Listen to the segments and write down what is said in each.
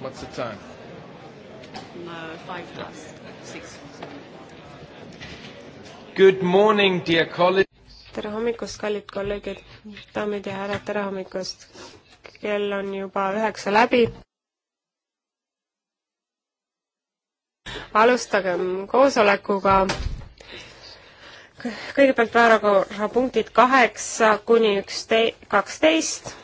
What's the time? Uh, five past six. Good morning, dear colleagues. tere hommikust, kallid kolleegid, daamid ja härrad, tere hommikust. kell on juba üheksa läbi. alustagem koosolekuga kõigepealt päevakorrapunktid kaheksa kuni ükste-, kaksteist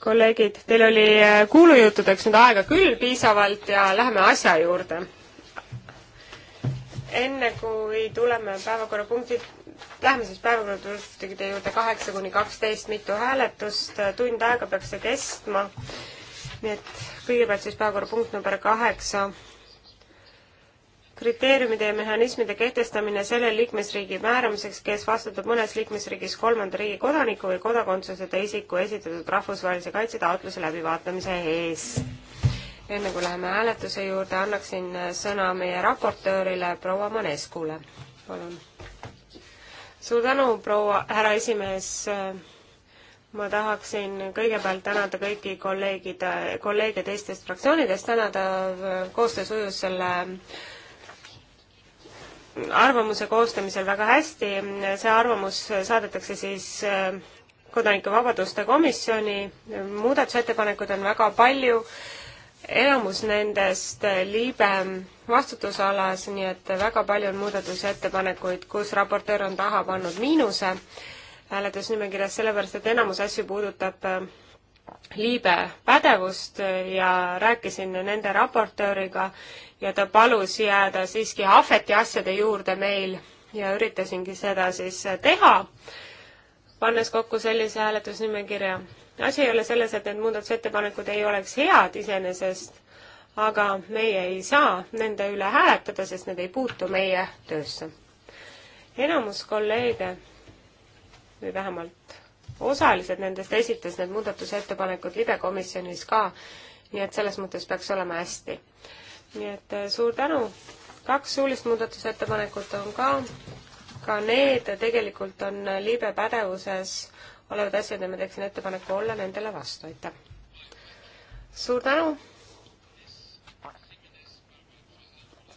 kolleegid, teil oli äh, kuulujuttudeks nüüd aega küll piisavalt ja läheme asja juurde. enne kui tuleme päevakorrapunktid, lähme siis päevakorrapunktide juurde kaheksa kuni kaksteist, mitu hääletust, tund aega peaks see kestma. nii et kõigepealt siis päevakorrapunkt number kaheksa kriteeriumide ja mehhanismide kehtestamine selle liikmesriigi määramiseks, kes vastutab mõnes liikmesriigis kolmanda riigi kodaniku või kodakondsuseta isiku esitatud rahvusvahelise kaitse taotluse läbivaatamise eest. enne kui läheme hääletuse juurde, annaksin sõna meie raportöörile proua Maneskule. palun. suur tänu, proua, härra esimees ma tahaksin kõigepealt tänada kõiki kolleegide, kolleege teistest fraktsioonidest, tänada koostöös ujus selle arvamuse koostamisel väga hästi, see arvamus saadetakse siis äh, kodanikuvabaduste komisjoni, muudatusettepanekuid on väga palju, enamus nendest äh, liibe vastutusalas, nii et väga palju on muudatusettepanekuid, kus raportöör on taha pannud miinuse hääletusnimekirjas, sellepärast et enamus asju puudutab äh, liibe pädevust ja rääkisin nende raportööriga ja ta palus jääda siiski ahveti asjade juurde meil ja üritasingi seda siis teha, pannes kokku sellise hääletusnimekirja. asi ei ole selles, et need muudatusettepanekud ei oleks head iseenesest, aga meie ei saa nende üle hääletada, sest need ei puutu meie töösse. enamus kolleege või vähemalt osalised nendest esitas need muudatusettepanekud libekomisjonis ka, nii et selles mõttes peaks olema hästi. nii et äh, suur tänu, kaks suulist muudatusettepanekut on ka, ka need tegelikult on äh, libe pädevuses olevad asjad ja ma teeksin ettepaneku olla nendele vastu, aitäh. suur tänu.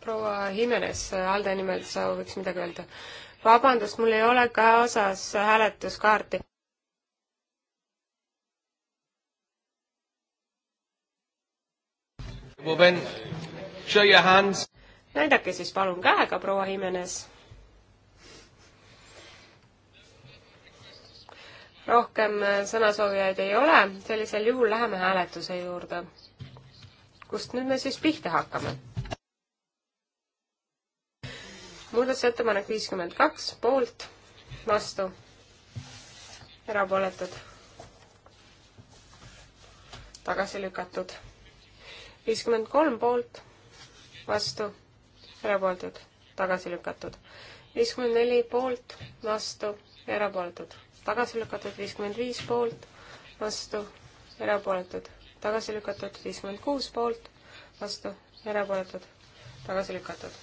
proua Jimenez, äh, Alde nimel sooviks midagi öelda? vabandust, mul ei ole kaasas hääletuskaarti. näidake siis palun käega, proua Jimenez. rohkem äh, sõnasoovijaid ei ole, sellisel juhul läheme hääletuse juurde. kust nüüd me siis pihta hakkame? muudatusettepanek viiskümmend kaks, poolt, vastu, erapooletud, tagasi lükatud viiskümmend kolm poolt, vastu, erapooletud, tagasi lükatud. viiskümmend neli poolt, vastu, erapooletud, tagasi lükatud, viiskümmend viis poolt, vastu, erapooletud, tagasi lükatud, viiskümmend kuus poolt, vastu, erapooletud, tagasi lükatud.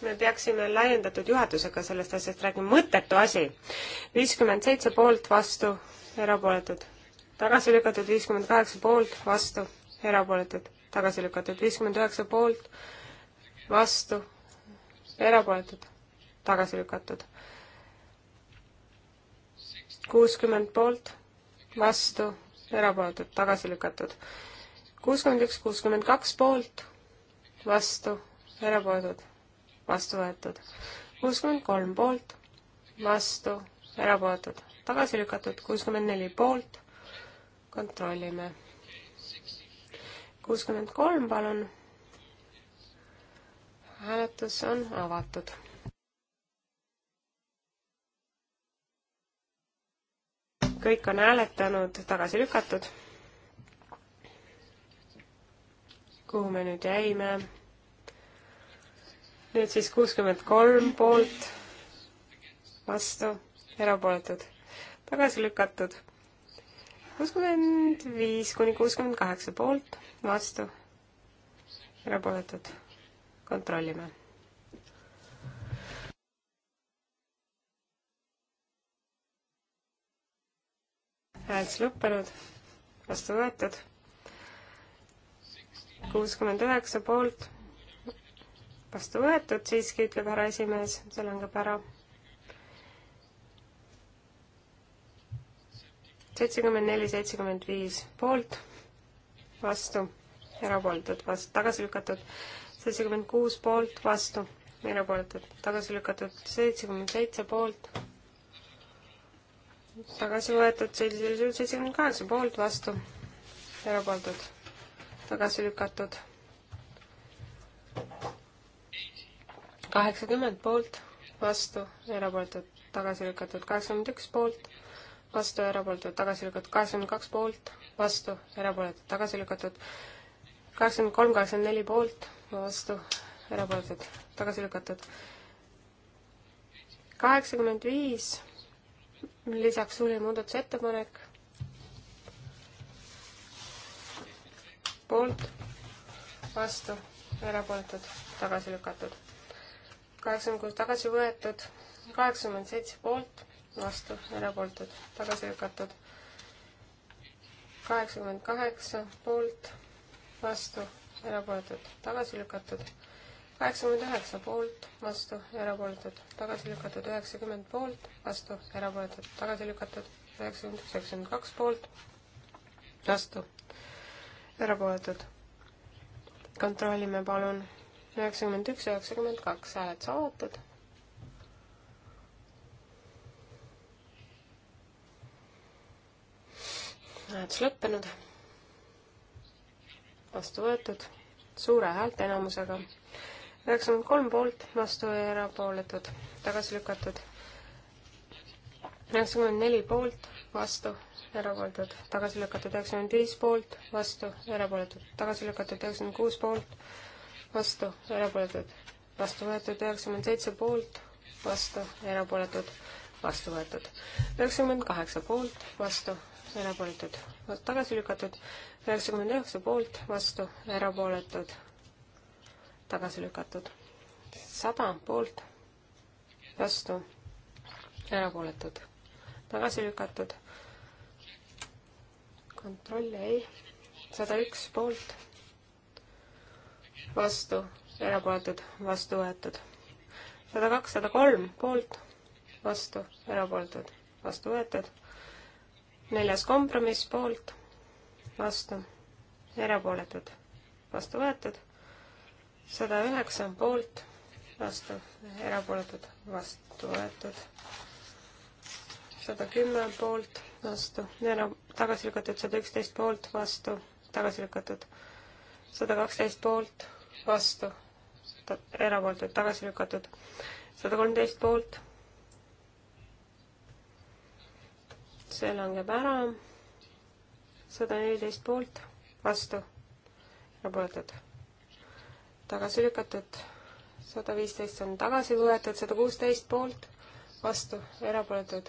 me peaksime laiendatud juhatusega sellest asjast rääkima, mõttetu asi. viiskümmend seitse poolt, vastu, erapooletud tagasi lükatud viiskümmend kaheksa poolt, vastu, erapooletud, tagasi lükatud viiskümmend üheksa poolt, vastu, erapooletud, tagasi lükatud. kuuskümmend poolt, vastu, erapooletud, tagasi lükatud. kuuskümmend üks, kuuskümmend kaks poolt, vastu, erapooletud, vastu võetud. kuuskümmend kolm poolt, vastu, erapooletud, tagasi lükatud, kuuskümmend neli poolt kontrollime. kuuskümmend kolm, palun. hääletus on avatud. kõik on hääletanud, tagasi lükatud. kuhu me nüüd jäime? nüüd siis kuuskümmend kolm poolt, vastu, erapooletud, tagasi lükatud kuuskümmend viis kuni kuuskümmend kaheksa poolt, vastu, erapooletud. kontrollime. hääletus lõppenud, vastu võetud. kuuskümmend üheksa poolt, vastu võetud siiski, ütleb härra esimees, see langeb ära, ära.. seitsekümmend neli, seitsekümmend viis poolt, vastu, erapooletud, vastu, tagasi lükatud, seitsekümmend kuus poolt, vastu, erapooletud, tagasi lükatud, seitsekümmend seitse poolt, tagasi võetud, seitsekümmend kaheksa poolt, vastu, erapooletud, tagasi lükatud, kaheksakümmend poolt, vastu, erapooletud, tagasi lükatud, kaheksakümmend üks poolt vastu, erapooletud, tagasi lükatud, kaheksakümmend kaks poolt, vastu, erapooletud, tagasi lükatud, kaheksakümmend kolm, kaheksakümmend neli poolt, vastu, erapooletud, tagasi lükatud, kaheksakümmend viis, lisaks suuline muudatusettepanek poolt, vastu, erapooletud, tagasi lükatud. kaheksakümmend kuus tagasi võetud, kaheksakümmend seitse poolt, vastu, erapooletud, tagasi lükatud. kaheksakümmend kaheksa poolt, vastu, erapooletud, tagasi lükatud. kaheksakümmend üheksa poolt, vastu, erapooletud, tagasi lükatud, üheksakümmend poolt, vastu, erapooletud, tagasi lükatud, üheksakümmend üks, üheksakümmend kaks poolt, vastu, erapooletud. kontrollime palun üheksakümmend üks, üheksakümmend kaks hääled saadetud hääletus lõppenud. vastu võetud suure häälteenamusega. üheksakümmend kolm poolt, vastu ja erapooletud, tagasi lükatud. üheksakümmend neli poolt, vastu, erapooletud, tagasi lükatud. üheksakümmend viis poolt, vastu, erapooletud, tagasi lükatud. üheksakümmend kuus poolt, vastu, erapooletud, vastu võetud. üheksakümmend seitse poolt, vastu, erapooletud, vastu võetud. üheksakümmend kaheksa poolt, vastu, erapooletud, tagasi lükatud, üheksakümmend üheksa poolt, vastu, erapooletud, tagasi lükatud, sada poolt, vastu, erapooletud, tagasi lükatud, kontrolli ei, sada üks poolt, vastu, erapooletud, vastu võetud, sada kaks, sada kolm poolt, vastu, erapooletud, vastu võetud neljas kompromiss poolt, vastu, erapooletud, vastu võetud. sada üheksa poolt, vastu, erapooletud, vastu võetud. sada kümme poolt, vastu, era-, tagasi lükatud, sada üksteist poolt, vastu, tagasi lükatud. sada kaksteist poolt, vastu, erapooletud, tagasi lükatud. sada kolmteist poolt see langeb ära. sada neliteist poolt, vastu, erapooletud, tagasi lükatud. sada viisteist on tagasi võetud, sada kuusteist poolt, vastu, erapooletud,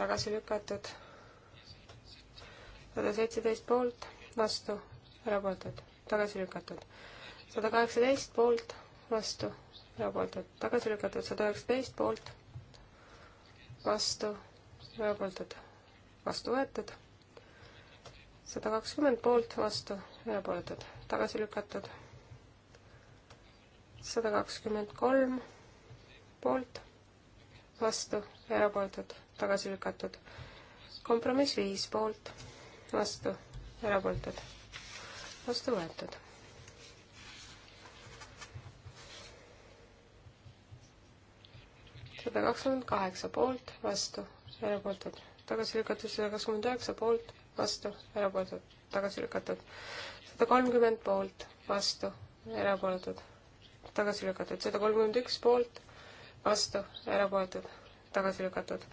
tagasi lükatud. sada seitseteist poolt, vastu, erapooletud, tagasi lükatud. sada kaheksateist poolt, vastu, erapooletud, tagasi lükatud, sada üheksateist poolt, vastu erapooletud, vastu võetud. sada kakskümmend poolt, vastu, erapooletud, tagasi lükatud. sada kakskümmend kolm poolt, vastu, erapooletud, tagasi lükatud. kompromiss viis poolt, vastu, erapooletud, vastu võetud sada kakskümmend kaheksa poolt, vastu, erapooletud, tagasi lükatud sada kakskümmend üheksa poolt, vastu, erapooletud, tagasi lükatud sada kolmkümmend poolt, vastu, erapooletud, tagasi lükatud sada kolmkümmend üks poolt, vastu, erapooletud, tagasi lükatud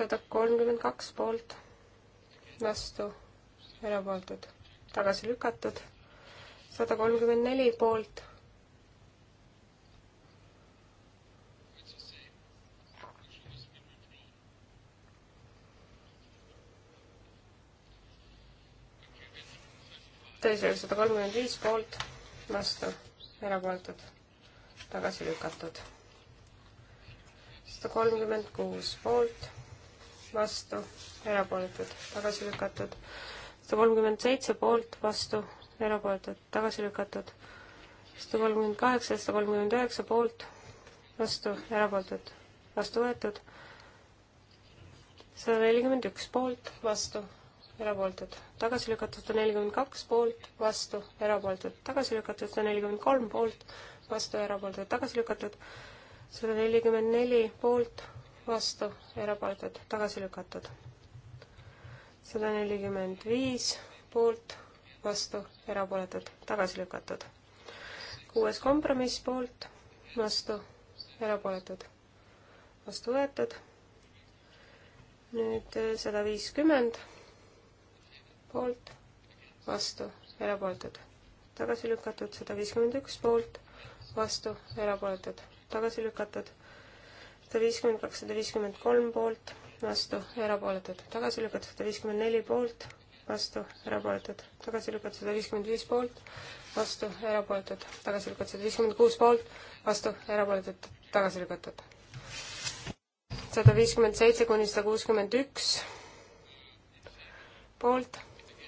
sada kolmkümmend kaks poolt, vastu, erapooletud, tagasi lükatud sada kolmkümmend neli poolt kompromisslõige sada kolmkümmend viis poolt, vastu, erapooletud, tagasi lükatud. sada kolmkümmend kuus poolt, vastu, erapooletud, tagasi lükatud. sada kolmkümmend seitse poolt, vastu, erapooletud, tagasi lükatud. sada kolmkümmend kaheksa, sada kolmkümmend üheksa poolt, vastu, erapooletud, vastu võetud. sada nelikümmend üks poolt, vastu erapooletud, tagasi lükatud sada nelikümmend kaks poolt, vastu, erapooletud, tagasi lükatud sada nelikümmend kolm poolt, vastu, erapooletud, tagasi lükatud sada nelikümmend neli poolt, vastu, erapooletud, tagasi lükatud sada nelikümmend viis poolt, vastu, erapooletud, tagasi lükatud kuues kompromiss poolt, vastu, erapooletud, vastu võetud nüüd eh, sada viiskümmend poolt, vastu, erapooletud. tagasi lükatud sada viiskümmend üks poolt, vastu, erapooletud. tagasi lükatud sada viiskümmend kaks, sada viiskümmend kolm poolt, vastu, erapooletud. tagasi lükatud sada viiskümmend neli poolt, vastu, erapooletud. tagasi lükatud sada viiskümmend viis poolt, vastu, erapooletud. tagasi lükatud sada viiskümmend kuus poolt, vastu, erapooletud. tagasi lükatud. sada viiskümmend seitse kuni sada kuuskümmend üks poolt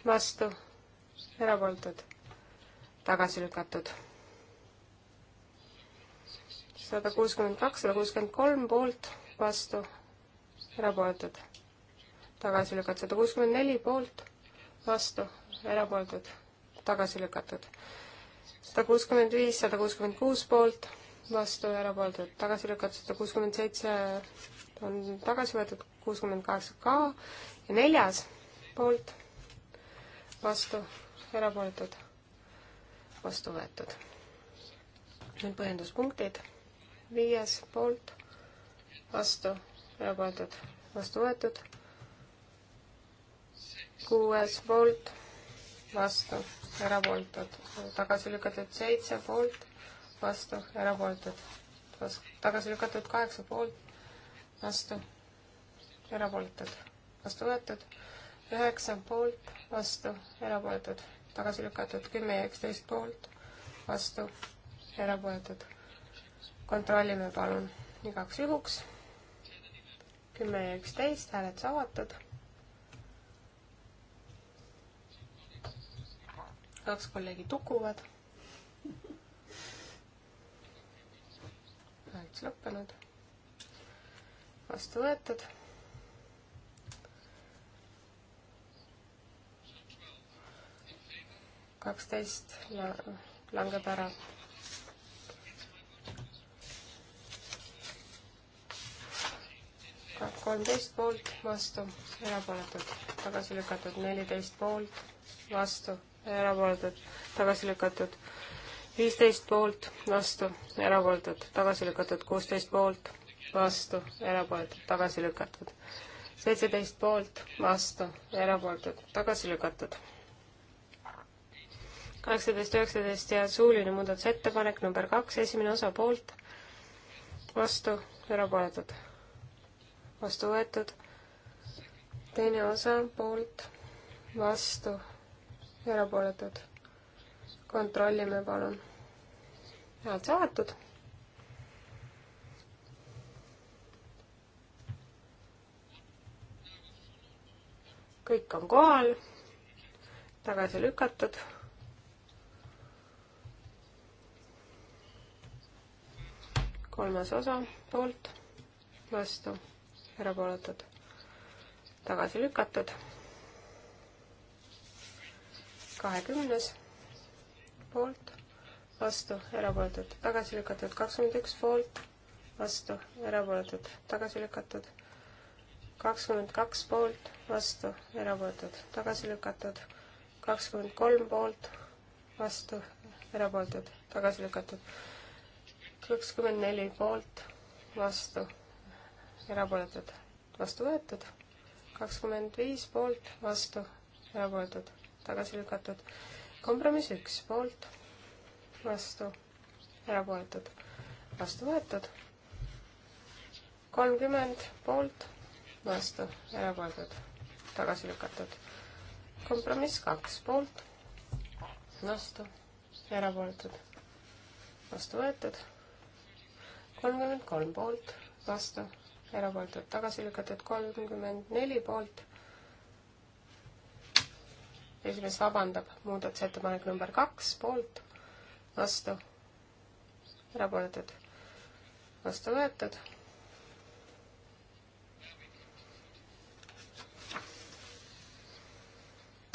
vastu, erapooletud, tagasi lükatud. sada kuuskümmend kaks, sada kuuskümmend kolm poolt, vastu, erapooletud, tagasi lükatud, sada kuuskümmend neli poolt, vastu, erapooletud, tagasi lükatud. sada kuuskümmend viis, sada kuuskümmend kuus poolt vastu ja erapooletud tagasi lükatud sada kuuskümmend seitse on tagasi võetud, kuuskümmend kaheksa ka ja neljas poolt vastu, erapooletud, vastu võetud. nüüd põhjenduspunktid, viies poolt, vastu, erapooletud, vastu võetud, kuues poolt, vastu, erapooletud, tagasi lükatud seitse poolt, vastu, erapooletud, vastu, tagasi lükatud kaheksa poolt, vastu, erapooletud, vastu võetud üheksa poolt, vastu, erapooletud, tagasi lükatud, kümme ja üksteist poolt, vastu, erapooletud. kontrollime palun igaks juhuks. kümme ja üksteist, hääletus avatud. kaks kolleegi tukuvad. hääletus lõppenud. vastu võetud kaksteist langeb ära. kolmteist poolt, vastu, erapooletud, tagasi lükatud, neliteist poolt, vastu, erapooletud, tagasi lükatud, viisteist poolt, vastu, erapooletud, tagasi lükatud, kuusteist poolt, vastu, erapooletud, tagasi lükatud, seitseteist poolt, vastu, erapooletud, tagasi lükatud kaheksateist, üheksateist ja suuline muudatusettepanek number kaks, esimene osa poolt, vastu, erapooletud, vastu võetud, teine osa poolt, vastu, erapooletud. kontrollime palun. head saadetud kõik on kohal, tagasi lükatud kolmas osa poolt, vastu, erapooletud, tagasi lükatud. kahekümnes poolt, vastu, erapooletud, tagasi lükatud, kakskümmend üks poolt, vastu, erapooletud, tagasi lükatud, kakskümmend kaks poolt, vastu, erapooletud, tagasi lükatud, kakskümmend kolm poolt, vastu, erapooletud, tagasi lükatud kakskümmend neli poolt, vastu, erapooletud, vastu võetud, kakskümmend viis poolt, vastu, erapooletud, tagasi lükatud, kompromiss üks poolt, vastu, erapooletud, vastu võetud, kolmkümmend poolt, vastu, erapooletud, tagasi lükatud. kompromiss kaks poolt, vastu, erapooletud, vastu võetud kolmkümmend kolm poolt, vastu, erapooletud, tagasi lükatud, kolmkümmend neli poolt. esimees vabandab, muudatusettepanek number kaks poolt, vastu, erapooletud, vastu võetud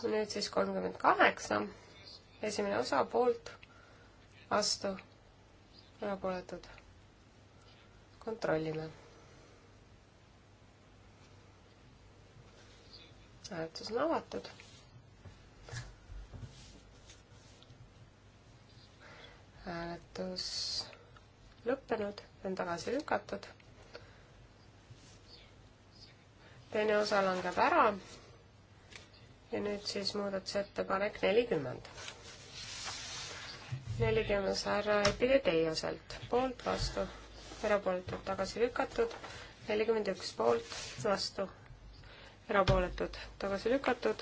nüüd siis kolmkümmend kaheksa, esimene osa poolt, vastu, erapooletud, kontrollime. hääletus on avatud. hääletus lõppenud, on tagasi lükatud. teine osa langeb ära. ja nüüd siis muudatusettepanek nelikümmend nelikümmend härra Epide teie osalt, poolt vastu erapooletud, tagasi lükatud, nelikümmend üks poolt, vastu, erapooletud, tagasi lükatud,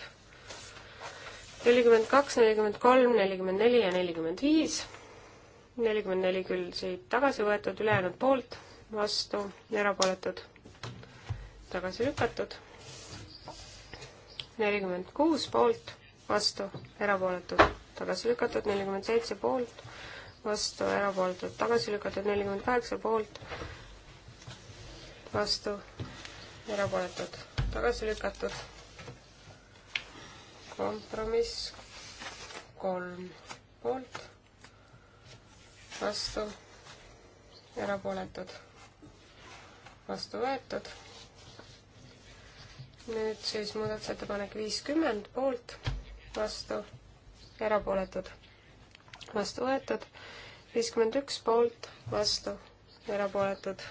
nelikümmend kaks, nelikümmend kolm, nelikümmend neli ja nelikümmend viis, nelikümmend neli küll siit tagasi võetud, ülejäänud poolt, vastu, erapooletud, tagasi lükatud, nelikümmend kuus poolt, vastu, erapooletud, tagasi lükatud, nelikümmend seitse poolt, vastu, erapooletud, tagasi lükatud nelikümmend kaheksa poolt, vastu, erapooletud, tagasi lükatud. kompromiss kolm poolt, vastu, erapooletud, vastu võetud. nüüd siis muudatusettepanek viiskümmend poolt, vastu, erapooletud vastu võetud, viiskümmend üks poolt, vastu, erapooletud,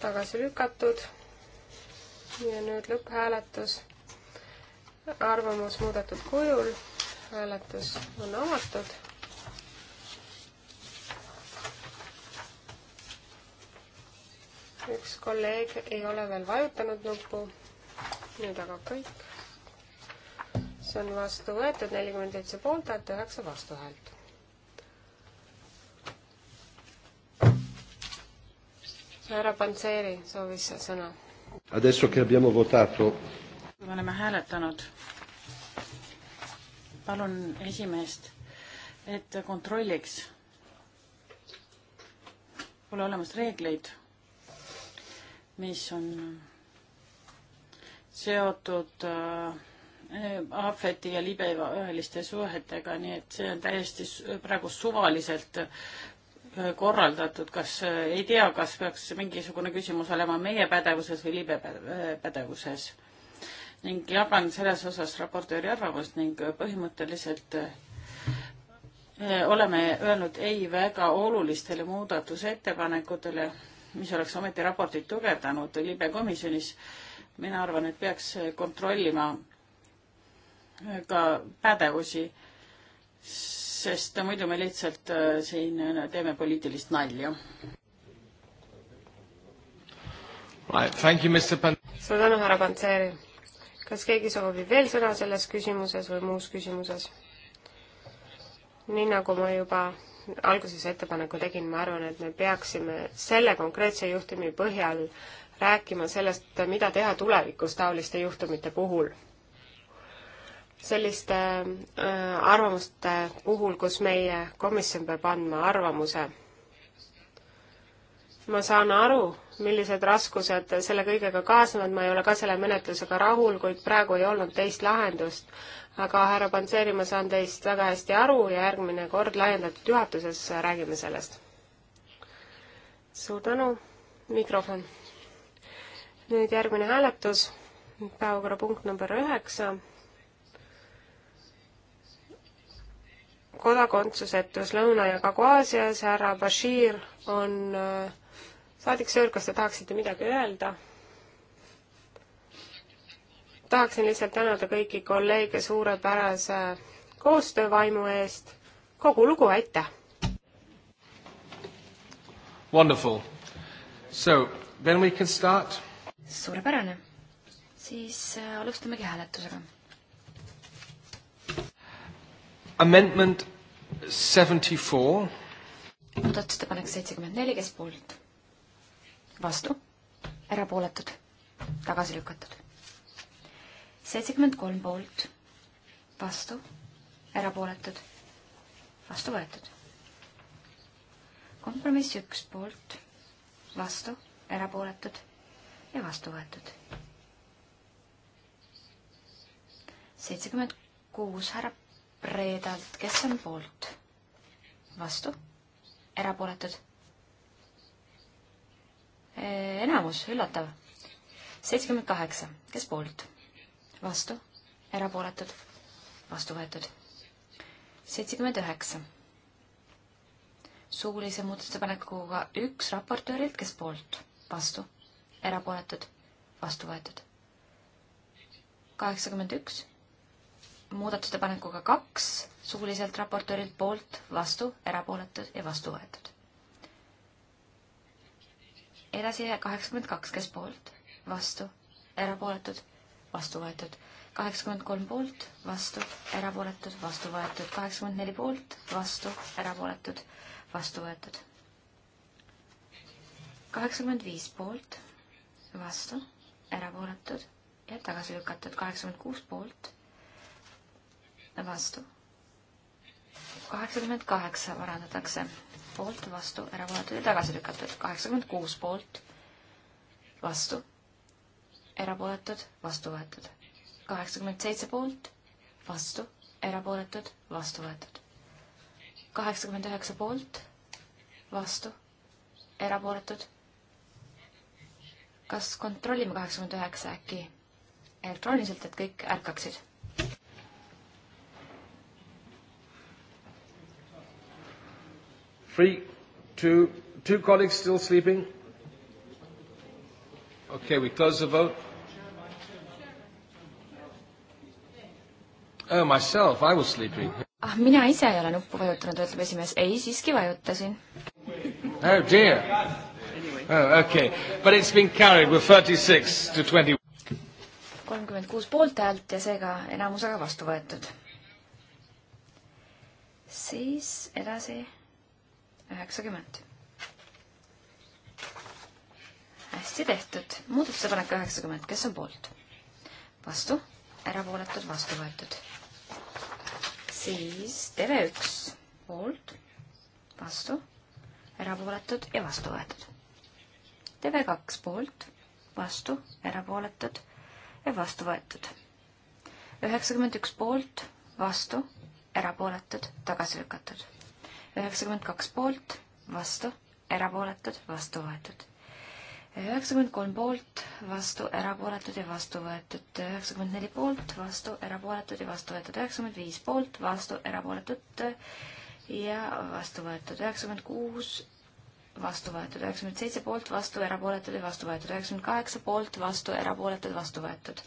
tagasi lükatud. ja nüüd lõpphääletus. arvamus muudetud kujul. hääletus on avatud üks kolleeg ei ole veel vajutanud nuppu, nüüd aga kõik see on vastu võetud, nelikümmend seitse poolthäält, üheksa vastuhäält. härra Panseri soovis sõna. me oleme hääletanud. palun esimeest, et kontrolliks. Pole olemas reegleid, mis on seotud äh, Äh, Ahveti ja Libe vaheliste suhetega, nii et see on täiesti praegu suvaliselt äh, korraldatud, kas äh, ei tea, kas peaks mingisugune küsimus olema meie pädevuses või Libe pädevuses. ning jagan selles osas raportööri arvamust ning põhimõtteliselt oleme öelnud ei väga olulistele muudatusettepanekutele, mis oleks ometi raportit tugevdanud libe komisjonis. mina arvan, et peaks kontrollima ka pädevusi, sest muidu me lihtsalt äh, siin äh, teeme poliitilist nalja. suur tänu, härra Pantseri. kas keegi soovib veel sõna selles küsimuses või muus küsimuses? nii nagu ma juba alguses ettepaneku tegin, ma arvan, et me peaksime selle konkreetse juhtumi põhjal rääkima sellest, mida teha tulevikus taoliste juhtumite puhul selliste äh, arvamuste puhul, kus meie komisjon peab andma arvamuse. ma saan aru, millised raskused selle kõigega kaasnevad, ma ei ole ka selle menetlusega rahul, kuid praegu ei olnud teist lahendust. aga härra Panseri, ma saan teist väga hästi aru ja järgmine kord laiendatud juhatuses räägime sellest. suur tänu, mikrofon. nüüd järgmine hääletus, päevakorrapunkt number üheksa kodakondsusetus Lõuna- ja Kagu-Aasias, härra Bashir on äh, saadik Sõõr, kas te tahaksite midagi öelda? tahaksin lihtsalt tänada kõiki kolleege suurepärase koostöövaimu eest. kogu lugu, aitäh! Wonderful. So then we can start. suurepärane. siis äh, alustamegi hääletusega. Amendment seventy four. muudatusettepanek seitsekümmend neli, kes poolt? vastu, erapooletud, tagasi lükatud. seitsekümmend kolm poolt, vastu, erapooletud, vastu võetud. kompromiss üks poolt, vastu, erapooletud ja vastu võetud. seitsekümmend kuus härra reedelt, kes on poolt? vastu? erapooletud? Eh, enamus, üllatav. seitsekümmend kaheksa, kes poolt? vastu? erapooletud? vastu võetud. seitsekümmend üheksa. suulise muudatusettepanekuga üks raportöörilt, kes poolt? vastu? erapooletud? vastu võetud. kaheksakümmend üks muudatusettepanekuga kaks, suuliselt raportöörilt poolt, vastu, erapooletud ja vastu võetud. edasi kaheksakümmend kaks, kes poolt, vastu, erapooletud, vastu võetud. kaheksakümmend kolm poolt, vastu, erapooletud, vastu võetud. kaheksakümmend neli poolt, vastu, erapooletud, vastu võetud. kaheksakümmend viis poolt, vastu, erapooletud ja tagasi lükatud. kaheksakümmend kuus poolt vastu. kaheksakümmend kaheksa parandatakse, poolt, vastu, erapooletud ja tagasi lükatud. kaheksakümmend kuus poolt, vastu, erapooletud, vastu võetud. kaheksakümmend seitse poolt, vastu, erapooletud, vastu võetud. kaheksakümmend üheksa poolt, vastu, erapooletud. kas kontrollime kaheksakümmend üheksa äkki elektrooniliselt, et kõik ärkaksid? Three, two, two colleagues still sleeping? Okay, we close the vote. Oh, myself, I was sleeping. ah, mina ise ei ole nuppu vajutanud, ütleb esimees. ei, siiski vajutasin. Oh dear. Oh, okay. But it's been carried with 36 to 20. 36 poolthäält ja seega enamusega vastu võetud. siis edasi üheksakümmend. hästi tehtud. muudatusettepanek üheksakümmend, kes on poolt? vastu, erapooletud, vastu võetud. siis TV1 poolt, vastu, erapooletud ja vastu võetud. TV2 poolt, vastu, erapooletud ja vastu võetud. üheksakümmend üks poolt, vastu, erapooletud, tagasi lükatud üheksakümmend kaks poolt, vastu, erapooletud, vastu võetud. üheksakümmend kolm poolt, vastu, erapooletud ja vastu võetud. üheksakümmend neli poolt, vastu, erapooletud ja vastu võetud. üheksakümmend viis poolt, vastu, erapooletud ja vastu võetud. üheksakümmend kuus vastu võetud, üheksakümmend seitse poolt, vastu, erapooletud ja vastu võetud, üheksakümmend kaheksa poolt, vastu, erapooletud, vastu võetud.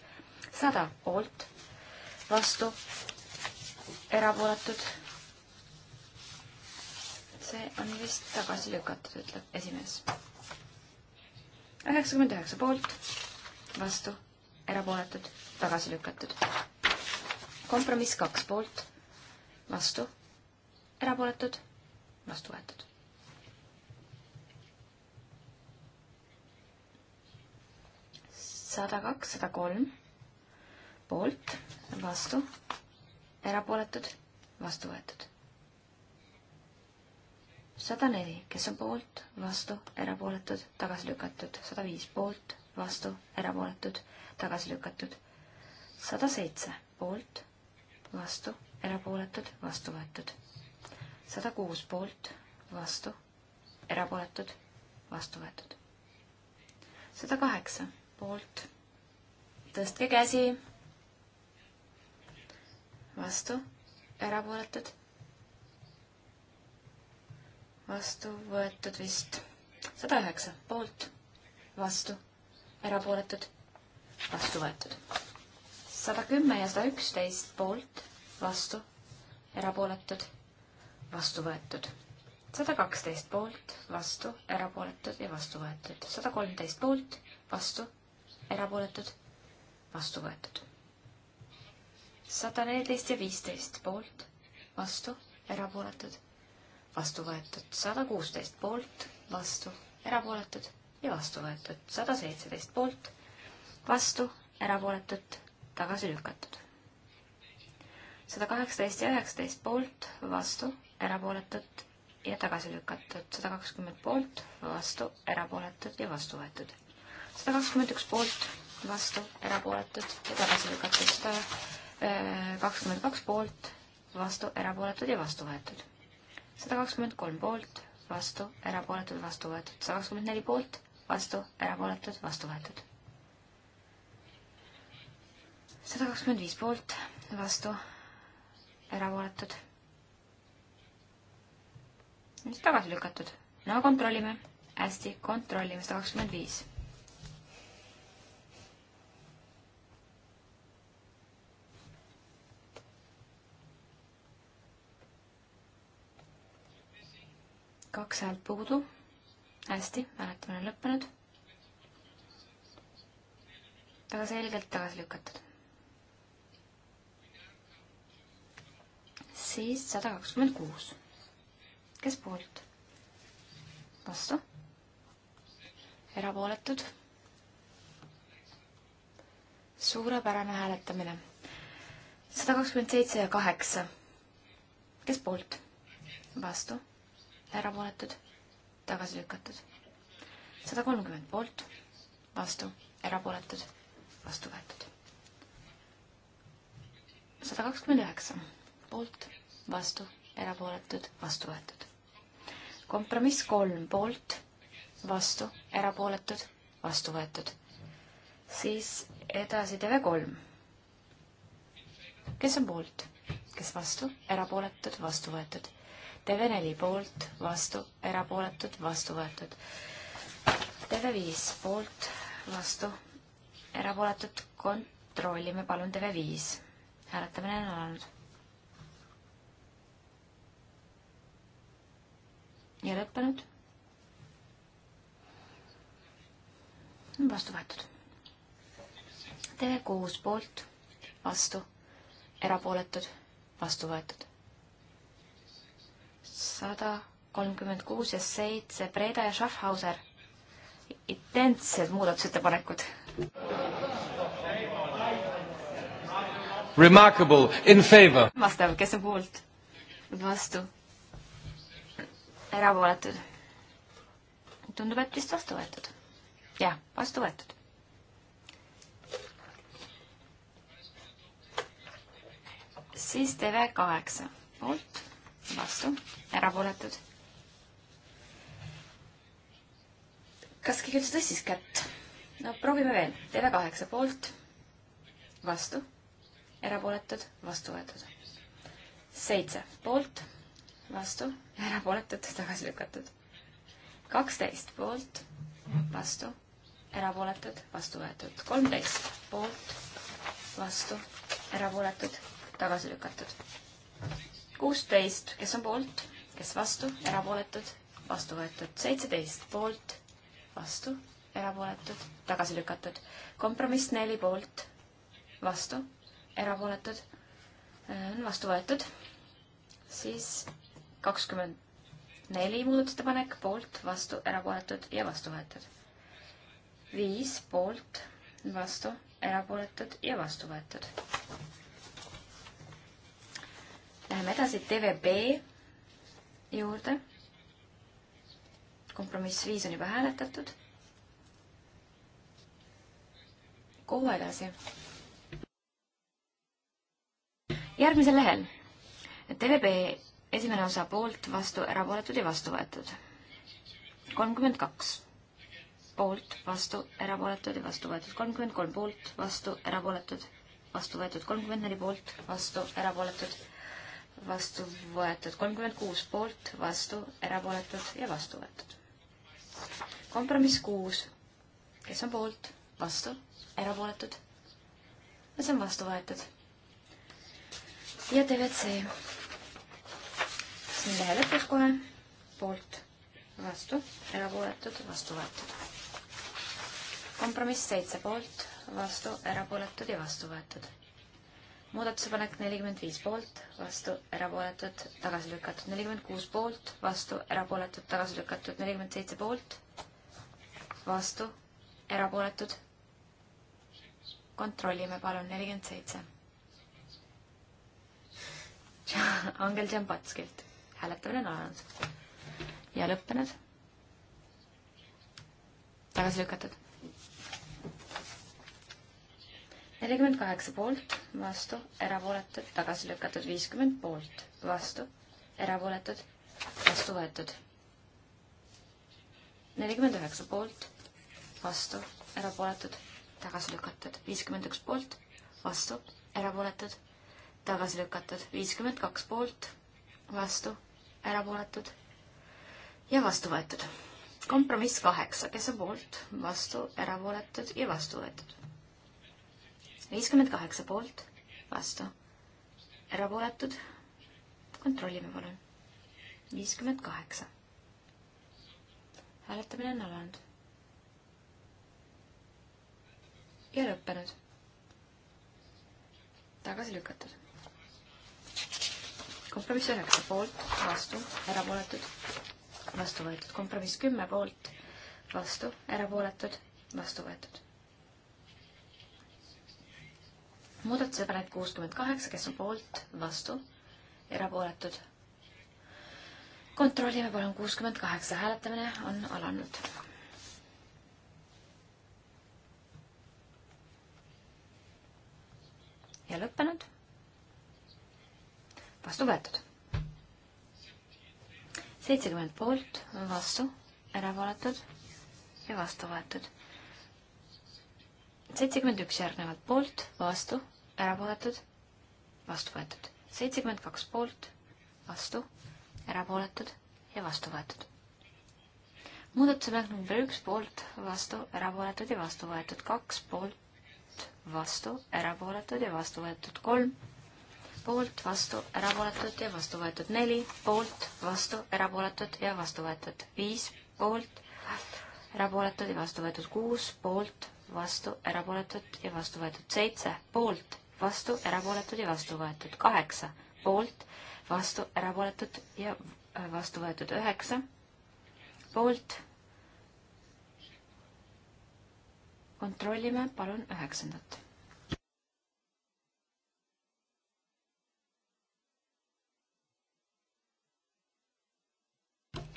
sada poolt, vastu, erapooletud see on vist tagasi lükatud, ütleb esimees. üheksakümmend üheksa poolt, vastu, erapooletud, tagasi lükatud. kompromiss kaks poolt, vastu, erapooletud, vastu võetud. sada kaks, sada kolm poolt, vastu, erapooletud, vastu võetud sada neli, kes on poolt, vastu, erapooletud, tagasi lükatud, sada viis poolt, vastu, erapooletud, tagasi lükatud, sada seitse poolt, vastu, erapooletud, vastu võetud, sada kuus poolt, vastu, erapooletud, vastu võetud, sada kaheksa poolt, tõstke käsi, vastu, erapooletud vastu võetud vist sada üheksa poolt, vastu, erapooletud, vastu võetud. sada kümme ja sada üksteist poolt, vastu, erapooletud, vastu võetud. sada kaksteist poolt, vastu, erapooletud ja vastu võetud. sada kolmteist poolt, vastu, erapooletud, vastu võetud sada neliteist ja viisteist poolt, vastu, erapooletud, vastu võetud sada kuusteist poolt, vastu, erapooletud ja vastu võetud sada seitseteist poolt, vastu, erapooletud, tagasi lükatud. sada kaheksateist ja üheksateist poolt, vastu, erapooletud ja tagasi lükatud, sada kakskümmend poolt, vastu, erapooletud ja vastu võetud. sada kakskümmend üks poolt, vastu, erapooletud ja tagasi lükatud, sada äh, kakskümmend kaks poolt, vastu, erapooletud ja vastu võetud sada kakskümmend kolm poolt, vastu, erapooletud, vastu võetud. sada kakskümmend neli poolt, vastu, erapooletud, vastu võetud. sada kakskümmend viis poolt, vastu, erapooletud. vist tagasi lükatud. no kontrollime. hästi, kontrollime sada kakskümmend viis kaks häält puudu. hästi, hääletamine on lõppenud. väga selgelt tagasi lükatud. siis sada kakskümmend kuus. kes poolt? vastu? erapooletud? suurepärane hääletamine. sada kakskümmend seitse ja kaheksa. kes poolt? vastu erapooletud, tagasi lükatud. sada kolmkümmend poolt, vastu, erapooletud, vastu võetud. sada kakskümmend üheksa poolt, vastu, erapooletud, vastu võetud. kompromiss kolm poolt, vastu, erapooletud, vastu võetud. siis edasi TV3. kes on poolt, kes vastu, erapooletud, vastu võetud TV4 poolt, vastu, erapooletud, vastu võetud. TV5 poolt, vastu, erapooletud, kontrollime palun TV5. hääletamine on alanud. ja lõppenud. vastu võetud. TV6 poolt, vastu, erapooletud, vastu võetud sada kolmkümmend kuus ja seitse, Breda ja Schaffhauser. identsed muudatusettepanekud. Remarkable, in favor. vastav, kes on poolt? vastu. erapooletud. tundub, et vist vastu võetud. jah, vastu võetud. siis TV kaheksa poolt vastu, erapooletud. kas keegi üldse tõstis kätt? no proovime veel. TV8 poolt, vastu, erapooletud, vastu võetud. seitse poolt, vastu, erapooletud, tagasi lükatud. kaksteist poolt, vastu, erapooletud, vastu võetud. kolmteist poolt, vastu, erapooletud, tagasi lükatud kuusteist, kes on poolt, kes vastu, erapooletud, vastu võetud. seitseteist poolt, vastu, erapooletud, tagasi lükatud. kompromiss neli poolt, vastu, erapooletud, on vastu võetud. siis kakskümmend neli muudatusettepanek, poolt, vastu, erapooletud ja vastu võetud. viis poolt, vastu, erapooletud ja vastu võetud Läheme edasi TVB juurde. kompromiss viis on juba hääletatud. kuhu edasi? järgmisel lehel. TVB esimene osa poolt, vastu, erapooletud ja vastu võetud. kolmkümmend kaks poolt, vastu, erapooletud ja vastu võetud. kolmkümmend kolm poolt, vastu, erapooletud, vastu võetud. kolmkümmend neli poolt, vastu, erapooletud vastu võetud kolmkümmend kuus poolt, vastu erapooletud ja vastu võetud. kompromiss kuus, kes on poolt, vastu, erapooletud ja see on vastu võetud. ja DVC siin lehe lõpus kohe, poolt, vastu, erapooletud, vastu võetud. kompromiss seitse poolt, vastu, erapooletud ja vastu võetud muudatusepanek nelikümmend viis poolt, vastu, erapooletud, tagasi lükatud, nelikümmend kuus poolt, vastu, erapooletud, tagasi lükatud, nelikümmend seitse poolt, vastu, erapooletud. kontrollime palun, nelikümmend seitse. Angel Džambatskilt. hääletamine on alanud ja lõppenud. tagasi lükatud. nelikümmend kaheksa poolt, vastu, erapooletud, tagasi lükatud viiskümmend poolt, vastu, erapooletud, vastu võetud. nelikümmend üheksa poolt, vastu, erapooletud, tagasi lükatud, viiskümmend üks poolt, vastu, erapooletud, tagasi lükatud, viiskümmend kaks poolt, vastu, erapooletud ja vastu võetud. kompromiss kaheksa, kes on poolt, vastu, erapooletud ja vastu võetud viiskümmend kaheksa poolt, vastu, erapooletud. kontrollime palun. viiskümmend kaheksa. hääletamine on alanud. ja lõppenud. tagasi lükatud. kompromiss üheksa poolt, vastu, erapooletud, vastu võetud. kompromiss kümme poolt, vastu, erapooletud, vastu võetud muudatusepanek kuuskümmend kaheksa, kes on poolt, vastu, erapooletud. kontrollime palun kuuskümmend kaheksa, hääletamine on alanud. ja lõppenud. vastu võetud. seitsekümmend poolt, vastu, erapooletud ja vastu võetud seitsekümmend üks järgnevalt poolt, vastu, erapooletud, vastu võetud. seitsekümmend kaks poolt, vastu, erapooletud ja vastu võetud. muudatusettepanek number üks poolt, vastu, erapooletud ja vastu võetud. kaks poolt, vastu, erapooletud ja vastu võetud. kolm poolt, vastu, erapooletud ja vastu võetud. neli poolt, vastu, erapooletud ja vastu võetud. viis poolt, erapooletud ja vastu võetud. kuus poolt, vastu, erapooletud ja vastu võetud seitse, poolt, vastu, erapooletud ja vastu võetud kaheksa, poolt, vastu, erapooletud ja äh, vastu võetud üheksa, poolt. kontrollime palun üheksandat.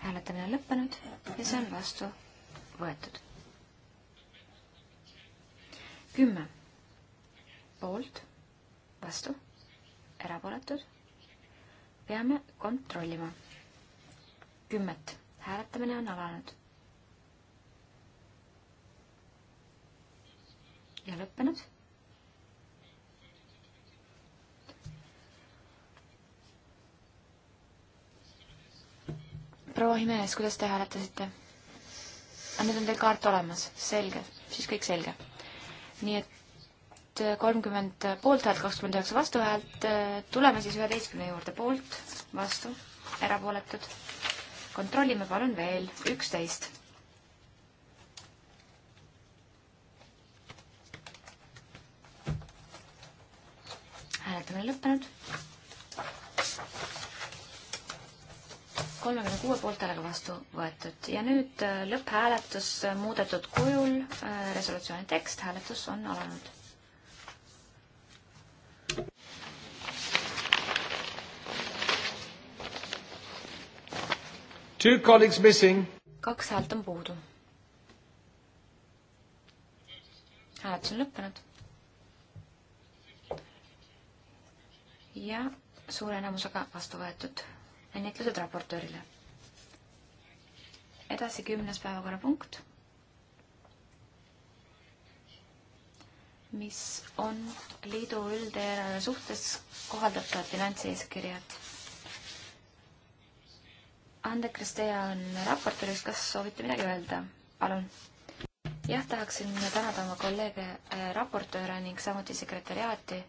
hääletamine on lõppenud ja see on vastu võetud kümme poolt, vastu, erapooletud. peame kontrollima. kümmet, hääletamine on alanud. ja lõppenud. proua Himenes, kuidas te hääletasite? nüüd on teil kaart olemas, selge, siis kõik selge nii et äh, kolmkümmend poolthäält, kakskümmend üheksa vastuhäält. Äh, tuleme siis üheteistkümne juurde, poolt, vastu, erapooletud. kontrollime palun veel, üksteist. hääletamine lõppenud kolmekümne kuue poolthäälega vastu võetud ja nüüd äh, lõpphääletus äh, muudetud kujul, äh, resolutsiooni tekst, hääletus on alanud. Two colleagues missing. kaks häält on puudu. hääletus on lõppenud. ja suure enamusega vastu võetud õnnitlused raportöörile. edasi kümnes päevakorrapunkt, mis on liidu üldeelarve suhtes kohaldatavad finantseeskirjad. Andek Kristea on raportööris, kas soovite midagi öelda? palun. jah, tahaksin tänada oma kolleege äh,, raportööre ning samuti sekretäriaati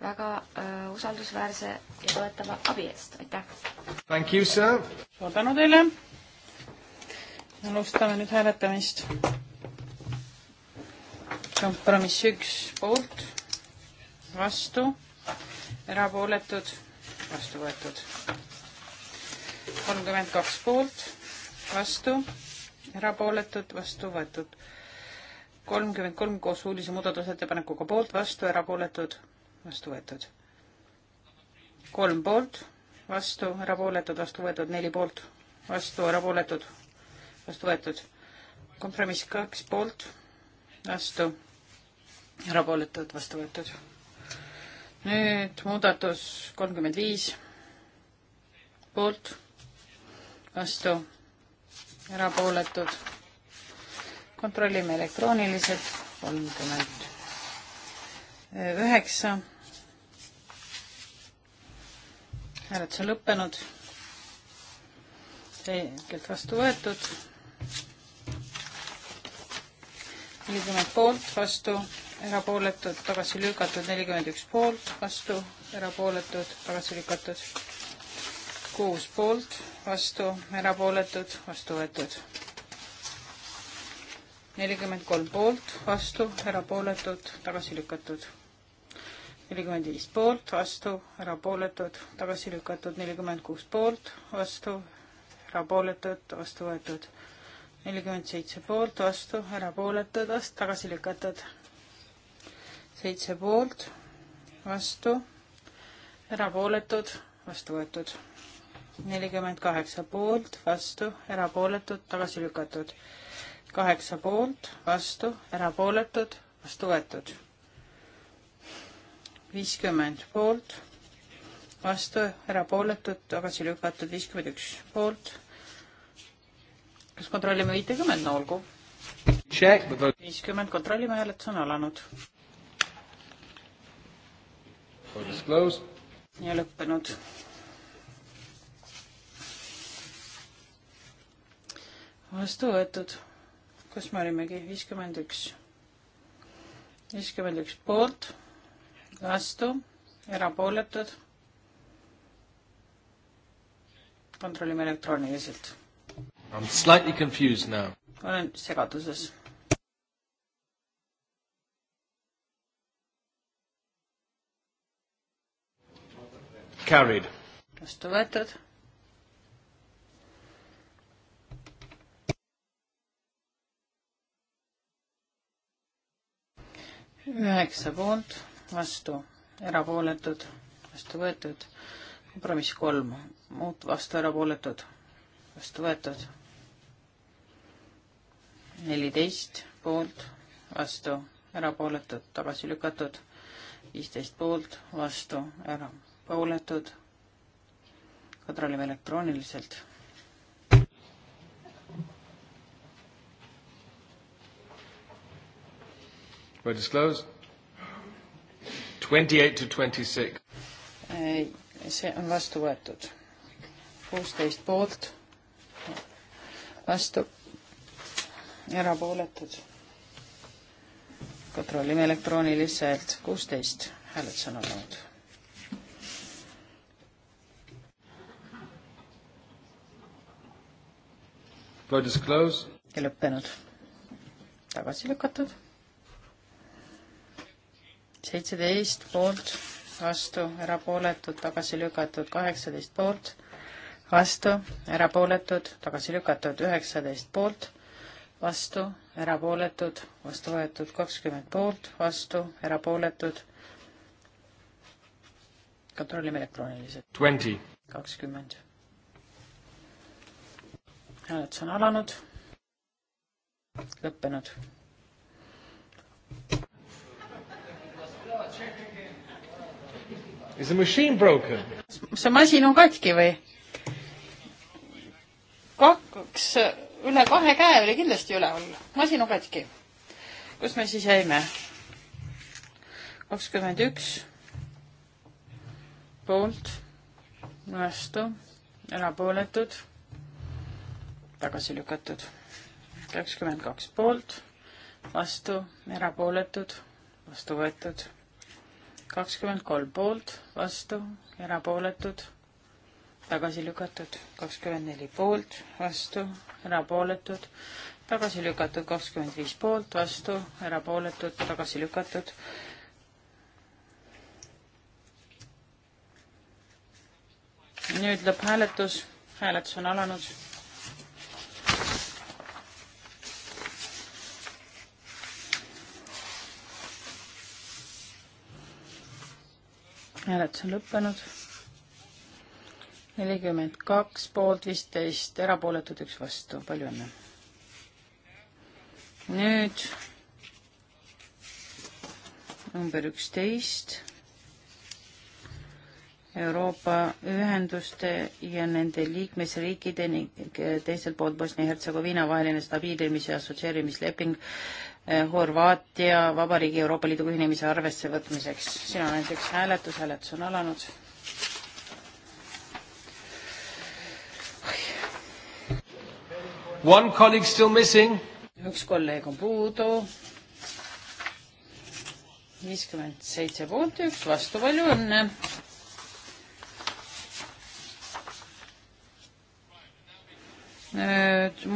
väga äh, usaldusväärse ja toetava abi eest, aitäh! Thank you, sir! suur tänu teile! alustame nüüd hääletamist. kompromiss üks poolt, vastu, erapooletud, vastu võetud. kolmkümmend kaks poolt, vastu, erapooletud, vastu võetud. kolmkümmend kolm koos suulise muudatusettepanekuga poolt, vastu, erapooletud vastu võetud. kolm poolt, vastu, erapooletud, vastu võetud, neli poolt, vastu, erapooletud, vastu võetud. kompromiss kaks poolt, vastu, erapooletud, vastu võetud. nüüd muudatus kolmkümmend viis, poolt, vastu, erapooletud. kontrollime elektrooniliselt, kolmkümmend üheksa hääletus on lõppenud. selgelt vastu võetud. nelikümmend poolt, vastu, erapooletud, tagasi lükatud, nelikümmend üks poolt, vastu, erapooletud, tagasi lükatud. kuus poolt, vastu, erapooletud, vastu võetud nelikümmend kolm poolt, vastu, erapooletud, tagasi lükatud nelikümmend viis poolt, vastu, erapooletud, tagasi lükatud, nelikümmend kuus poolt, vastu, erapooletud, vastu võetud, nelikümmend seitse poolt, vastu, erapooletud, vastu, tagasi lükatud, seitse poolt, vastu, erapooletud, vastu võetud, nelikümmend kaheksa poolt, vastu, erapooletud, tagasi lükatud, kaheksa poolt, vastu, erapooletud, vastu võetud viiskümmend poolt, vastu, erapooletud, tagasi lükatud, viiskümmend üks poolt. kas kontrollime viitekümmet, no olgu. viiskümmend, kontrollime, hääletus on alanud. ja lõppenud. vastu võetud, kus me olimegi, viiskümmend üks, viiskümmend üks poolt vastu, erapooletud. kontrollime elektrooniliselt. I am slightly confused now. olen segaduses. Carried. vastu võetud üheksa poolt, vastu, erapooletud, vastu võetud. kompromiss kolm, muud vastu, erapooletud, vastu võetud. neliteist poolt, vastu, erapooletud, tagasi lükatud. viisteist poolt, vastu, erapooletud. kontrollime elektrooniliselt Vote is closed see on vastu võetud. kuusteist poolt, vastu, erapooletud. kontrollime elektrooniliselt, kuusteist hääled sõna olnud Vote is closed. ja lõppenud. tagasi lükatud seitseteist poolt, vastu, erapooletud, tagasi lükatud, kaheksateist poolt, vastu, erapooletud, tagasi lükatud, üheksateist poolt, vastu, erapooletud, vastu võetud kakskümmend poolt, vastu, erapooletud. kontrollime elektrooniliselt. kakskümmend. hääletus on alanud, lõppenud Is the machine broken? kas see masin on katki või? kaks, üle kahe käe oli kindlasti üleval, masin on katki. kus me siis jäime? kakskümmend üks poolt, vastu, erapooletud, tagasi lükatud. kakskümmend kaks poolt, vastu, erapooletud, vastu võetud kakskümmend kolm poolt, vastu, erapooletud, tagasi lükatud, kakskümmend neli poolt, vastu, erapooletud, tagasi lükatud, kakskümmend viis poolt, vastu, erapooletud, tagasi lükatud. nüüd lõpphääletus, hääletus on alanud hääletus on lõppenud. nelikümmend kaks poolt, viisteist erapooletud, üks vastu, palju õnne. nüüd number üksteist Euroopa ühenduste ja nende liikmesriikide ning teiselt poolt Bosnia-Hertsegoviina vaheline stabiilimis- ja assotsieerimisleping Eh, Horvaatia Vabariigi Euroopa Liiduga ühinemise arvesse võtmiseks. siin on näiteks hääletus, hääletus on alanud. One colleague still missing. üks kolleeg on puudu. viiskümmend seitse poolt, üks vastu, palju õnne.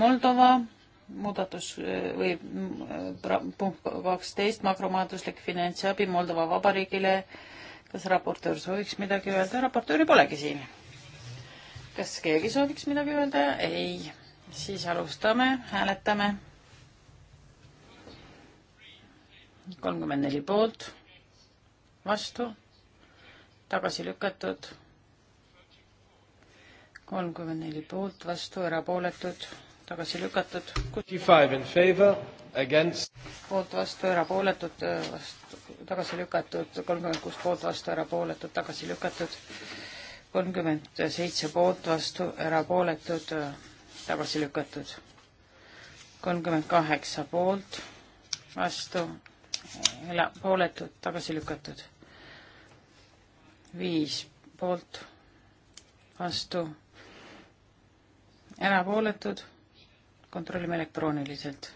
Moldova muudatus äh, või äh, punkt kaksteist, makromajanduslik finantsabi Moldova Vabariigile. kas raportöör sooviks midagi öelda? raportööri polegi siin. kas keegi sooviks midagi öelda? ei. siis alustame, hääletame. kolmkümmend neli poolt, vastu, tagasi lükatud kolmkümmend neli poolt, vastu, erapooletud tagasi lükatud. poolt vastu, erapooletud, äh, vastu, tagasi lükatud, kolmkümmend kuus poolt vastu, erapooletud, tagasi lükatud, kolmkümmend seitse poolt vastu, erapooletud, äh, tagasi lükatud, kolmkümmend kaheksa poolt vastu, erapooletud, tagasi lükatud, viis poolt vastu erapooletud, kontrollime elektrooniliselt.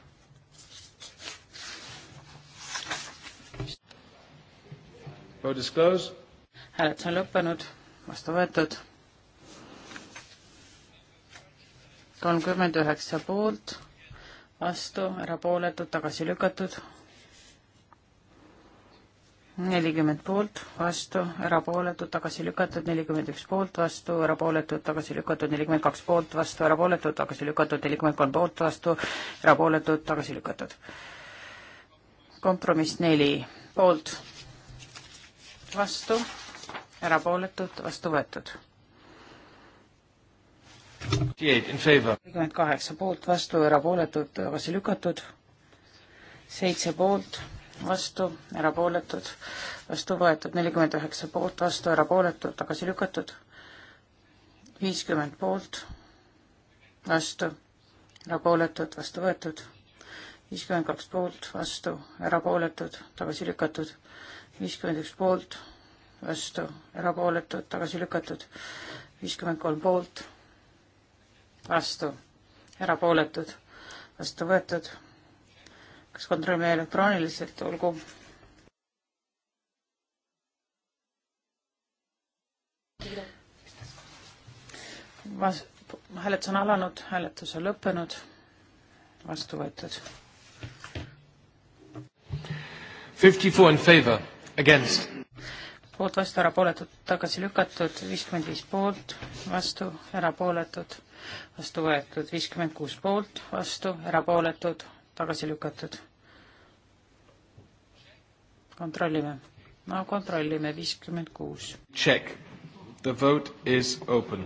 hääletus on lõppenud, vastu võetud. kolmkümmend üheksa poolt, vastu, erapooletud, tagasi lükatud nelikümmend poolt, vastu, erapooletud, tagasi lükatud, nelikümmend üks poolt, vastu, erapooletud, tagasi lükatud, nelikümmend kaks poolt, vastu, erapooletud, tagasi lükatud, nelikümmend kolm poolt, vastu, erapooletud, tagasi lükatud. kompromiss neli poolt, vastu, erapooletud, vastu võetud. nelikümmend kaheksa poolt, vastu, erapooletud, tagasi lükatud, seitse poolt vastu, erapooletud, vastu võetud, nelikümmend üheksa poolt, vastu, erapooletud, tagasi lükatud, viiskümmend poolt, vastu, erapooletud, vastu võetud, viiskümmend kaks poolt, vastu, erapooletud, tagasi lükatud, viiskümmend üks poolt, vastu, erapooletud, tagasi lükatud, viiskümmend kolm poolt, vastu, erapooletud, vastu võetud kas kontrollime elektrooniliselt, olgu. Vas-, hääletus on alanud, hääletus on lõppenud, vastu võetud. Fifty-four in favor, against poolt, vastu, erapooletud, tagasi lükatud, viiskümmend viis poolt, vastu, erapooletud, vastu võetud, viiskümmend kuus poolt, vastu, erapooletud, tagasi lükatud. kontrollime. no kontrollime, viiskümmend kuus. Check. The vote is open.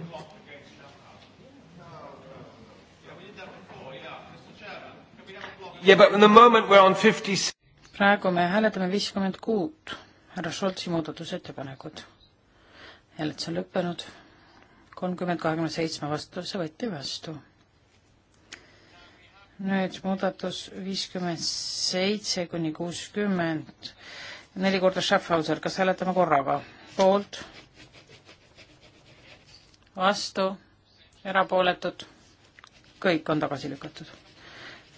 Yeah, but in the moment we're on 50... praegu me hääletame viiskümmend kuut härra Šoltsi muudatusettepanekut. hääletus on lõppenud. kolmkümmend kahekümne seitsme vastu, see võeti vastu nüüd muudatus viiskümmend seitse kuni kuuskümmend, neli korda Schaffhauser, kas hääletame korraga? poolt, vastu, erapooletud, kõik on tagasi lükatud.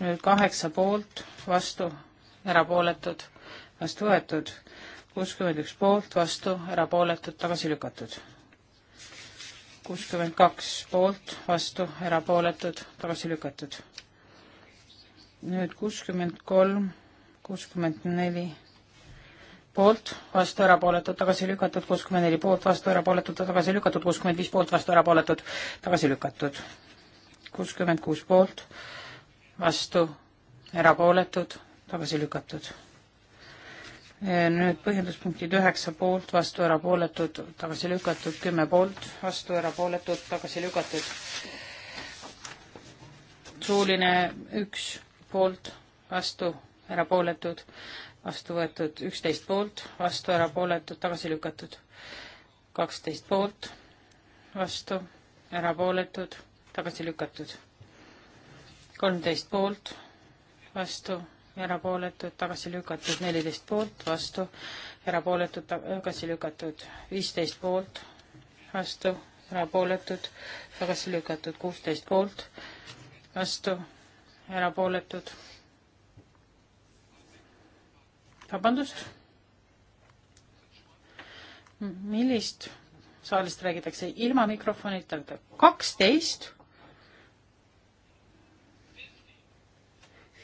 nüüd kaheksa poolt, vastu, erapooletud, vastu võetud, kuuskümmend üks poolt, vastu, erapooletud, tagasi lükatud kuuskümmend kaks poolt, vastu, erapooletud, tagasi lükatud nüüd kuuskümmend kolm, kuuskümmend neli poolt, vastu erapooletud, tagasi lükatud, kuuskümmend neli poolt, vastu erapooletud, tagasi lükatud, kuuskümmend viis poolt, vastu erapooletud, tagasi lükatud. kuuskümmend kuus poolt, vastu erapooletud, tagasi lükatud. nüüd põhjenduspunktid üheksa poolt, vastu erapooletud, tagasi lükatud, kümme poolt, vastu erapooletud, tagasi lükatud. suuline üks poolt, vastu, erapooletud, vastu võetud üksteist poolt, vastu, erapooletud, tagasi lükatud kaksteist poolt, vastu, erapooletud, tagasi lükatud kolmteist poolt, vastu, erapooletud, tagasi lükatud, neliteist poolt, vastu, erapooletud, tagasi lükatud, viisteist poolt, vastu, erapooletud, tagasi lükatud, kuusteist poolt, vastu, erapooletud. vabandust. millist saalist räägitakse ilma mikrofonita? kaksteist.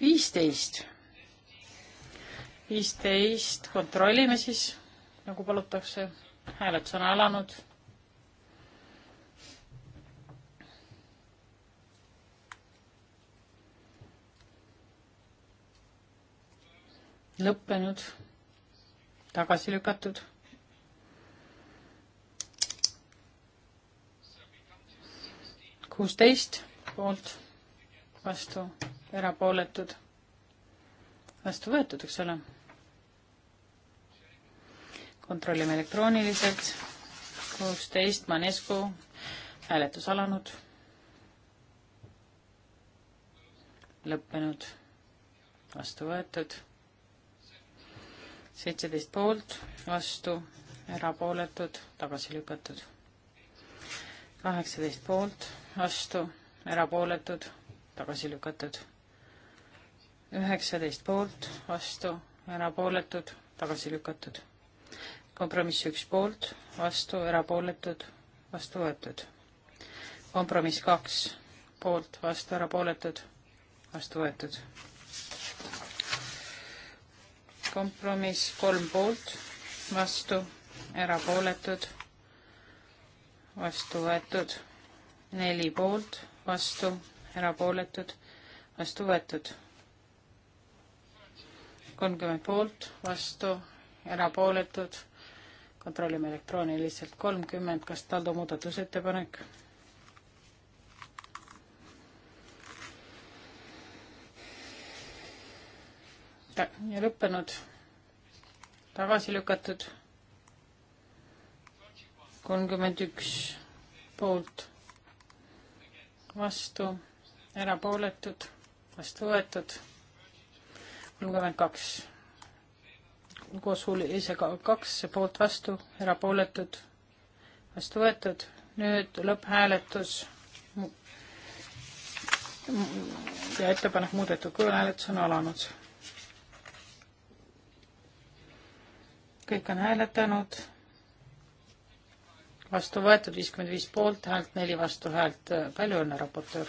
viisteist. viisteist, kontrollime siis, nagu palutakse. hääletus on alanud lõppenud, tagasi lükatud. kuusteist poolt, vastu, erapooletud, vastu võetud, eks ole. kontrollime elektrooniliselt, kuusteist, Manescu, hääletus alanud, lõppenud, vastu võetud seitseteist poolt, vastu, erapooletud, tagasi lükatud. kaheksateist poolt, vastu, erapooletud, tagasi lükatud. üheksateist poolt, vastu, erapooletud, tagasi lükatud. kompromiss üks poolt, vastu, erapooletud, vastu võetud. kompromiss kaks, poolt, vastu, erapooletud, vastu võetud kompromiss kolm poolt, vastu, erapooletud, vastu võetud, neli poolt, vastu, erapooletud, vastu võetud. kolmkümmend poolt, vastu, erapooletud, kontrollime elektrooniliselt kolmkümmend, kas Taldo muudatusettepanek? ta-, lõppenud, tagasi lükatud, kolmkümmend üks poolt, vastu, erapooletud, vastu võetud, kolmkümmend kaks koos huulisega kaks poolt vastu, erapooletud, vastu võetud. nüüd lõpphääletus ja ettepanek muudetud kujul hääletus on alanud kõik on hääletanud. vastu võetud viiskümmend viis poolthäält, neli vastuhäält. Äh, palju õnne, raportöör.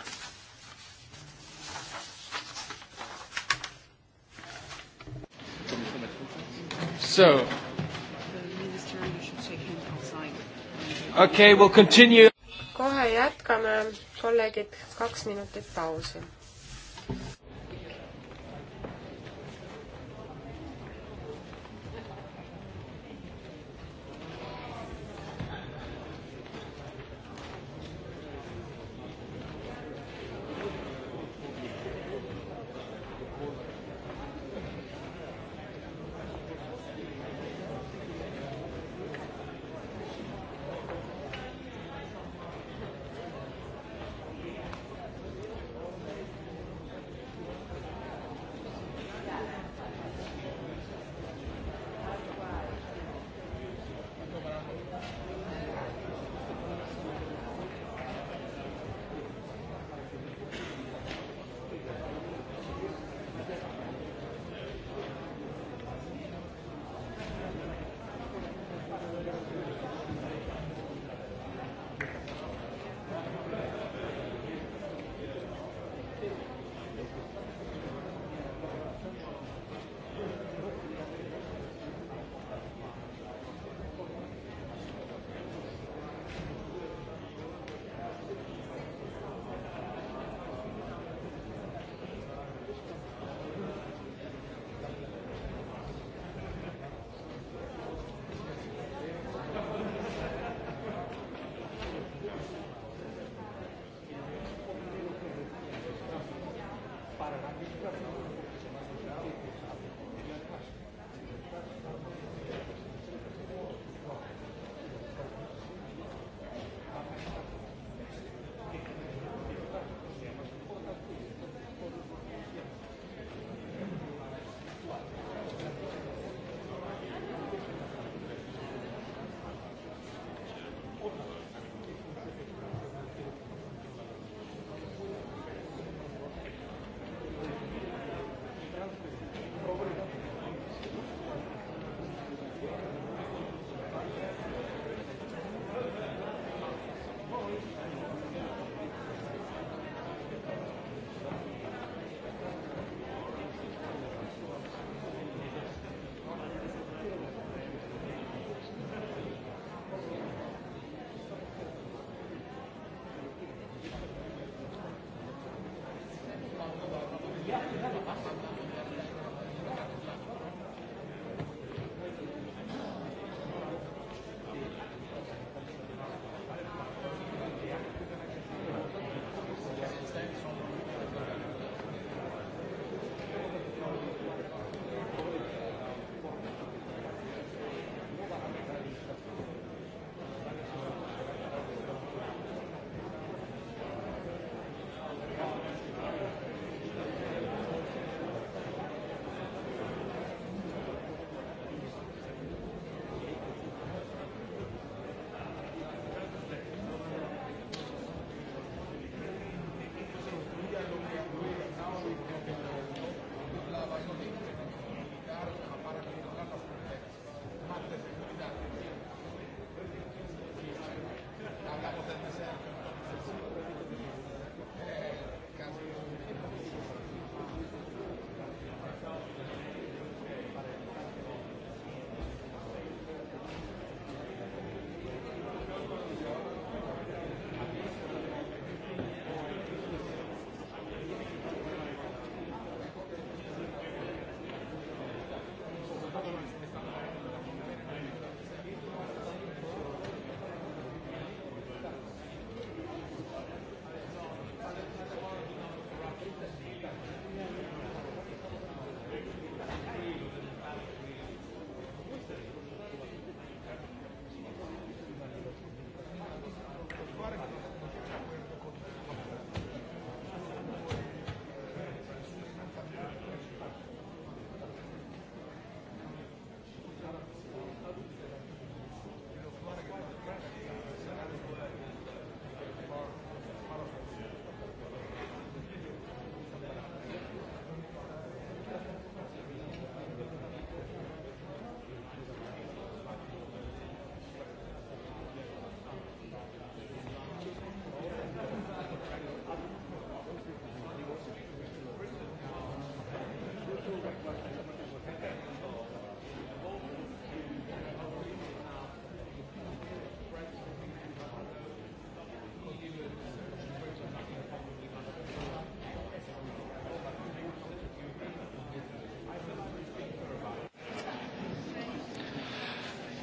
So, okay, we'll continue. kohe jätkame, kolleegid, kaks minutit pausi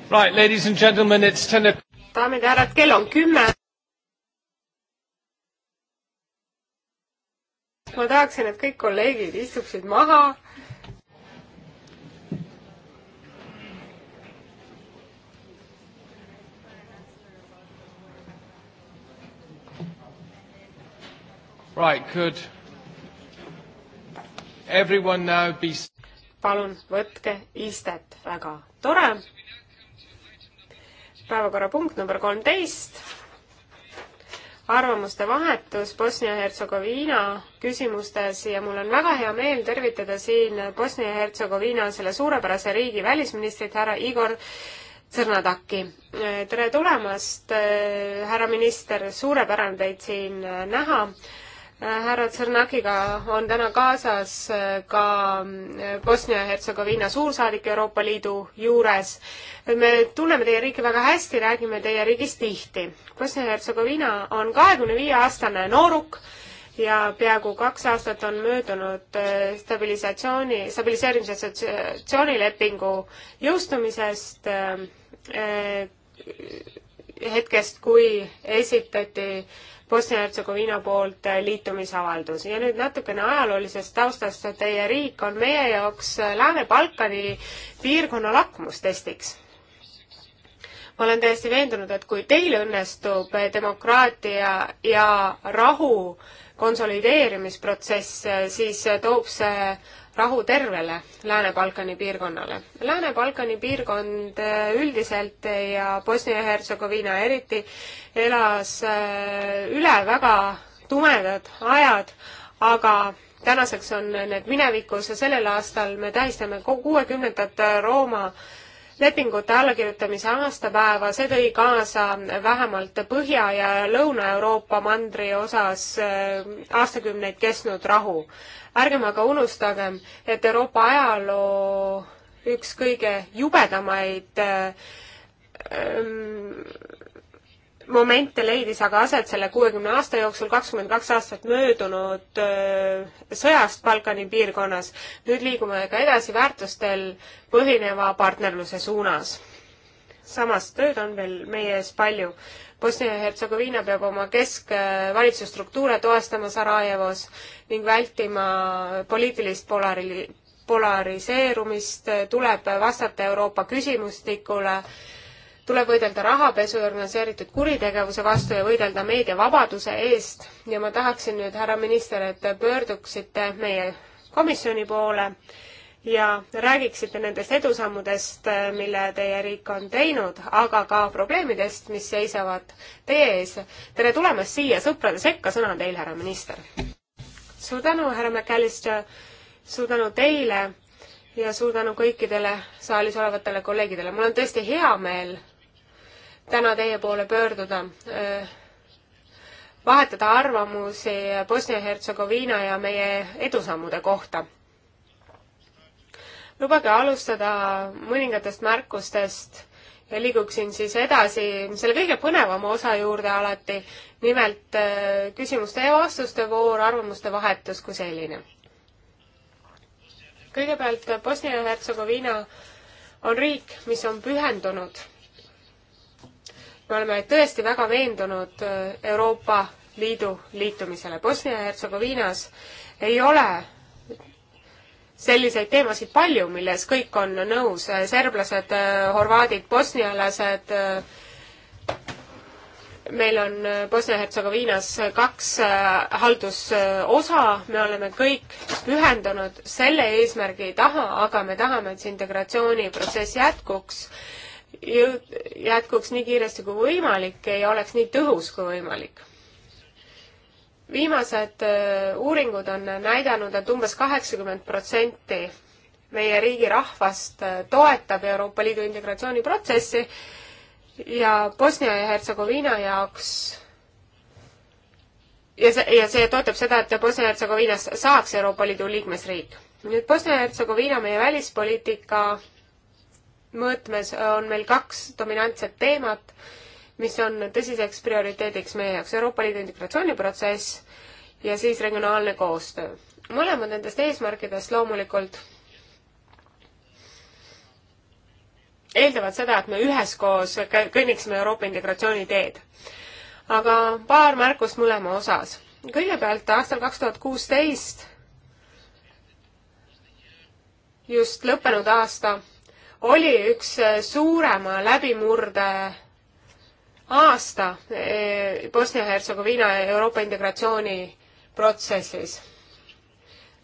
Right, ladies and gentlemen, it's ten o'clock. daamid ja härrad, kell on kümme. ma tahaksin, et kõik kolleegid istuksid maha. Right, good. Everyone now be palun võtke istet, väga tore päevakorrapunkt number kolmteist, arvamuste vahetus Bosnia-Hertsegoviina küsimustes ja mul on väga hea meel tervitada siin Bosnia-Hertsegoviina selle suurepärase riigi välisministrit, härra Igor Tsõrnataki. tere tulemast, härra minister, suurepärane teid siin näha Äh, härra Tsernakiga on täna kaasas äh, ka äh, Bosnia-Hertsegoviina suursaadik Euroopa Liidu juures. me tunneme teie riiki väga hästi, räägime teie riigist tihti. Bosnia-Hertsegoviina on kahekümne viie aastane nooruk ja peaaegu kaks aastat on möödunud stabilisatsiooni, stabiliseerimise assotsiatsioonilepingu jõustumisest hetkest, kui esitati Bosnia-Hertsegoviina poolt äh, liitumisavaldus. ja nüüd natukene ajaloolisest taustast, teie riik on meie jaoks äh, Lääne-Balkani piirkonna lakmustestiks ma olen täiesti veendunud, et kui teil õnnestub äh, demokraatia ja rahu konsolideerimisprotsess, siis toob see rahu tervele Lääne-Balkani piirkonnale. Lääne-Balkani piirkond eh, üldiselt eh, ja Bosnia-Hertsegoviina eriti elas eh, üle väga tumedad ajad, aga tänaseks on need minevikus ja sellel aastal me tähistame kuuekümnendat Rooma lepingute allakirjutamise aastapäeva, see tõi kaasa vähemalt Põhja- ja Lõuna-Euroopa mandri osas äh, aastakümneid kestnud rahu. ärgem aga unustagem, et Euroopa ajaloo üks kõige jubedamaid äh, ähm, momente leidis aga aset selle kuuekümne aasta jooksul, kakskümmend kaks aastat möödunud sõjast Balkani piirkonnas. nüüd liigume ka edasi väärtustel põhineva partnerluse suunas. samas tööd on veel meie ees palju. Bosnia-Hertsegoviina peab oma keskvalitsusstruktuure toestama Sarajevos ning vältima poliitilist polari-, polariseerumist, tuleb vastata Euroopa küsimustikule äh, tuleb võidelda rahapesu ja organiseeritud kuritegevuse vastu ja võidelda meediavabaduse eest ja ma tahaksin nüüd, härra minister, et te pöörduksite meie komisjoni poole ja räägiksite nendest edusammudest, mille teie riik on teinud, aga ka probleemidest, mis seisavad teie ees. tere tulemast siia sõprade sekka, sõna on teil, härra minister. suur tänu, härra McAllister, suur tänu teile ja suur tänu kõikidele saalis olevatele kolleegidele. mul on tõesti hea meel täna teie poole pöörduda, vahetada arvamusi Bosnia-Hertsegoviina ja meie edusammude kohta. lubage alustada mõningatest märkustest ja liiguksin siis edasi selle kõige põnevama osa juurde alati, nimelt küsimuste ja vastuste voor, arvamuste vahetus kui selline. kõigepealt Bosnia-Hertsegoviina on riik, mis on pühendunud me oleme tõesti väga veendunud äh, Euroopa Liidu liitumisele. Bosnia-Hertsegoviinas ei ole selliseid teemasid palju, milles kõik on nõus, äh, serblased, äh, horvaadid, bosnialased, meil on Bosnia-Hertsegoviinas kaks haldusosa, me oleme kõik pühendunud selle eesmärgi taha, aga me tahame, et see integratsiooniprotsess jätkuks jätkuks nii kiiresti kui võimalik ja oleks nii tõhus kui võimalik. viimased äh, uuringud on näidanud, et umbes kaheksakümmend protsenti meie riigi rahvast äh, toetab Euroopa Liidu integratsiooniprotsessi ja Bosnia ja Hertsegoviina jaoks ja see, ja see toetab seda, et Bosnia-Hertsegoviinast saaks Euroopa Liidu liikmesriik. nüüd Bosnia-Hertsegoviina meie välispoliitika mõõtmes on meil kaks dominantset teemat, mis on tõsiseks prioriteediks meie jaoks, Euroopa Liidu integratsiooniprotsess ja siis regionaalne koostöö. mõlemad nendest eesmärkidest loomulikult eeldavad seda, et me üheskoos kõnniksime Euroopa integratsiooni teed. aga paar märkust mõlema osas. kõigepealt aastal kaks tuhat kuusteist just lõppenud aasta oli üks äh, suurema läbimurde aasta äh, Bosnia-Hertsegoviina Euroopa integratsiooni protsessis.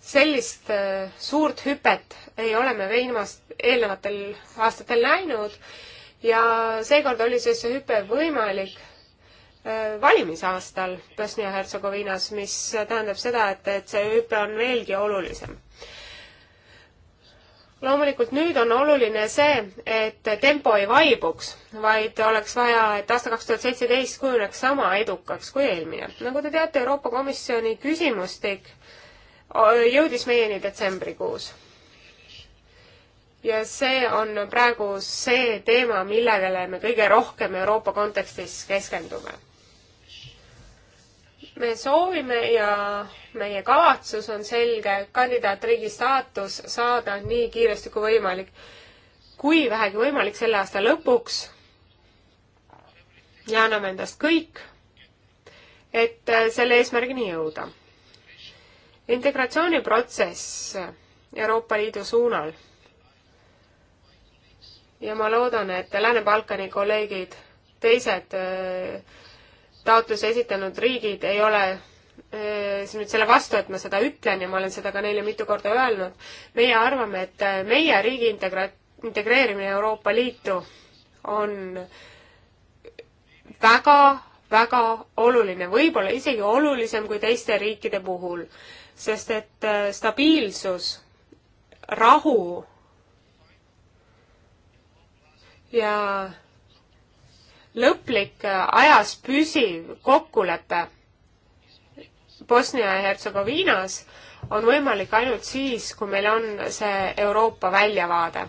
sellist äh, suurt hüpet ei ole me viimast, eelnevatel aastatel näinud ja seekord oli siis see hüpe võimalik valimisaastal Bosnia-Hertsegoviinas, mis tähendab seda, et, et see hüpe on veelgi olulisem loomulikult nüüd on oluline see, et tempo ei vaibuks, vaid oleks vaja, et aasta kaks tuhat seitseteist kujuneks sama edukaks kui eelmine. nagu te teate, Euroopa Komisjoni küsimustik jõudis meieni detsembrikuus. ja see on praegu see teema, millele me kõige rohkem Euroopa kontekstis keskendume me soovime ja meie kavatsus on selge, kandidaatriigi staatus saada nii kiiresti kui võimalik. kui vähegi võimalik selle aasta lõpuks ja anname endast kõik, et äh, selle eesmärgini jõuda. integratsiooniprotsess Euroopa Liidu suunal. ja ma loodan, et Lääne-Balkani kolleegid, teised äh, taotluse esitanud riigid ei ole siis eh, nüüd selle vastu, et ma seda ütlen ja ma olen seda ka neile mitu korda öelnud, meie arvame, et eh, meie riigi integra-, integreerimine Euroopa Liitu on väga, väga oluline, võib-olla isegi olulisem kui teiste riikide puhul, sest et eh, stabiilsus, rahu ja lõplik äh, ajas püsiv kokkulepe Bosnia ja Hertsegoviinas on võimalik ainult siis, kui meil on see Euroopa väljavaade.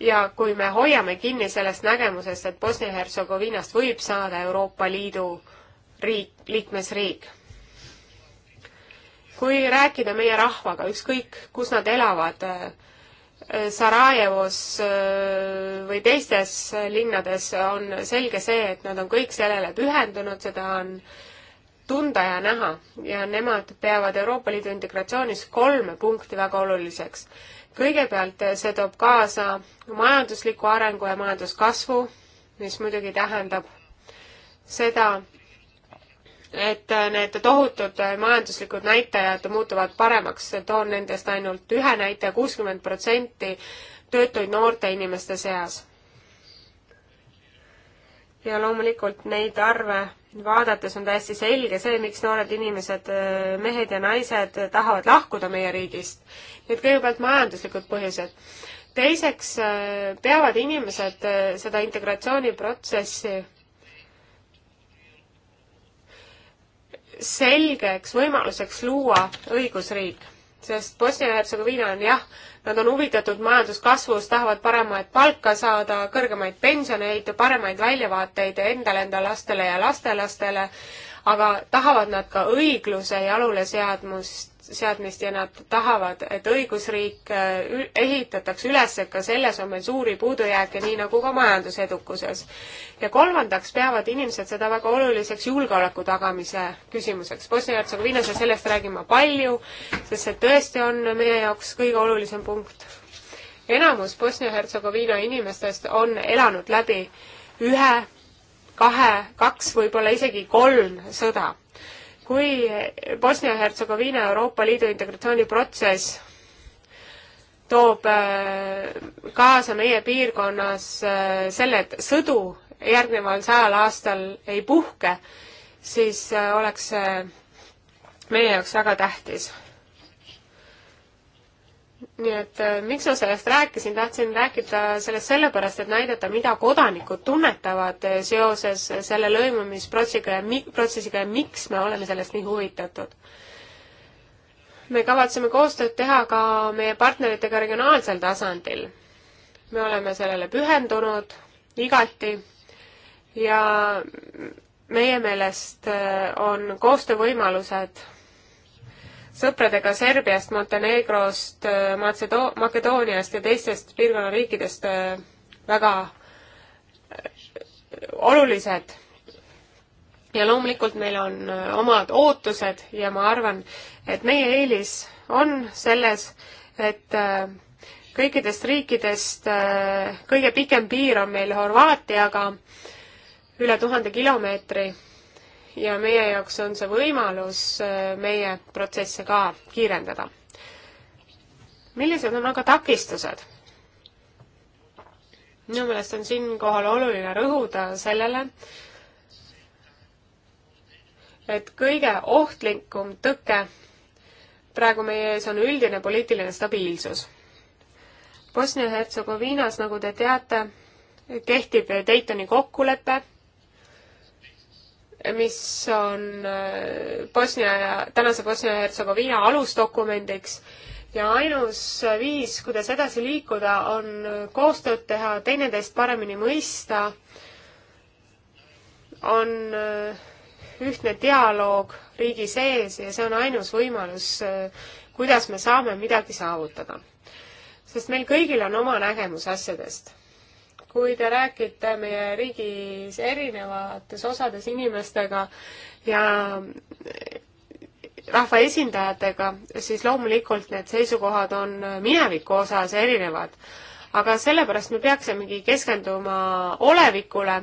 ja kui me hoiame kinni sellest nägemusest, et Bosnia-Hertsegoviinast võib saada Euroopa Liidu riik, liikmesriik. kui rääkida meie rahvaga, ükskõik kus nad elavad, äh, Sarajevos äh, või teistes linnades on selge see, et nad on kõik sellele pühendunud, seda on tunda ja näha ja nemad peavad Euroopa Liidu integratsioonis kolme punkti väga oluliseks. kõigepealt äh, see toob kaasa majandusliku arengu ja majanduskasvu, mis muidugi tähendab seda, et äh, need tohutud äh, majanduslikud näitajad muutuvad paremaks, toon nendest ainult ühe näite, kuuskümmend protsenti töötuid noorte inimeste seas. ja loomulikult neid arve vaadates on täiesti selge see, miks noored inimesed, äh, mehed ja naised tahavad lahkuda meie riigist. nii et kõigepealt majanduslikud põhjused. teiseks peavad inimesed seda integratsiooniprotsessi selgeks võimaluseks luua õigusriik, sest Bosnia-Hertsegoviina on jah, nad on huvitatud majanduskasvust, tahavad paremat palka saada, kõrgemaid pensioneid, paremaid väljavaateid endale, enda lastele ja lastelastele, aga tahavad nad ka õigluse jaluleseadmust seadmist ja nad tahavad, et õigusriik äh, ehitatakse üles, et ka selles on meil suuri puudujääke, nii nagu ka majandusedukuses. ja kolmandaks peavad inimesed seda väga oluliseks julgeoleku tagamise küsimuseks. Bosnia-Hertsegoviinas ja sellest räägin ma palju, sest see tõesti on meie jaoks kõige olulisem punkt. enamus Bosnia-Hertsegoviina inimestest on elanud läbi ühe, kahe, kaks, võib-olla isegi kolm sõda kui Bosnia-Hertsegoviina Euroopa Liidu integratsiooniprotsess toob äh, kaasa meie piirkonnas äh, selle, et sõdu järgneval sajal aastal ei puhke, siis äh, oleks meie jaoks väga tähtis nii et äh, miks ma sellest rääkisin, tahtsin rääkida sellest sellepärast, et näidata, mida kodanikud tunnetavad äh, seoses äh, selle lõimumisprotsessiga ja mi-, protsessiga ja miks me oleme sellest nii huvitatud. me kavatseme koostööd teha ka meie partneritega regionaalsel tasandil. me oleme sellele pühendunud igati ja meie meelest on koostöövõimalused sõpradega Serbiast, Montenegrost, äh, Matsedo-, Makedooniast ja teistest piirkonna riikidest äh, väga äh, olulised. ja loomulikult meil on omad ootused ja ma arvan, et meie eelis on selles, et kõikidest riikidest kõige pikem piir on meil Horvaatiaga, üle tuhande kilomeetri ja meie jaoks on see võimalus äh, meie protsesse ka kiirendada. millised on aga takistused? minu meelest on siinkohal oluline rõhuda sellele, et kõige ohtlikum tõke praegu meie ees on üldine poliitiline stabiilsus. Bosnia-Hertsegoviinas, nagu te teate, kehtib Daytoni kokkulepe mis on äh, Bosnia ja, tänase Bosnia ja Hertsegoviina alusdokumendiks ja ainus viis, kuidas edasi liikuda, on koostööd teha, teineteist paremini mõista, on äh, ühtne dialoog riigi sees ja see on ainus võimalus, äh, kuidas me saame midagi saavutada. sest meil kõigil on oma nägemus asjadest kui te räägite meie riigis erinevates osades inimestega ja rahvaesindajatega, siis loomulikult need seisukohad on mineviku osas erinevad. aga sellepärast me peaksimegi keskenduma olevikule,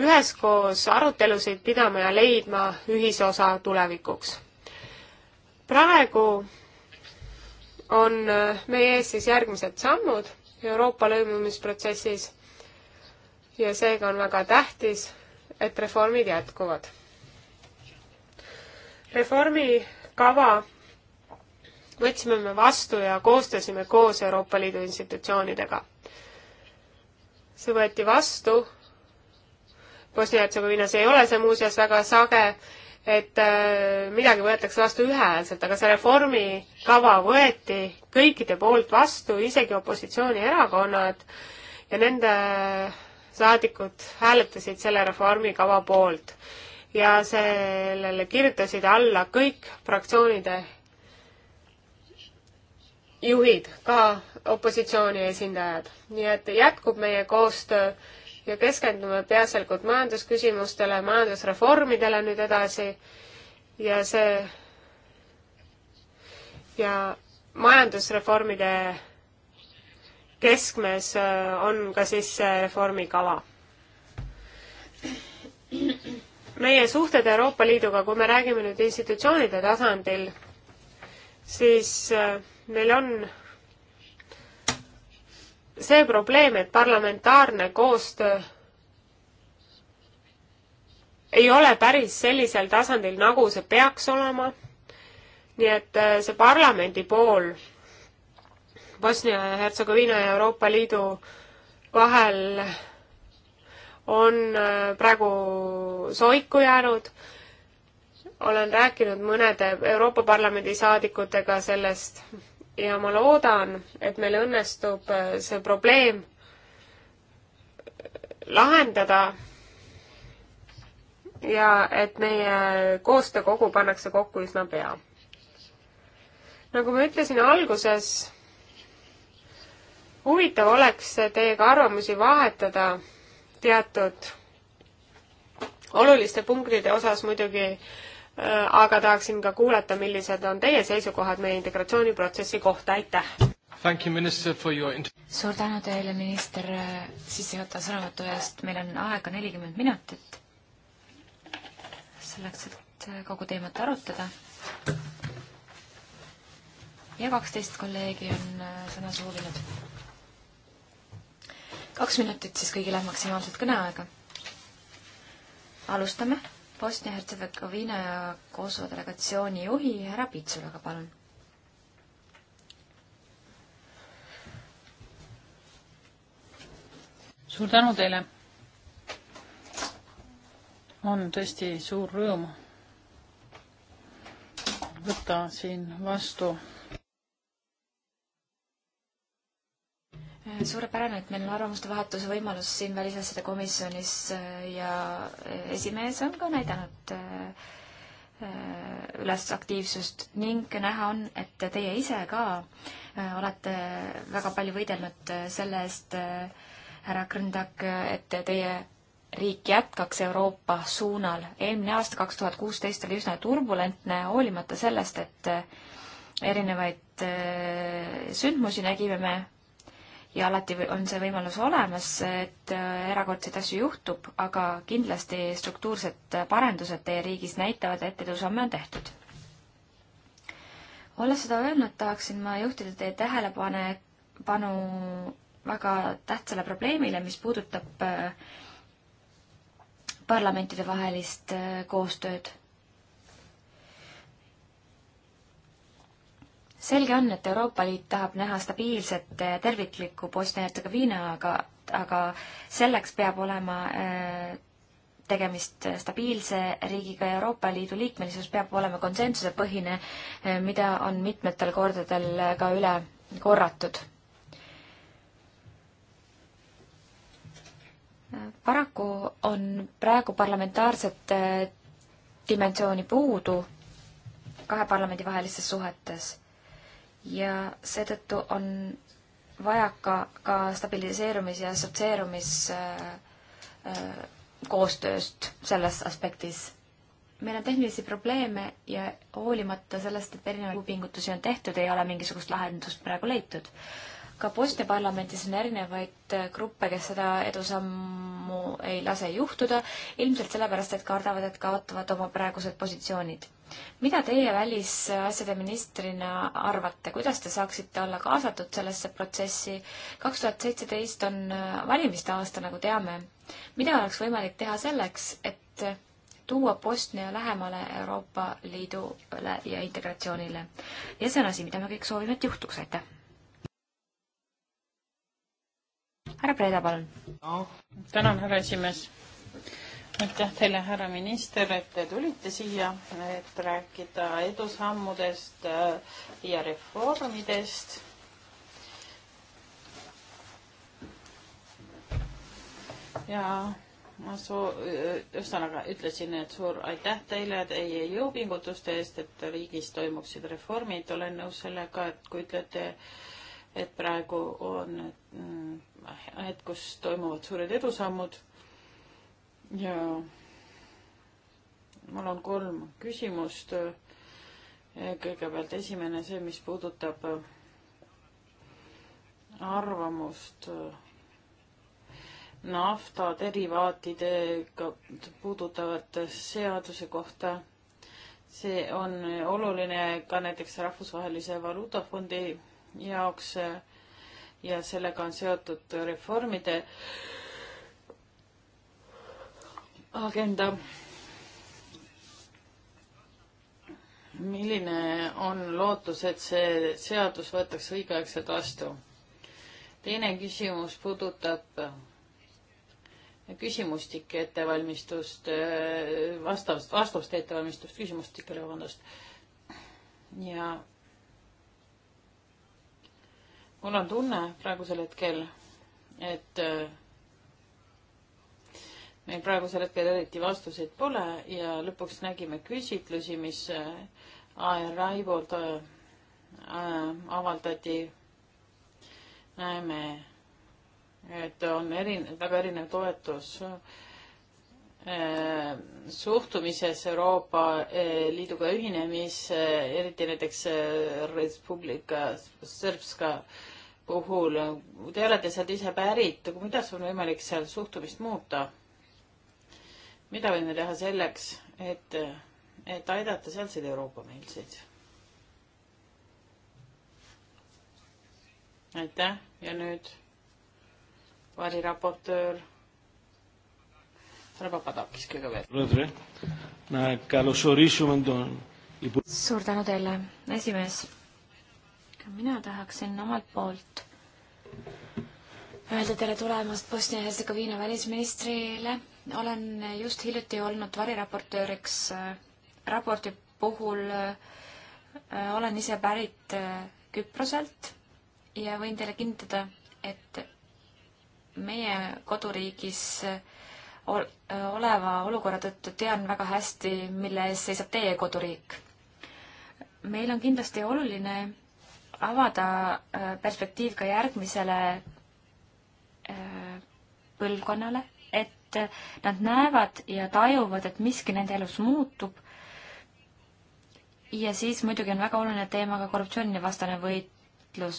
üheskoos arutelusid pidama ja leidma ühisosa tulevikuks. praegu on meie ees siis järgmised sammud Euroopa lõimumisprotsessis ja seega on väga tähtis, et reformid jätkuvad. reformikava võtsime me vastu ja koostasime koos Euroopa Liidu institutsioonidega. see võeti vastu, Bosnia-Hertsegoviinas ei ole see muuseas väga sage, et äh, midagi võetakse vastu ühehäälselt, aga see reformikava võeti kõikide poolt vastu, isegi opositsioonierakonnad ja nende saadikud hääletasid selle reformikava poolt ja sellele kirjutasid alla kõik fraktsioonide juhid, ka opositsiooni esindajad. nii et jätkub meie koostöö ja keskendume peaasjalikult majandusküsimustele, majandusreformidele nüüd edasi ja see ja majandusreformide keskmes äh, on ka siis see reformikava. meie suhted Euroopa Liiduga, kui me räägime nüüd institutsioonide tasandil, siis äh, meil on see probleem, et parlamentaarne koostöö ei ole päris sellisel tasandil, nagu see peaks olema. nii et äh, see parlamendi pool Bosnia ja Hertsegoviina ja Euroopa Liidu vahel on äh, praegu soiku jäänud. olen rääkinud mõnede Euroopa Parlamendi saadikutega sellest ja ma loodan, et meil õnnestub äh, see probleem äh, lahendada ja et meie koostöökogu pannakse kokku üsna pea. nagu ma ütlesin alguses, huvitav oleks teiega arvamusi vahetada teatud oluliste punktide osas muidugi, äh, aga tahaksin ka kuulata, millised on teie seisukohad meie integratsiooniprotsessi kohta, aitäh! You, minister, your... suur tänu teile, minister, äh, sissejuhatava sõnavõtu eest, meil on aega nelikümmend minutit selleks, et äh, kogu teemat arutada ja kaksteist kolleegi on sõna soovinud kaks minutit siis kõigile maksimaalselt kõneaega. alustame Bosnia-Hertsegoviina ja Kosovo delegatsiooni juhi härra Pitsulaga, palun. suur tänu teile. on tõesti suur rõõm võtta siin vastu suurepärane, et meil on arvamuste vahetuse võimalus siin välisasjade komisjonis äh, ja äh, esimees on ka näidanud äh, üles aktiivsust ning näha on, et teie ise ka olete väga palju võidelnud selle eest, härra Krõndak, et teie riik jätkaks Euroopa suunal. eelmine aasta, kaks tuhat kuusteist, oli üsna turbulentne, hoolimata sellest, et erinevaid sündmusi nägime me ja alati on see võimalus olemas, et äh, erakordseid asju juhtub, aga kindlasti struktuursed parendused teie riigis näitavad, et edusamme on tehtud. olles seda öelnud, tahaksin ma juhtida teie tähelepanu väga tähtsale probleemile, mis puudutab äh, parlamentidevahelist äh, koostööd selge on, et Euroopa Liit tahab näha stabiilset eh, terviklikku Bosnia-Hertsegoviina, aga, aga selleks peab olema eh, tegemist stabiilse riigiga ja Euroopa Liidu liikmelisus peab olema konsensusepõhine, eh, mida on mitmetel kordadel ka üle korratud. paraku on praegu parlamentaarset dimensiooni puudu kahe parlamendi vahelistes suhetes ja seetõttu on vaja ka, ka stabiliseerumis- ja assotsieerumiskoostööst äh, äh, selles aspektis meil on tehnilisi probleeme ja hoolimata sellest, et erinevaid pingutusi on tehtud, ei ole mingisugust lahendust praegu leitud ka Bosnia parlamendis on erinevaid gruppe, kes seda edusammu ei lase juhtuda, ilmselt sellepärast, et kardavad, et kaotavad oma praegused positsioonid. mida teie välisasjade ministrina arvate, kuidas te saaksite olla kaasatud sellesse protsessi? kaks tuhat seitseteist on valimiste aasta, nagu teame. mida oleks võimalik teha selleks, et tuua Bosnia lähemale Euroopa Liidule ja integratsioonile? ja see on asi, mida me kõik soovime, et juhtuks, aitäh! härra Preeda, palun no.. tänan, härra esimees. aitäh teile, härra minister, et te tulite siia, et rääkida edusammudest äh, ja reformidest. ja ma soo-, äh, ühesõnaga ütlesin, et suur aitäh teile teie jõupingutuste eest, et riigis toimuksid reformid, olen nõus sellega, et kui ütlete, et et praegu on hetk, mm, kus toimuvad suured edusammud ja mul on kolm küsimust. kõigepealt esimene, see, mis puudutab arvamust nafta derivaatidega puudutavate seaduse kohta. see on oluline ka näiteks Rahvusvahelise Valuutafondi jaoks eh, ja sellega on seotud reformide agenda. milline on lootus, et see seadus võetakse õigeaegselt vastu? teine küsimus puudutab eh, küsimustike ettevalmistust, eh, vastavust, vastuste ettevalmistust, küsimustikele, vabandust. ja mul on tunne praegusel hetkel, et äh, meil praegusel hetkel eriti vastuseid pole ja lõpuks nägime küsitlusi, mis äh, ARI poolt äh, avaldati. näeme, et on erinev, väga erinev toetus suhtumises Euroopa Liiduga ühinemisse, eriti näiteks Res Publica Srpska puhul, te olete sealt ise pärit, kuidas on võimalik seal suhtumist muuta? mida võime teha selleks, et, et aidata sealseid Euroopa-meelseid? aitäh ja nüüd variraportöör härra Papadakis kõigepealt. suur tänu teile, esimees mina tahaksin omalt poolt öelda tere tulemast Bosnia-Hertsegoviina välisministrile. olen just hiljuti olnud variraportööriks äh, raporti puhul. Äh, olen ise pärit äh, Küproselt ja võin teile kinnitada, et meie koduriigis oleva olukorra tõttu tean väga hästi, mille ees seisab teie koduriik. meil on kindlasti oluline avada äh, perspektiiv ka järgmisele äh, põlvkonnale, et äh, nad näevad ja tajuvad, et miski nende elus muutub. ja siis muidugi on väga oluline teema ka korruptsioonivastane võitlus.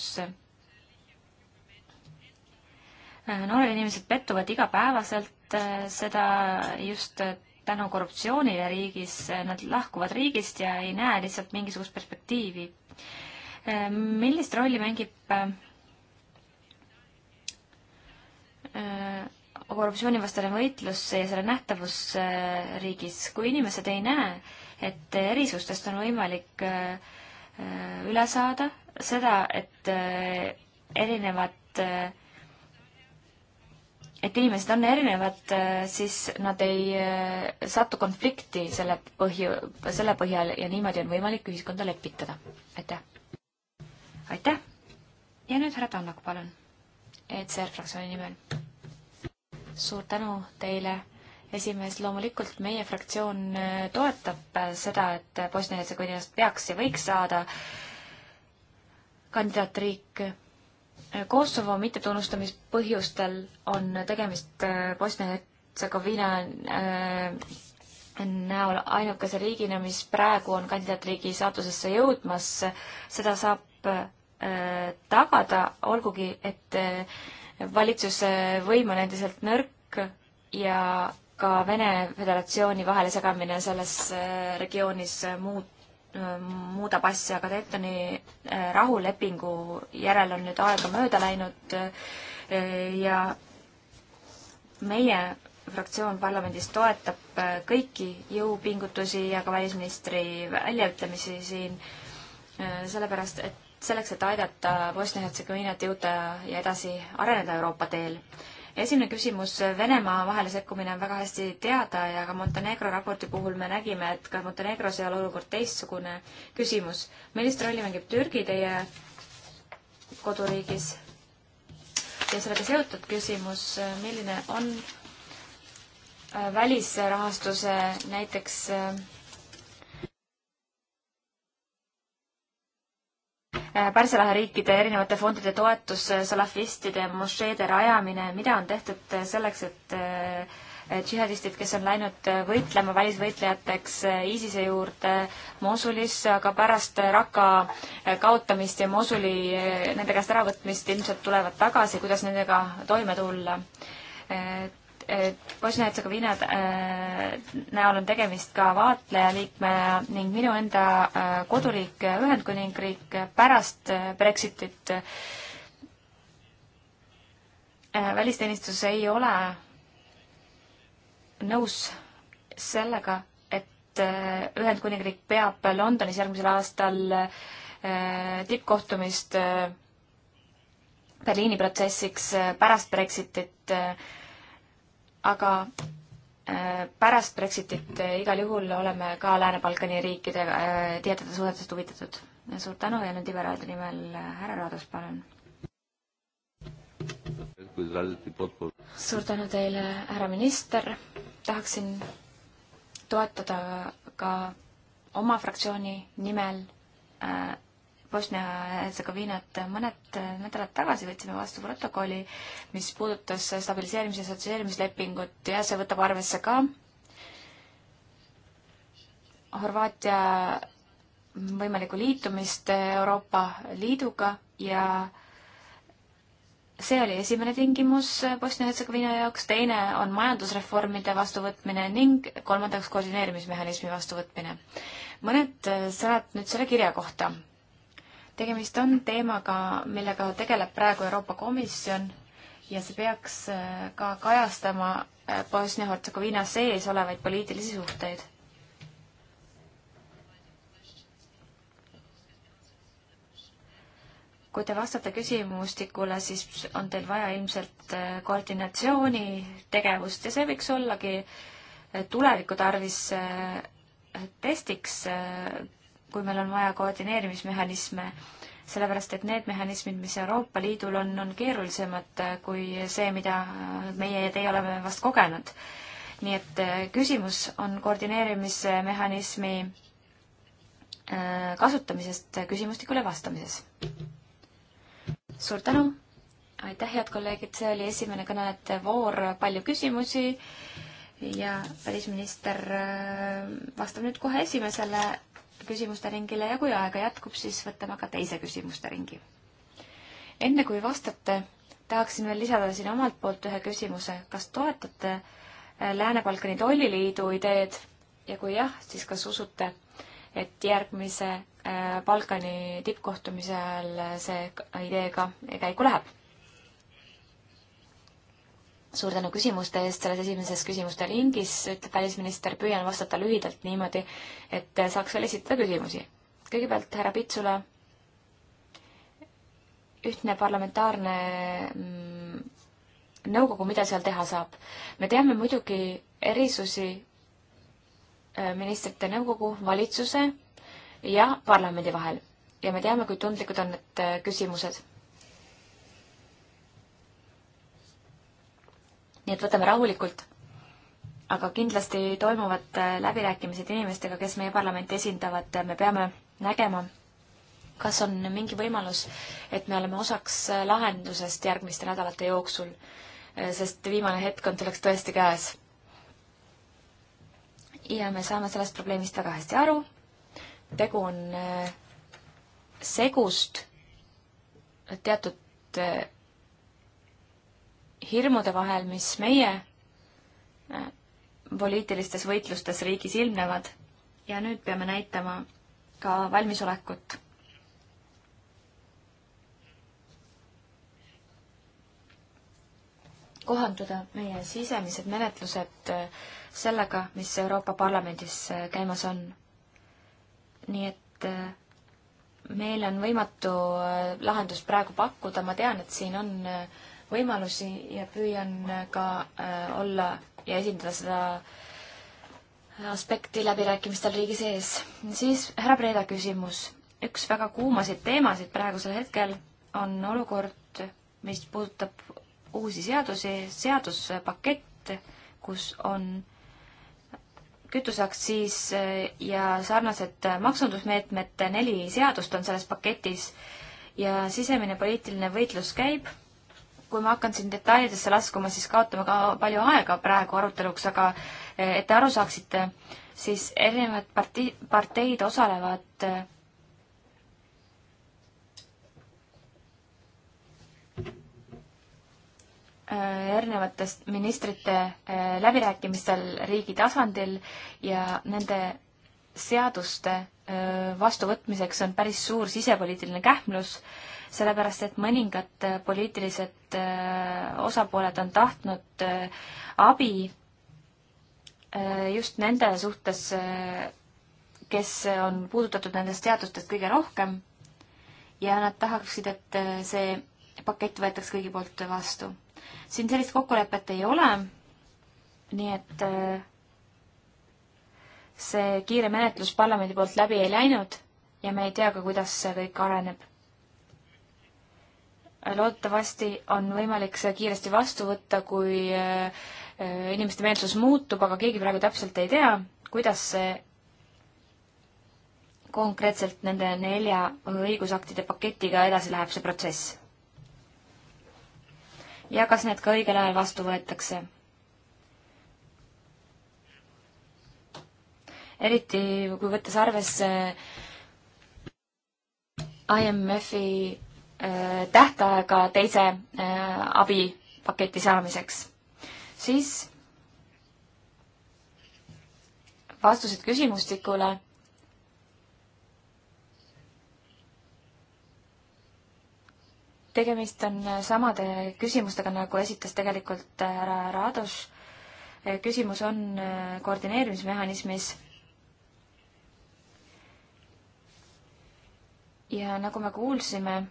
noored inimesed pettuvad igapäevaselt, seda just tänu korruptsioonile riigis, nad lahkuvad riigist ja ei näe lihtsalt mingisugust perspektiivi Ehm, millist rolli mängib äh, korruptsioonivastane võitlus ja selle nähtavus äh, riigis, kui inimesed ei näe, et erisustest on võimalik äh, üle saada, seda, et erinevad, et inimesed on erinevad, siis nad ei satu konflikti selle põhju, selle põhjal ja niimoodi on võimalik ühiskonda lepitada aitäh! ja nüüd härra Tannak, palun, ECR fraktsiooni nimel. suur tänu teile, esimees, loomulikult meie fraktsioon äh, toetab äh, seda, et Bosnia-Hertsegoviinast peaks ja võiks saada kandidaatriik äh, Kosovo mittetunnustamispõhjustel on tegemist Bosnia-Hertsegoviina näol ainukese riigina, mis praegu on kandidaatriigi saatusesse jõudmas, seda saab Äh, tagada, olgugi et äh, valitsuse võim on endiselt nõrk ja ka Vene Föderatsiooni vahele segamine selles äh, regioonis muut-, muudab asja, aga Daytoni rahulepingu järel on nüüd aega mööda läinud ja meie fraktsioon parlamendis toetab kõiki jõupingutusi ja ka välisministri väljaütlemisi siin, sellepärast et selleks, et aidata Bosnia-Hertsegoviinat jõuda ja edasi areneda Euroopa teel. esimene küsimus, Venemaa vahele sekkumine on väga hästi teada ja ka Montenegro raporti puhul me nägime, et ka Montenegros ei ole olukord teistsugune. küsimus, millist rolli mängib Türgi teie koduriigis? ja sellega seotud küsimus, milline on äh, välisrahastuse näiteks äh, Äh, Pärsia lahe riikide erinevate fondide toetus, äh, salafistide mošeede rajamine, mida on tehtud äh, selleks, et džihadistid, kes on läinud võitlema välisvõitlejateks ISISe juurde Mosulis, aga pärast Raqqa kaotamist ja Mosuli nende käest äravõtmist ilmselt tulevad tagasi, kuidas nendega toime tulla? et Bosnia-Hertsegoviina äh, näol on tegemist ka vaatlejaliikme ning minu enda äh, koduriik äh, Ühendkuningriik pärast Brexitit välisteenistus ei ole nõus sellega, et Ühendkuningriik peab Londonis järgmisel aastal tippkohtumist Berliini protsessiks pärast Brexitit aga äh, pärast Brexitit äh, igal juhul oleme ka Lääne-Balkani riikidega äh, tihedatest suhetest huvitatud. suur tänu ja nüüd liberaalide nimel härra Raados, palun. suur tänu teile, härra minister. tahaksin toetada ka oma fraktsiooni nimel äh, Bosnia-Hertsegoviinat. mõned nädalad tagasi võtsime vastu protokolli, mis puudutas stabiliseerimis- ja assotsieerimislepingut ja see võtab arvesse ka Horvaatia võimalikku liitumist Euroopa Liiduga ja see oli esimene tingimus Bosnia-Hertsegoviina jaoks, teine on majandusreformide vastuvõtmine ning kolmandaks koordineerimismehhanismi vastuvõtmine. mõned sõnad nüüd selle kirja kohta tegemist on teemaga, millega tegeleb praegu Euroopa Komisjon ja see peaks äh, ka kajastama äh, Bosnia-Hertsegoviina sees olevaid poliitilisi suhteid. kui te vastate küsimustikule, siis on teil vaja ilmselt äh, koordinatsiooni tegevust ja see võiks ollagi tuleviku tarvis testiks kui meil on vaja koordineerimismehhanisme, sellepärast et need mehhanismid, mis Euroopa Liidul on, on keerulisemad äh, kui see, mida meie ja teie oleme vast kogenud. nii et äh, küsimus on koordineerimismehhanismi äh, kasutamisest küsimustikule vastamises. suur tänu, aitäh, head kolleegid, see oli esimene kõnelejate voor, palju küsimusi ja välisminister vastab nüüd kohe esimesele küsimuste ringile ja kui aega jätkub, siis võtame ka teise küsimuste ringi. enne kui vastate, tahaksin veel lisada siin omalt poolt ühe küsimuse. kas toetate äh, Lääne-Balkani tolliliidu ideed ja kui jah, siis kas usute, et järgmise äh, Balkani tippkohtumise ajal see idee ka käiku läheb? suur tänu küsimuste eest selles esimeses küsimuste ringis, ütleb välisminister, püüan vastata lühidalt niimoodi, et saaks veel esitada küsimusi. kõigepealt härra Pitsula, ühtne parlamentaarne mm, nõukogu, mida seal teha saab? me teame muidugi erisusi äh, ministrite nõukogu, valitsuse ja parlamendi vahel ja me teame, kui tundlikud on need äh, küsimused nii et võtame rahulikult. aga kindlasti toimuvad äh, läbirääkimised inimestega, kes meie parlamenti esindavad, me peame nägema, kas on mingi võimalus, et me oleme osaks äh, lahendusest järgmiste nädalate jooksul, äh, sest viimane hetk on selleks tõesti käes. ja me saame sellest probleemist väga hästi aru, tegu on segust teatud hirmude vahel, mis meie äh, poliitilistes võitlustes riigis ilmnevad ja nüüd peame näitama ka valmisolekut. kohanduda meie sisemised menetlused äh, sellega, mis Euroopa Parlamendis äh, käimas on. nii et meil on võimatu lahendust praegu pakkuda, ma tean, et siin on äh, võimalusi ja püüan ka äh, olla ja esindada seda aspekti läbirääkimistel riigi sees. siis härra Preeda küsimus. üks väga kuumasid teemasid praegusel hetkel on olukord, mis puudutab uusi seadusi, seaduspakett, kus on kütuseaktsiis äh, ja sarnased maksundusmeetmed, neli seadust on selles paketis ja sisemine poliitiline võitlus käib kui ma hakkan siin detailidesse laskuma, siis kaotame ka palju aega praegu aruteluks, aga eh, et te aru saaksite, siis erinevad parti-, parteid osalevad eh, erinevatest ministrite eh, läbirääkimistel riigi tasandil ja nende seaduste vastuvõtmiseks on päris suur sisepoliitiline kähmlus sellepärast et mõningad äh, poliitilised äh, osapooled on tahtnud äh, abi just nende suhtes, kes on puudutatud nendest seadustest kõige rohkem ja nad tahaksid, et see pakett võetaks kõigi poolt vastu. siin sellist kokkulepet ei ole, nii et see kiire menetlus parlamendi poolt läbi ei läinud ja me ei tea ka, kuidas see kõik areneb loodetavasti on võimalik see kiiresti vastu võtta, kui äh, inimeste meelsus muutub, aga keegi praegu täpselt ei tea, kuidas see konkreetselt nende nelja õigusaktide paketiga edasi läheb, see protsess. ja kas need ka õigel ajal vastu võetakse? eriti kui võttes arvesse IMF-i Äh, tähtaega teise äh, abipaketi saamiseks. siis vastused küsimustikule. tegemist on samade küsimustega, nagu esitas tegelikult äh, härra Raados. küsimus on koordineerimismehhanismis ja nagu me kuulsime,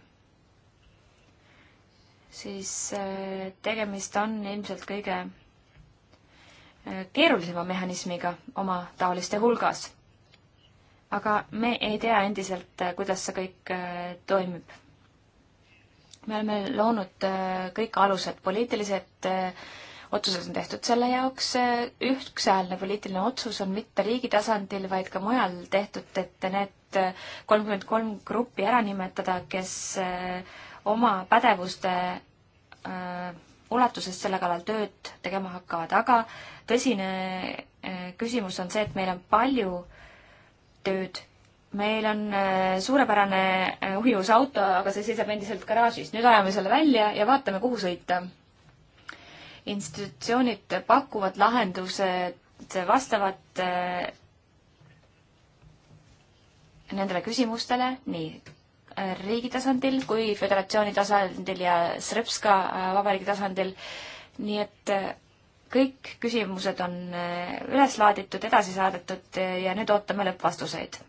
siis äh, tegemist on ilmselt kõige äh, keerulisema mehhanismiga oma taoliste hulgas. aga me ei tea endiselt, äh, kuidas see kõik toimib. me oleme loonud kõik alused, poliitilised otsused on tehtud selle jaoks, ühtsäälne poliitiline otsus on mitte riigi tasandil, vaid ka mujal tehtud, et need kolmkümmend kolm gruppi ära nimetada, kes oma pädevuste äh, ulatuses selle kallal tööd tegema hakkavad, aga tõsine äh, küsimus on see, et meil on palju tööd. meil on äh, suurepärane äh, ujusauto, aga see seisab endiselt garaažis. nüüd ajame selle välja ja vaatame, kuhu sõita. institutsioonid pakuvad lahendused vastavat äh, nendele küsimustele, nii, riigi tasandil kui föderatsiooni tasandil ja Srpska äh, vabariigi tasandil. nii et äh, kõik küsimused on äh, üles laaditud, edasi saadetud ja nüüd ootame lõppvastuseid.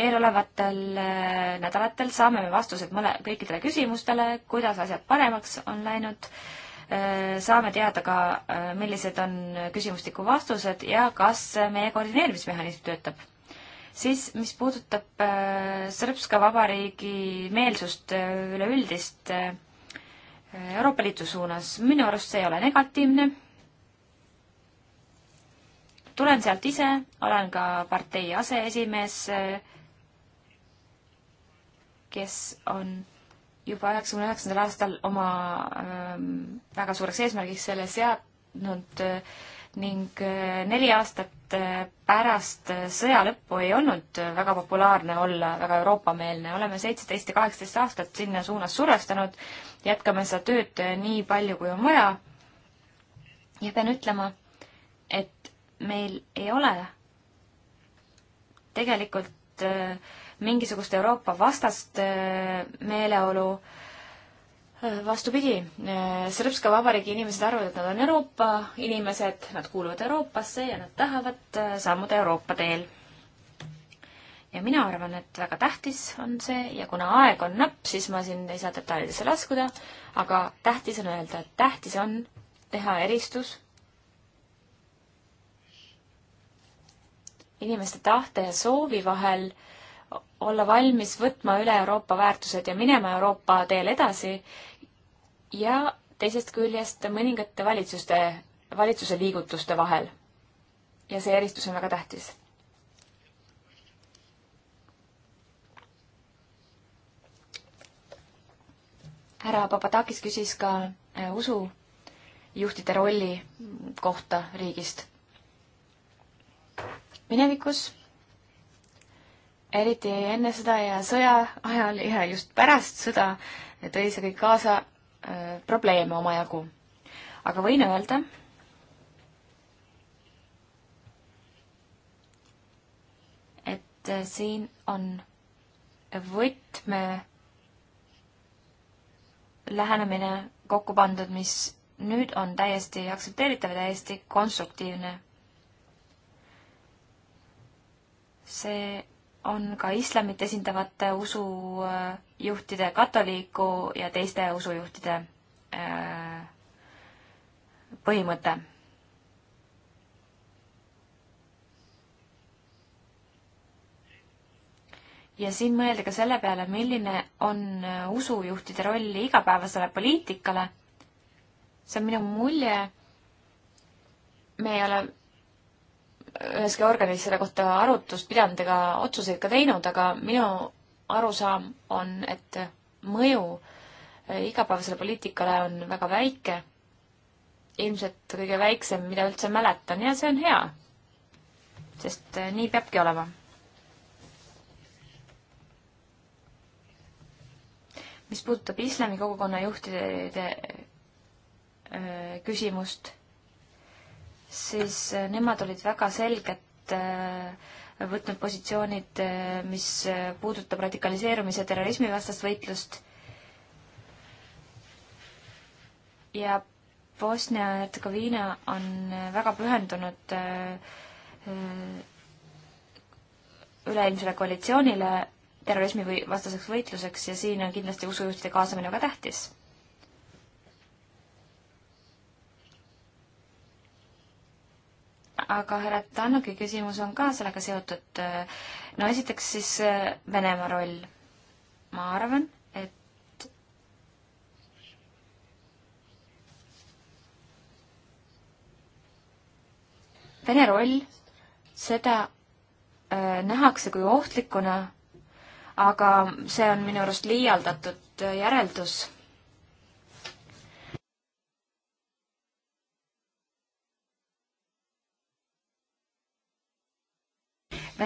eelolevatel nädalatel saame me vastused mõle, kõikidele küsimustele, kuidas asjad paremaks on läinud saame teada ka, millised on küsimustiku vastused ja kas meie koordineerimismehhanism töötab siis mis puudutab äh, Srpska Vabariigi meelsust äh, üleüldist äh, Euroopa Liidu suunas, minu arust see ei ole negatiivne. tulen sealt ise, olen ka partei aseesimees, kes on juba üheksakümne üheksandal aastal oma ähm, väga suureks eesmärgiks selle seadnud äh, ning äh, neli aastat et äh, pärast äh, sõja lõppu ei olnud äh, väga populaarne olla väga Euroopa-meelne, oleme seitseteist ja kaheksateist aastat sinna suunas survestanud, jätkame seda tööd nii palju, kui on vaja. ja pean ütlema, et meil ei ole tegelikult mingisugust Euroopa vastast meeleolu äh, vastupidi, Srpska Vabariigi inimesed arvavad, et nad on Euroopa inimesed, nad kuuluvad Euroopasse ja nad tahavad äh, sammuda Euroopa teel. ja mina arvan, et väga tähtis on see ja kuna aeg on napp, siis ma siin ei saa detailidesse laskuda, aga tähtis on öelda, et tähtis on teha eristus inimeste tahte ja soovi vahel olla valmis võtma üle Euroopa väärtused ja minema Euroopa teel edasi ja teisest küljest mõningate valitsuste, valitsuse liigutuste vahel. ja see eristus on väga tähtis. härra Papadakis küsis ka äh, usujuhtide rolli kohta riigist. minevikus, eriti enne sõda ja sõja ajal ja just pärast sõda, tõi see kõik kaasa Äh, probleeme omajagu. aga võin öelda, et äh, siin on võtme lähenemine kokku pandud, mis nüüd on täiesti aktsepteeritav ja täiesti konstruktiivne. see on ka islamit esindavate usujuhtide, katoliiku ja teiste usujuhtide äh, põhimõte. ja siin mõelda ka selle peale, milline on äh, usujuhtide roll igapäevasele poliitikale. see on minu mulje. me ei ole üheski organis selle kohta arutust pidanud ega otsuseid ka teinud, aga minu arusaam on, et mõju eh, igapäevasele poliitikale on väga väike, ilmselt kõige väiksem, mida üldse mäletan ja see on hea, sest eh, nii peabki olema. mis puudutab islami kogukonna juhtide eh, küsimust siis äh, nemad olid väga selgelt äh, võtnud positsioonid, äh, mis puudutab radikaliseerumise terrorismivastast võitlust. ja Bosnia-Hertsegoviina on väga pühendunud üleilmsele koalitsioonile terrorismi või vastaseks võitluseks ja siin on kindlasti usujuhtide kaasamine väga tähtis. aga härra Tannuki küsimus on ka sellega seotud. no esiteks siis äh, Venemaa roll. ma arvan, et Vene roll, seda äh, nähakse kui ohtlikuna, aga see on minu arust liialdatud äh, järeldus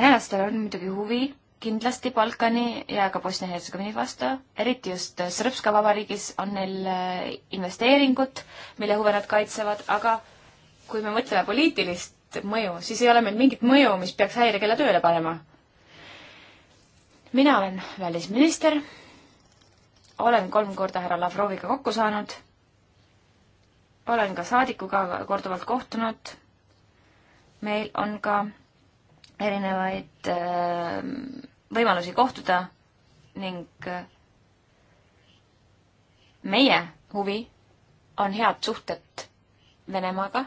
venelastel on muidugi huvi kindlasti Balkani ja ka Bosnia-Hertsegoviini vastu, eriti just Srpska vabariigis on neil äh, investeeringud, mille huve nad kaitsevad, aga kui me mõtleme poliitilist mõju, siis ei ole meil mingit mõju, mis peaks häirekella tööle panema. mina olen välisminister, olen kolm korda härra Lavroviga kokku saanud, olen ka saadikuga korduvalt kohtunud, meil on ka erinevaid ähm, võimalusi kohtuda ning äh, meie huvi on head suhted Venemaaga.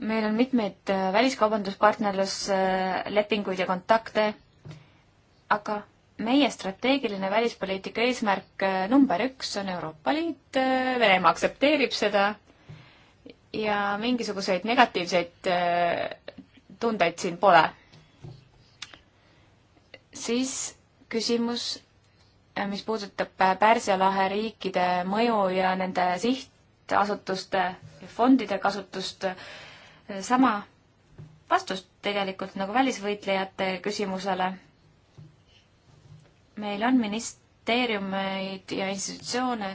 meil on mitmeid äh, väliskaubanduspartnerluslepinguid ja kontakte, aga meie strateegiline välispoliitika eesmärk äh, number üks on Euroopa Liit, äh, Venemaa aktsepteerib seda ja mingisuguseid negatiivseid äh, tundeid siin pole. siis küsimus, mis puudutab Pärsia lahe riikide mõju ja nende sihtasutuste ja fondide kasutust, sama vastust tegelikult nagu välisvõitlejate küsimusele meil on ministeeriumeid ja institutsioone,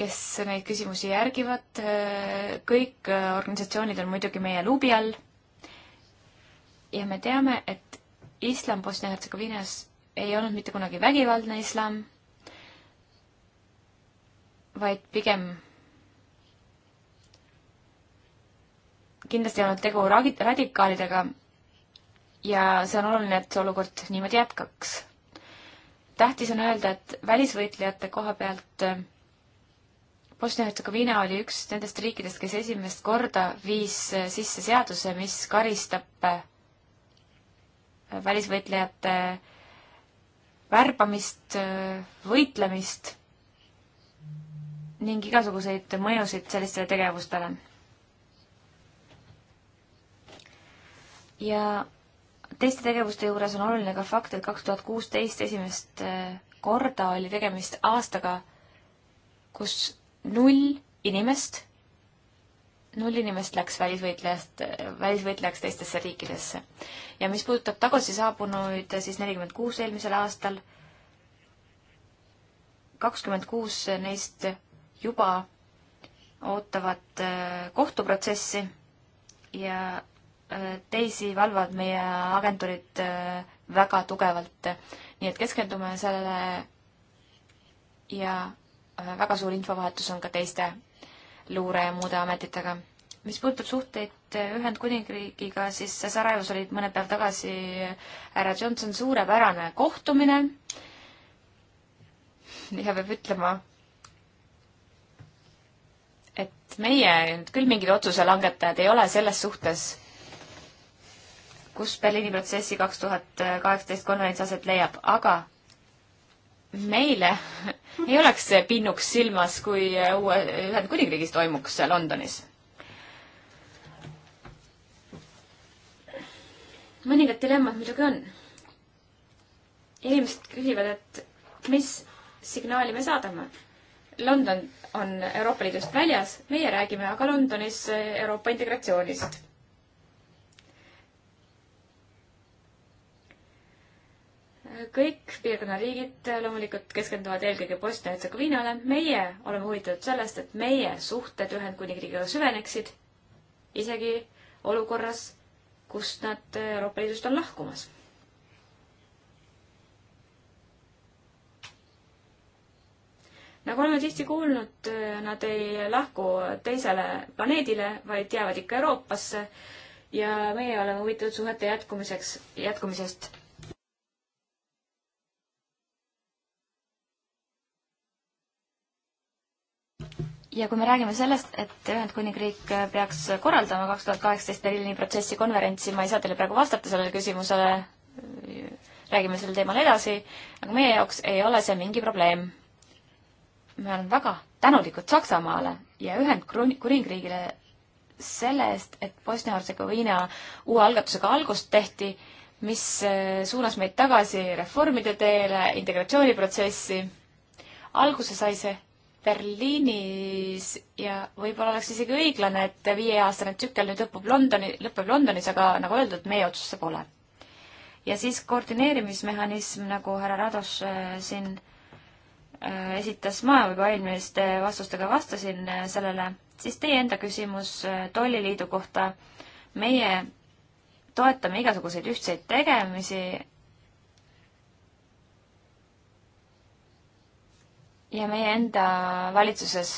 kes neid küsimusi järgivad, kõik organisatsioonid on muidugi meie luubi all ja me teame, et islam Bosnia-Hertsegoviinas ei olnud mitte kunagi vägivaldne islam, vaid pigem kindlasti ei olnud tegu radikaalidega, ja see on oluline, et see olukord niimoodi jätkaks. tähtis on öelda, et välisvõitlejate koha pealt äh, Bosnia-Hertsegoviina oli üks nendest riikidest, kes esimest korda viis äh, sisse seaduse, mis karistab äh, välisvõitlejate värbamist, võitlemist ning igasuguseid mõjusid sellistele tegevustele. ja teiste tegevuste juures on oluline ka fakt, et kaks tuhat kuusteist esimest eh, korda oli tegemist aastaga, kus null inimest, null inimest läks välisvõitlejast, eh, välisvõitlejaks teistesse riikidesse. ja mis puudutab tagasi saabunuid, eh, siis nelikümmend kuus eelmisel aastal, kakskümmend kuus neist juba ootavad kohtuprotsessi ja teisi valvavad meie agentuurid äh, väga tugevalt. nii et keskendume sellele ja äh, väga suur infovahetus on ka teiste luure ja muude ametitega. mis puudutab suhteid äh, Ühendkuningriigiga, siis Sarajevas olid mõned päev tagasi härra Johnson suurepärane kohtumine. ja peab ütlema, et meie nüüd küll mingid otsuse langetajad ei ole selles suhtes kus Berliini protsessi kaks tuhat kaheksateist konverents aset leiab, aga meile ei oleks see pinnuks silmas, kui uue Ühendkuningriigis toimuks Londonis. mõningad dilemmad muidugi on. inimesed küsivad, et mis signaali me saadame. London on Euroopa Liidust väljas, meie räägime aga Londonis Euroopa integratsioonist kõik piirkonna riigid loomulikult keskenduvad eelkõige Bosnia-Hertsegoviinale. meie oleme huvitatud sellest, et meie suhted Ühendkuningriigiga süveneksid isegi olukorras, kus nad Euroopa Liidust on lahkumas. nagu oleme tihti kuulnud, nad ei lahku teisele planeedile, vaid jäävad ikka Euroopasse ja meie oleme huvitatud suhete jätkumiseks, jätkumisest ja kui me räägime sellest, et Ühendkuningriik peaks korraldama kaks tuhat kaheksateist Berliini protsessi konverentsi, ma ei saa teile praegu vastata sellele küsimusele, räägime sel teemal edasi, aga meie jaoks ei ole see mingi probleem. me oleme väga tänulikud Saksamaale ja Ühendkuningriigile selle eest, et Bosnia-Hertsegoviina uue algatusega algust tehti, mis suunas meid tagasi reformide teele, integratsiooniprotsessi. alguse sai see Berliinis ja võib-olla oleks isegi õiglane, et viieaastane tsükkel nüüd lõpeb Londoni, lõpeb Londonis, aga nagu öeldud, meie otsus see pole. ja siis koordineerimismehhanism, nagu härra Rados äh, siin äh, esitas, ma juba eelmiste vastustega vastasin äh, sellele, siis teie enda küsimus tolliliidu kohta. meie toetame igasuguseid ühtseid tegemisi, ja meie enda valitsuses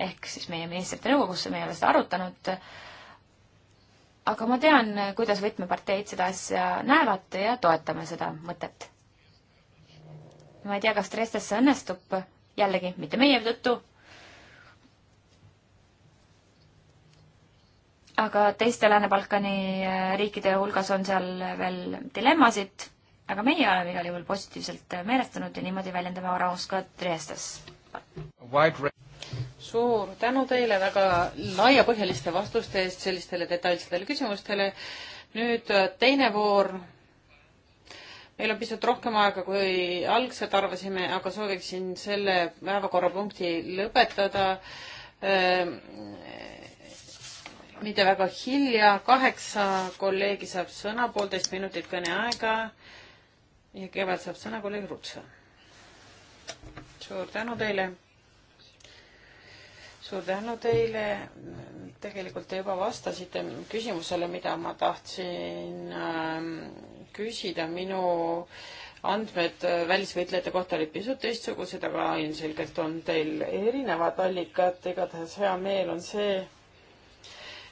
ehk siis meie ministrite nõukogusse, me ei ole seda arutanud, aga ma tean, kuidas võtmeparteid seda asja näevad ja toetame seda mõtet. ma ei tea, kas Dresdes see õnnestub, jällegi mitte meie tõttu, aga teiste Lääne-Balkani riikide hulgas on seal veel dilemmasid aga meie oleme igal juhul positiivselt meelestanud ja niimoodi väljendame arvamust ka Triestas. suur tänu teile väga laiapõhjaliste vastuste eest sellistele detailsetele küsimustele. nüüd äh, teine voor. meil on pisut rohkem aega, kui algselt arvasime, aga sooviksin selle päevakorrapunkti lõpetada ähm, mitte väga hilja, kaheksa kolleegi saab sõna, poolteist minutit kõneaega ja kõigepealt saab sõna kolleeg Rutsa. suur tänu teile. suur tänu teile. tegelikult te juba vastasite küsimusele, mida ma tahtsin ähm, küsida. minu andmed välisvõitlejate kohta olid pisut teistsugused, aga ilmselgelt on teil erinevad allikad, igatahes hea meel on see,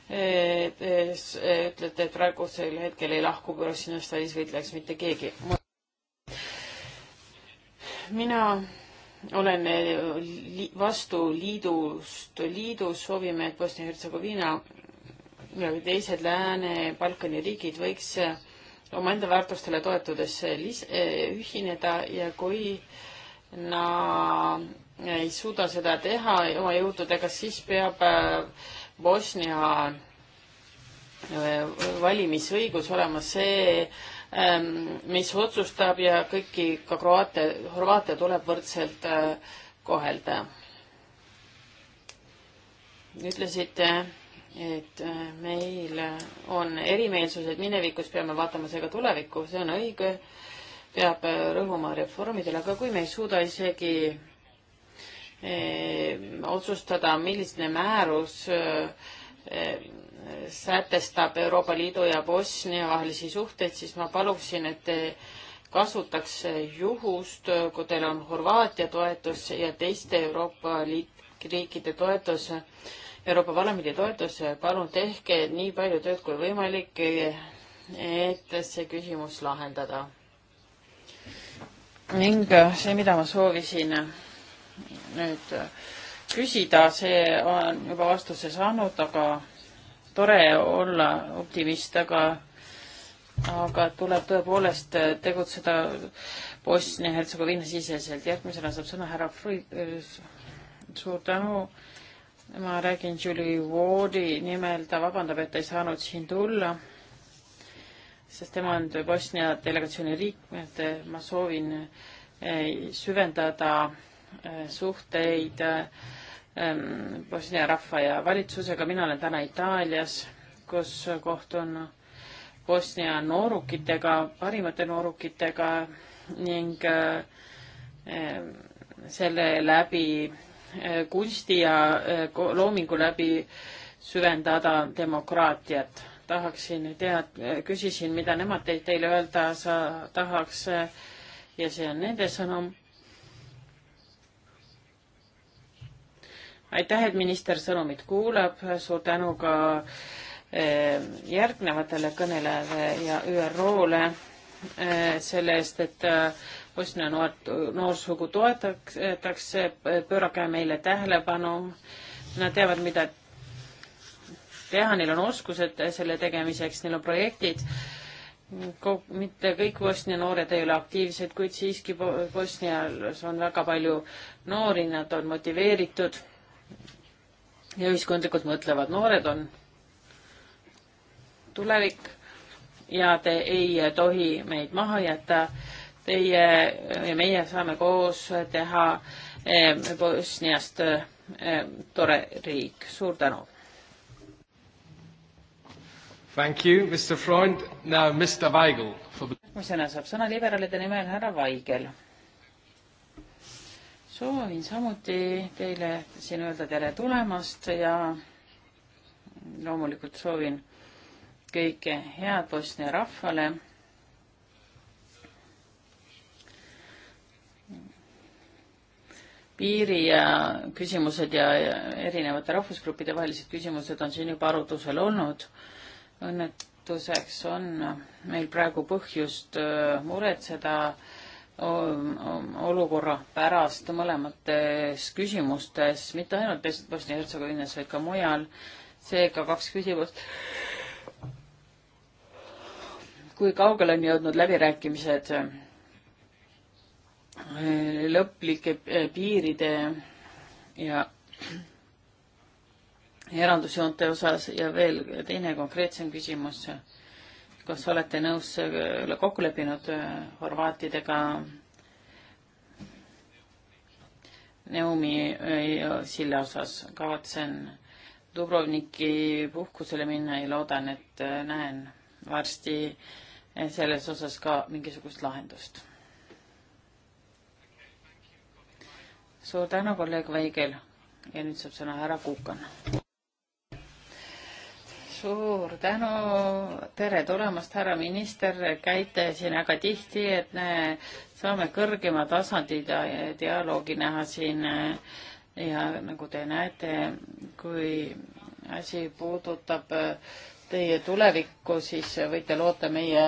et ütlete, et praegusel hetkel ei lahku Gruusiast välisvõitlejaks mitte keegi mina olen eh, li vastu liidust, liidus soovime, et Bosnia-Hertsegoviina ja teised Lääne-Balkani riigid võiks eh, omaenda väärtustele toetudes eh, lis-, ühineda ja kui na ei suuda seda teha oma jõududega, siis peab Bosnia valimisõigus olema see, Ähm, mis otsustab ja kõiki ka kroaate, horvaate tuleb võrdselt äh, kohelda. ütlesite, et äh, meil on erimeelsused minevikus, peame vaatama seega tulevikku, see on õige, peab äh, rõhuma reformidele, aga kui me ei suuda isegi eh, otsustada, milline määrus eh, sätestab Euroopa Liidu ja Bosnia vahelisi suhteid, siis ma paluksin, et te kasutaks juhust, kui teil on Horvaatia toetus ja teiste Euroopa Liit, riikide toetus, Euroopa Parlamendi toetus, palun tehke nii palju tööd kui võimalik, et see küsimus lahendada. ning see, mida ma soovisin nüüd küsida, see on juba vastuse saanud, aga tore olla optimist, aga, aga tuleb tõepoolest tegutseda Bosnia-Hertsegoviina siseselt. järgmisena saab sõna härra Fruit. Äh, suur tänu. ma räägin Julie Wardi nimel, ta vabandab, et ei saanud siin tulla, sest tema on Bosnia delegatsiooni liikmed. ma soovin äh, süvendada äh, suhteid äh, Ähm, Bosnia rahva ja valitsusega, mina olen täna Itaalias, kus kohtun Bosnia noorukitega, parimate noorukitega ning äh, selle läbi äh, kunsti ja äh, loomingu läbi süvendada demokraatiat. tahaksin tead-, küsisin, mida nemad teid, teile öelda sa tahaks ja see on nende sõnum aitäh, et minister sõnumit kuulab, suur tänu ka eh, järgnevatele kõnelejale ja ÜRO-le eh, selle eest, et eh, Bosnia noort, noorsugu toetatakse, pöörake meile tähelepanu. Nad teavad, mida teha, neil on oskused selle tegemiseks, neil on projektid. mitte kõik Bosnia noored ei ole aktiivsed, kuid siiski Bosnias on väga palju noori, nad on motiveeritud ja ühiskondlikult mõtlevad noored on tulevik ja te ei tohi meid maha jätta. Teie ja meie saame koos teha eh, Bosniast eh, tore riik. suur tänu. Thank you, Mr Freund. Now Mr Weigel for.... järgmisena saab sõna liberaalide nimel härra Weigel soovin samuti teile siin öelda tere tulemast ja loomulikult soovin kõike head Bosnia rahvale. piiri ja küsimused ja erinevate rahvusgruppide vahelised küsimused on siin juba arutlusel olnud. õnnetuseks on meil praegu põhjust äh, muretseda äh, olukorra pärast mõlemates küsimustes, mitte ainult Bosnia-Hertsegoviinas, vaid ka mujal. seega kaks küsimust. kui kaugele on jõudnud läbirääkimised eh, lõplike piiride ja erandusjoonte osas ja veel teine konkreetsem küsimus kas olete nõus äh, kokku leppinud äh, horvaatidega Neumi äh, silla osas? kavatsen Dubrovniki puhkusele minna ja loodan, et näen varsti selles osas ka mingisugust lahendust. suur tänu, kolleeg Veigel ja nüüd saab sõna härra Kuukan suur tänu, tere tulemast, härra minister, käite siin väga tihti, et me saame kõrgema tasandi dialoogi näha siin ja nagu te näete, kui asi puudutab teie tulevikku, siis võite loota meie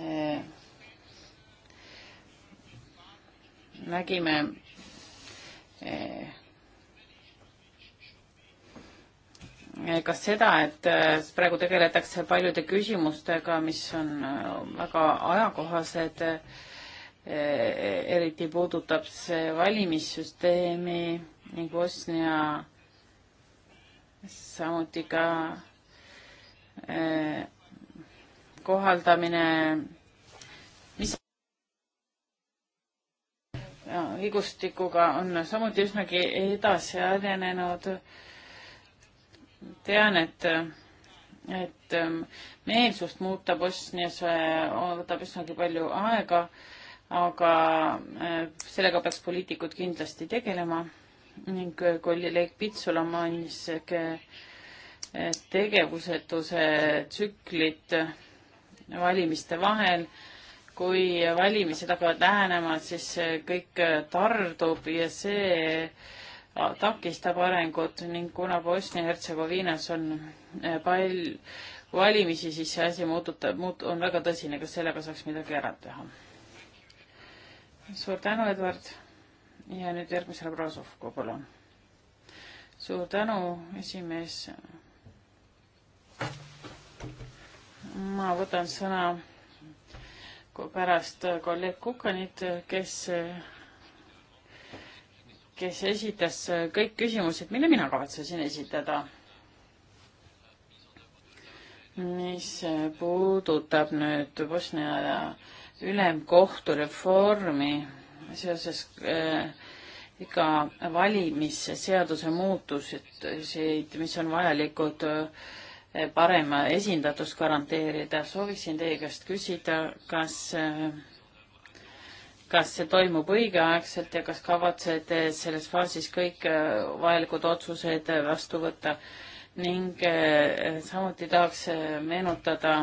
eh, nägime eh, ka seda, et äh, praegu tegeletakse paljude küsimustega, mis on äh, väga ajakohased, äh, eriti puudutab see valimissüsteemi ning Bosnia samuti ka kohaldamine, mis õigustikuga on samuti üsnagi edasi arenenud tean, et, et ähm, meelsust muuta Bosnias äh, võtab üsnagi palju aega, aga äh, sellega peaks poliitikud kindlasti tegelema ning äh, kolleeg Pitsula mainis tegevusetuse tsüklit valimiste vahel. kui valimised hakkavad lähenema, siis kõik tardub ja see äh, takistab arengut ning kuna Bosnia-Hertsegoviinas on eh, pall valimisi, siis see asi muututab, muut-, on väga tõsine, kas sellega saaks midagi ära teha? suur tänu, Edward. ja nüüd järgmisele Brozovko, palun. suur tänu, esimees. ma võtan sõna pärast kolleeg Kukanit, kes kes esitas kõik küsimused, mille mina kavatsesin esitada. mis puudutab nüüd Bosnia ülemkohtu reformi seoses äh, iga valimisseaduse muutuseid, mis on vajalikud äh, parema esindatust garanteerida. sooviksin teie käest küsida, kas äh, kas see toimub õigeaegselt ja kas kavatsete selles faasis kõik äh, vajalikud otsused äh, vastu võtta ning äh, samuti tahaks meenutada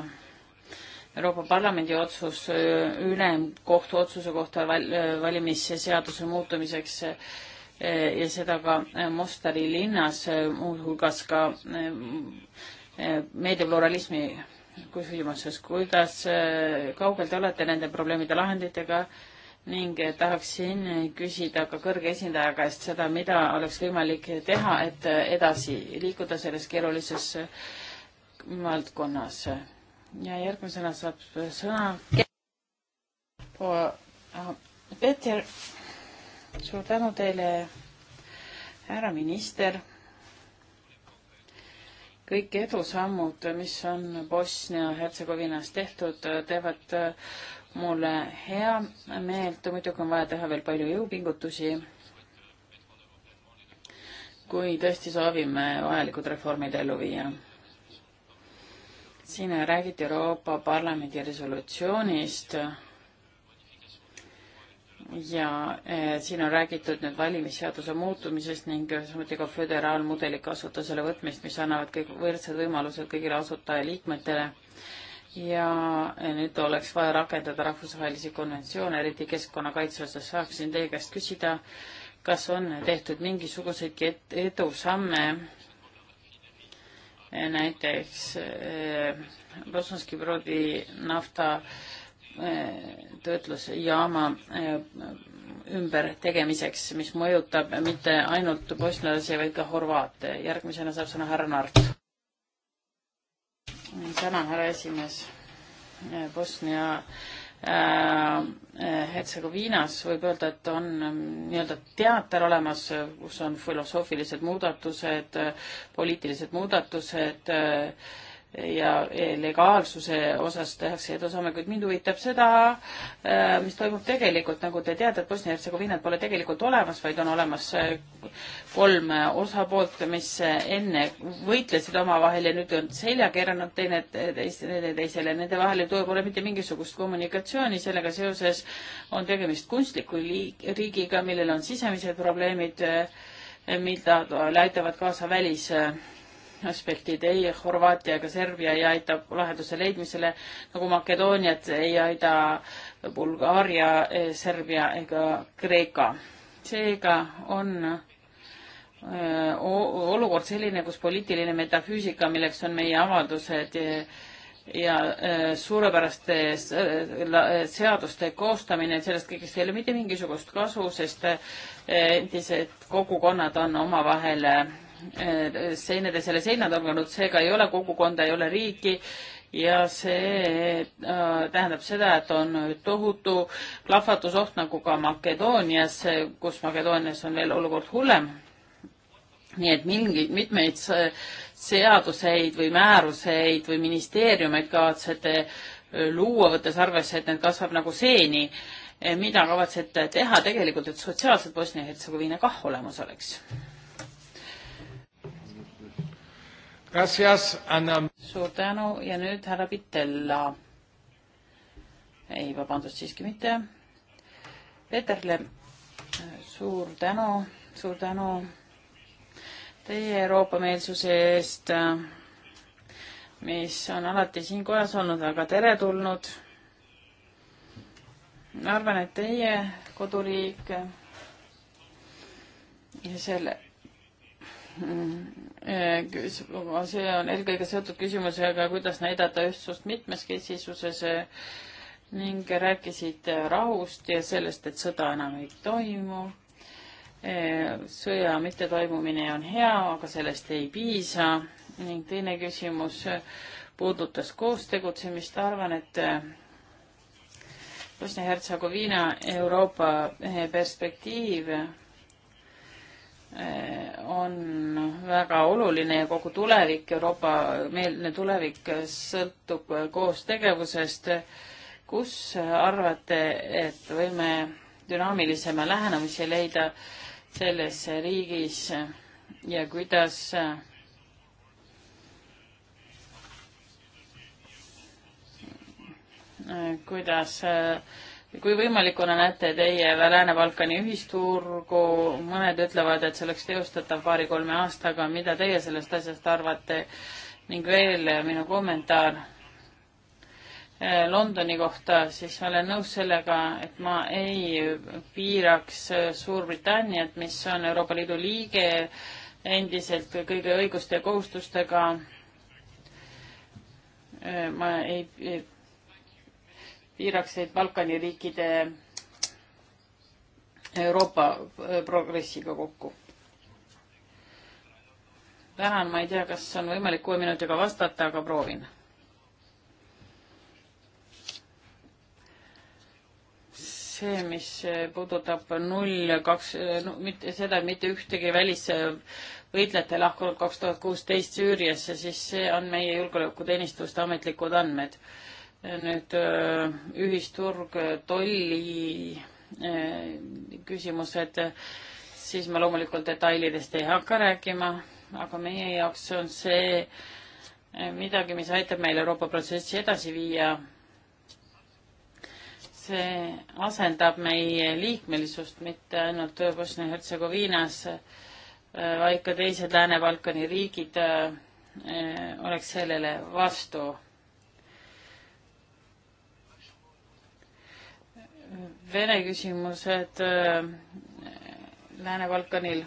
Euroopa Parlamendi otsus ülemkohtu otsuse kohta val valimisseaduse muutumiseks ja seda ka Mostari linnas, muuhulgas ka meediapluralismi küsimuses, kuidas kaugel te olete nende probleemide lahenditega äh, ning tahaksin küsida ka kõrge esindaja käest seda, mida oleks võimalik teha, et edasi liikuda selles keerulises valdkonnas. ja järgmisena saab sõna Peeter, suur tänu teile, härra minister. kõik edusammud, mis on Bosnia-Hertsegoviinas tehtud, teevad mul hea meelt, muidugi on vaja teha veel palju jõupingutusi. kui tõesti soovime vajalikud reformid ellu viia. siin räägiti Euroopa Parlamendi resolutsioonist ja eh, siin on räägitud nüüd valimisseaduse muutumisest ning samuti ka föderaalmudeli kasutusele võtmist, mis annavad kõik võrdsed võimalused kõigile asutaja liikmetele ja nüüd oleks vaja rakendada rahvusvahelisi konventsioone, eriti keskkonnakaitse osas. saaksin teie käest küsida, kas on tehtud mingisuguseidki edusamme näiteks Bosnski eh, Brodi nafta eh, töötlusjaama eh, ümbertegemiseks, mis mõjutab mitte ainult bosnlasi, vaid ka horvaate. järgmisena saab sõna härra Nart tänan, härra esimees. Äh, Bosnia äh, äh, Hertsegoviinas võib öelda, et on ähm, nii-öelda teater olemas, kus on filosoofilised muudatused, poliitilised muudatused äh,, ja legaalsuse osas tehakse edusamme, kuid mind huvitab seda, äh, mis toimub tegelikult, nagu te teate, et Bosnia-Hertsegoviinat pole tegelikult olemas, vaid on olemas äh, kolm äh, osapoolt, mis enne võitlesid omavahel ja nüüd on selja keeranud teine teisele, teisele, nende vahel ei tule pole mitte mingisugust kommunikatsiooni, sellega seoses on tegemist kunstliku riigiga, millel on sisemised probleemid, mida aitavad kaasa välis aspektid ei Horvaatia ega Serbia ei aita lahenduse leidmisele, nagu Makedooniat ei aida Bulgaaria, Serbia ega Kreeka. seega on äh, olukord selline, kus poliitiline metafüüsika, milleks on meie avaldused ja äh, suurepäraste äh, seaduste koostamine, sellest kõigest ei ole mitte mingisugust kasu, sest endised kogukonnad on omavahel Eh, seinade selle seina tõmmanud, seega ei ole kogukonda, ei ole riiki ja see äh, tähendab seda, et on tohutu plahvatusoht nagu ka Makedoonias, eh, kus Makedoonias on veel olukord hullem. nii et mingeid, mitmeid seaduseid või määruseid või ministeeriumeid kavatsete eh, luua, võttes arvesse, et need kasvab nagu seeni. mida kavatsete teha tegelikult, et sotsiaalselt Bosnia-Hertsegoviina kah olemas oleks? suur tänu ja nüüd härra Pitella. ei, vabandust, siiski mitte. Peeterle, suur tänu, suur tänu teie Euroopa-meelsuse eest, mis on alati siin kojas olnud väga teretulnud. ma arvan, et teie koduriik ja selle Mm. Eh, see on eelkõige seotud küsimusega, kuidas näidata ühtsust mitmeskesisuses eh, ning rääkisid rahust ja sellest, et sõda enam ei toimu. Eh, sõja mittetoimumine on hea, aga sellest ei piisa ning teine küsimus puudutas koos tegutsemist, arvan, et Bosnia-Hertsegoviina Euroopa perspektiiv Eh, on väga oluline ja kogu tulevik, Euroopa meelne tulevik sõltub koostegevusest. kus arvate, et võime dünaamilisema lähenemise leida selles riigis ja kuidas kuidas äh, kui võimalikuna näete teie Lääne-Balkani ühisturgu, mõned ütlevad, et see oleks teostatav paari-kolme aastaga, mida teie sellest asjast arvate? ning veel minu kommentaar eh, Londoni kohta, siis olen nõus sellega, et ma ei piiraks eh, Suurbritanniat, mis on Euroopa Liidu liige endiselt kõige õiguste ja kohustustega. Eh, ma ei piiraksid Balkani riikide Euroopa äh, progressiga kokku. tänan, ma ei tea, kas on võimalik kuue minutiga vastata, aga proovin. see, mis puudutab null kaks, äh, mitte seda, et mitte ühtegi välisvõitlejat ei lahkunud kaks tuhat kuusteist Süüriasse, siis see on meie julgeolekuteenistuste ametlikud andmed nüüd äh, ühisturg, tolli äh, küsimused, siis ma loomulikult detailidest ei hakka rääkima, aga meie jaoks on see äh, midagi, mis aitab meil Euroopa protsessi edasi viia. see asendab meie liikmelisust mitte ainult Bosnia-Hertsegoviinas, vaid ka teised Lääne-Balkani riigid oleks sellele vastu Vene küsimused äh, Lääne-Balkanil.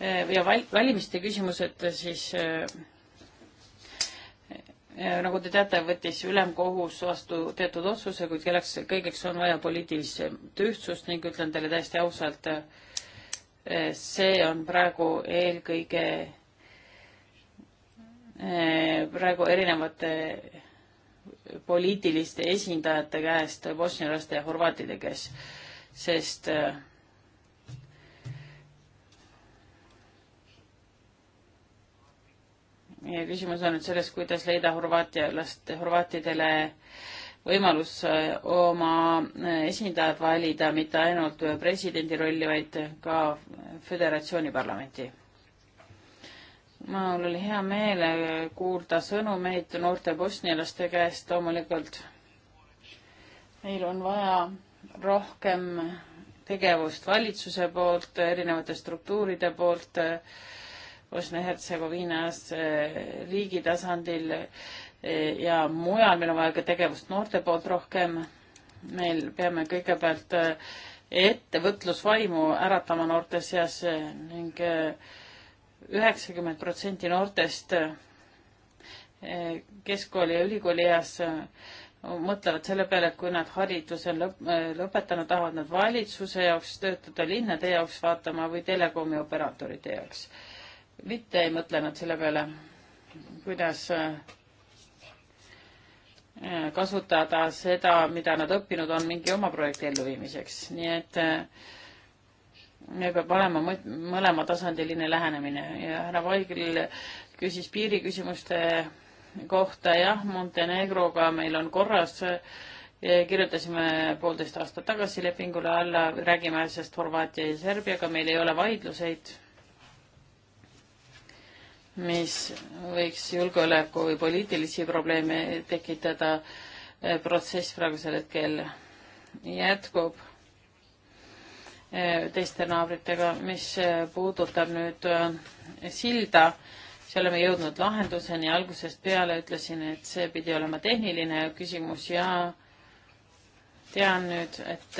Äh, ja val-, valimiste küsimused äh, siis nagu te teate, võttis ülemkohus vastu teatud otsuse, kuid kelleks, kõigeks on vaja poliitilist ühtsust ning ütlen teile täiesti ausalt, see on praegu eelkõige Eh, praegu erinevate poliitiliste esindajate käest bosnialaste ja horvaatide käes, sest ja eh, küsimus on nüüd selles, kuidas leida horvaatialaste, horvaatidele võimalus eh, oma esindajad valida mitte ainult presidendi rolli, vaid ka föderatsiooni parlamenti mul oli hea meel äh, kuulda sõnumeid noorte bosnialaste käest loomulikult. meil on vaja rohkem tegevust valitsuse poolt, erinevate struktuuride poolt äh, Bosnia-Hertsegoviinas äh, riigi tasandil ja mujal, meil on vaja ka tegevust noorte poolt rohkem. meil peame kõigepealt ettevõtlusvaimu äratama noorte seas ning äh, üheksakümmend protsenti noortest eh, keskkooli ja ülikooli eas eh, mõtlevad selle peale, et kui nad hariduse on lõp-, eh, lõpetanud, tahavad nad valitsuse jaoks töötada, linnade jaoks vaatama või telekomi operaatorite jaoks. mitte ei mõtle nad selle peale, kuidas kasutada seda, mida nad õppinud on mingi oma projekti elluviimiseks, nii et äh, meil peab olema mõlematasandiline lähenemine ja härra Vaigel küsis piiriküsimuste kohta, jah, Montenegroga meil on korras, kirjutasime poolteist aastat tagasi lepingule alla, räägime asjast Horvaatia ja Serbiaga, meil ei ole vaidluseid, mis võiks julgeoleku või poliitilisi probleeme tekitada. protsess praegusel hetkel jätkub Eh, teiste naabritega, mis eh, puudutab nüüd eh, silda, siis oleme jõudnud lahenduseni, algusest peale ütlesin, et see pidi olema tehniline küsimus ja tean nüüd, et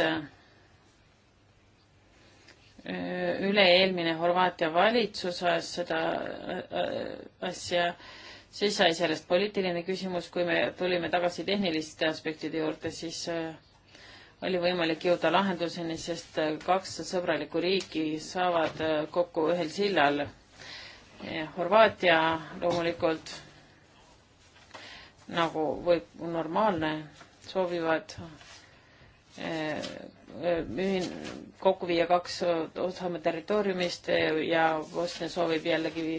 üle-eelmine Horvaatia valitsus ajas seda asja, siis sai sellest poliitiline küsimus, kui me tulime tagasi tehniliste aspektide juurde, siis äh, oli võimalik jõuda lahenduseni, sest kaks sõbralikku riiki saavad kokku ühel sillal. Horvaatia loomulikult nagu võib normaalne, soovivad eh, eh, ühin-, kokku viia kaks osa oma territooriumist eh, ja Bosnia soovib jällegi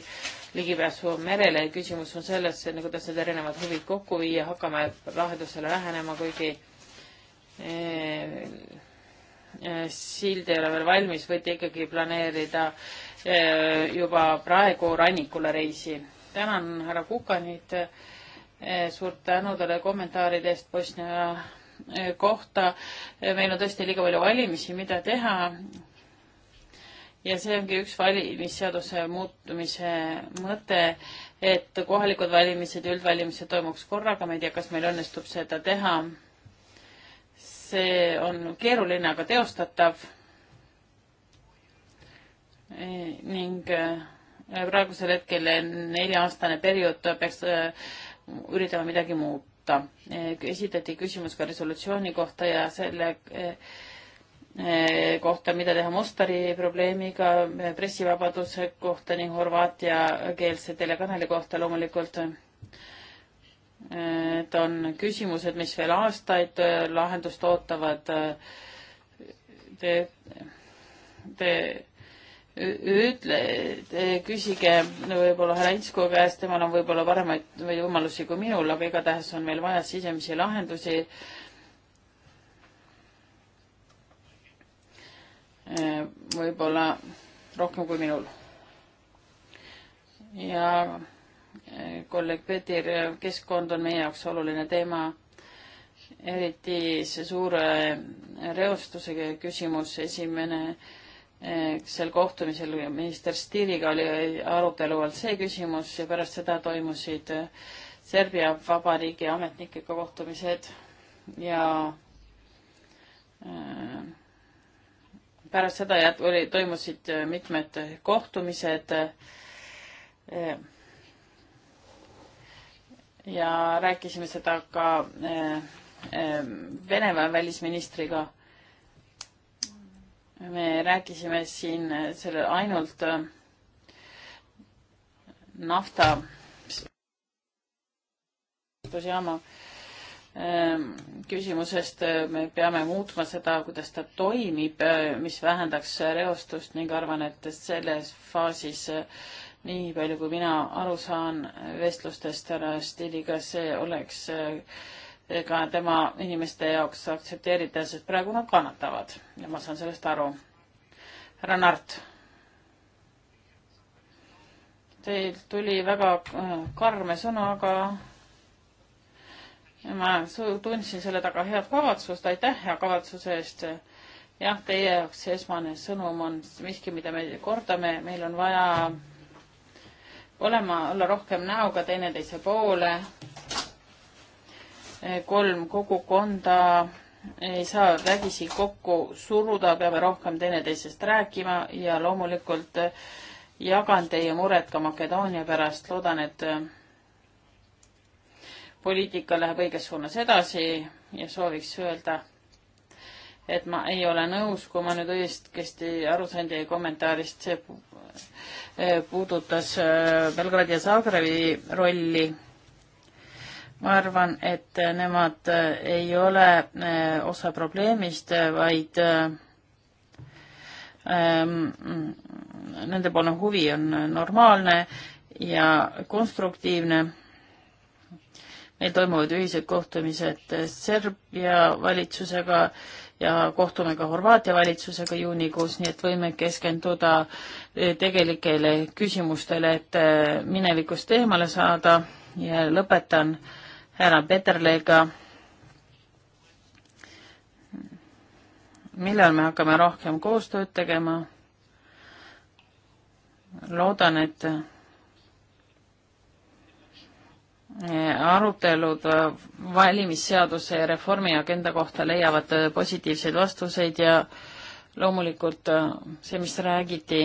ligipääsu merele ja küsimus on selles, kuidas need erinevad huvid kokku viia, hakkame lahendusele lähenema, kuigi sild ei ole veel valmis, võite ikkagi planeerida juba praegu rannikule reisi. tänan härra Kukanit, suurt tänu talle kommentaaride eest Bosnia kohta. meil on tõesti liiga palju valimisi, mida teha. ja see ongi üks valimisseaduse muutumise mõte, et kohalikud valimised ja üldvalimised toimuks korraga, ma ei tea, kas meil õnnestub seda teha see on keeruline, aga teostatav e. ning e, praegusel hetkel nelja-aastane periood peaks e, üritama midagi muuta. E, esitati küsimus ka resolutsiooni kohta ja selle kohta, mida teha Mostari probleemiga, pressivabaduse kohta ning horvaatiakeelse telekanali kohta loomulikult Need on küsimused, mis veel aastaid äh, lahendust ootavad. Äh, te, te ütle, küsige võib-olla härra Intsku käest, temal on võib-olla paremaid võimalusi kui minul, aga igatahes on meil vaja sisemisi lahendusi. Äh, võib-olla rohkem kui minul. ja kolleeg Peeter, keskkond on meie jaoks oluline teema, eriti see suure reostuse küsimus, esimene eh, sel kohtumisel minister Stiriga oli arutelu all see küsimus ja pärast seda toimusid eh, Serbia Vabariigi ametnikega kohtumised ja eh, pärast seda jät-, oli, toimusid mitmed kohtumised ja rääkisime seda ka eh, eh, Venemaa välisministriga. me rääkisime siin eh, selle ainult nafta jaama küsimusest me peame muutma seda, kuidas ta toimib, mis vähendaks reostust ning arvan, et selles faasis nii palju, kui mina aru saan vestlustest härra Stiliga, see oleks eh, ka tema inimeste jaoks aktsepteeritav, sest praegu nad kannatavad ja ma saan sellest aru. härra Nart. Teil tuli väga eh, karme sõnu, aga ma tundsin selle taga head kavatsust, aitäh hea kavatsuse eest. jah, teie jaoks see esmane sõnum on miski, mida me kordame, meil on vaja olema, olla rohkem näoga teineteise poole. kolm kogukonda ei saa vägisi kokku suruda, peame rohkem teineteisest rääkima ja loomulikult jagan teie muret ka Makedoonia pärast, loodan, et poliitika läheb õiges suunas edasi ja sooviks öelda, et ma ei ole nõus, kui ma nüüd õigesti aru sain teie kommentaarist, see puudutas äh, Belgradi ja Zagrebi rolli. ma arvan, et nemad äh, ei ole äh, osa probleemist, vaid ähm, nendepoolne huvi on normaalne ja konstruktiivne. meil toimuvad ühised kohtumised Serbia valitsusega äh, ja kohtume ka Horvaatia valitsusega juunikuus, nii et võime keskenduda eh, tegelikele küsimustele, et eh, minevikust eemale saada ja lõpetan härra Peterlega. millal me hakkame rohkem koostööd tegema? loodan, et arutelud äh, valimisseaduse reformi agenda kohta leiavad äh, positiivseid vastuseid ja loomulikult äh, see, mis räägiti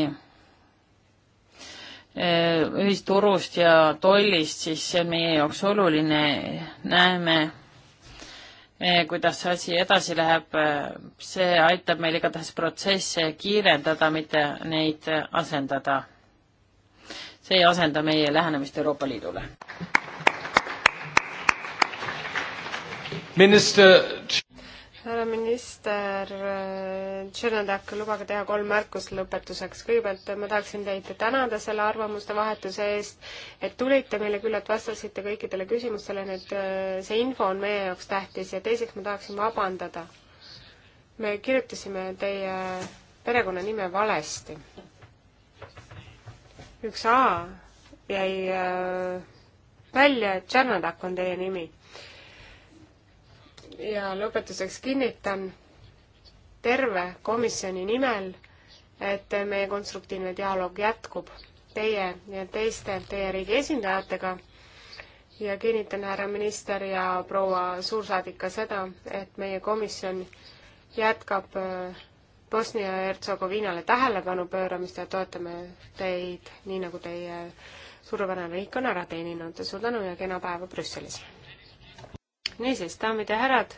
ühisturust ja tollist, siis see on meie jaoks oluline, näeme, kuidas see asi edasi läheb, see aitab meil igatahes protsesse kiirendada, mitte neid asendada. see ei asenda meie lähenemist Euroopa Liidule. minister. härra minister äh, Tšernodak, lubage teha kolm märkust lõpetuseks. kõigepealt äh, ma tahaksin teid tänada selle arvamuste vahetuse eest, et tulite meile külla, et vastasite kõikidele küsimustele, nii et äh, see info on meie jaoks tähtis ja teiseks ma tahaksin vabandada. me kirjutasime teie perekonnanime valesti. üks A jäi välja, et Tšernodak on teie nimi ja lõpetuseks kinnitan terve komisjoni nimel, et meie konstruktiivne dialoog jätkub teie ja teiste teie riigi esindajatega ja kinnitan, härra minister ja proua suursaadik ka seda, et meie komisjon jätkab äh, Bosnia ja Hertsegoviinale tähelepanu pööramist ja toetame teid nii, nagu teie suurepärane riik on ära teeninud. suur tänu ja kena päeva Brüsselis! niisiis, daamid ja härrad,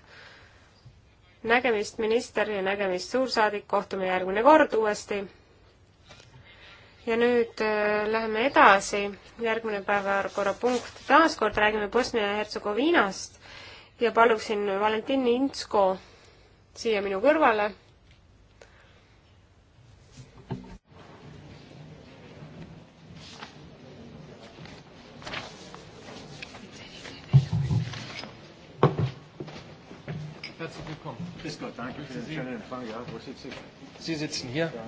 nägemist, minister, ja nägemist, suursaadik, kohtume järgmine kord uuesti. ja nüüd äh, läheme edasi, järgmine päevakorrapunkt, taas kord räägime Bosnia ja Hertsegoviinast ja paluksin Valentin Intsko siia minu kõrvale Herzlich willkommen. Grüß Gott, danke für den schönen Empfang. Ja, wo sitze ich? Sie sitzen hier. Ja.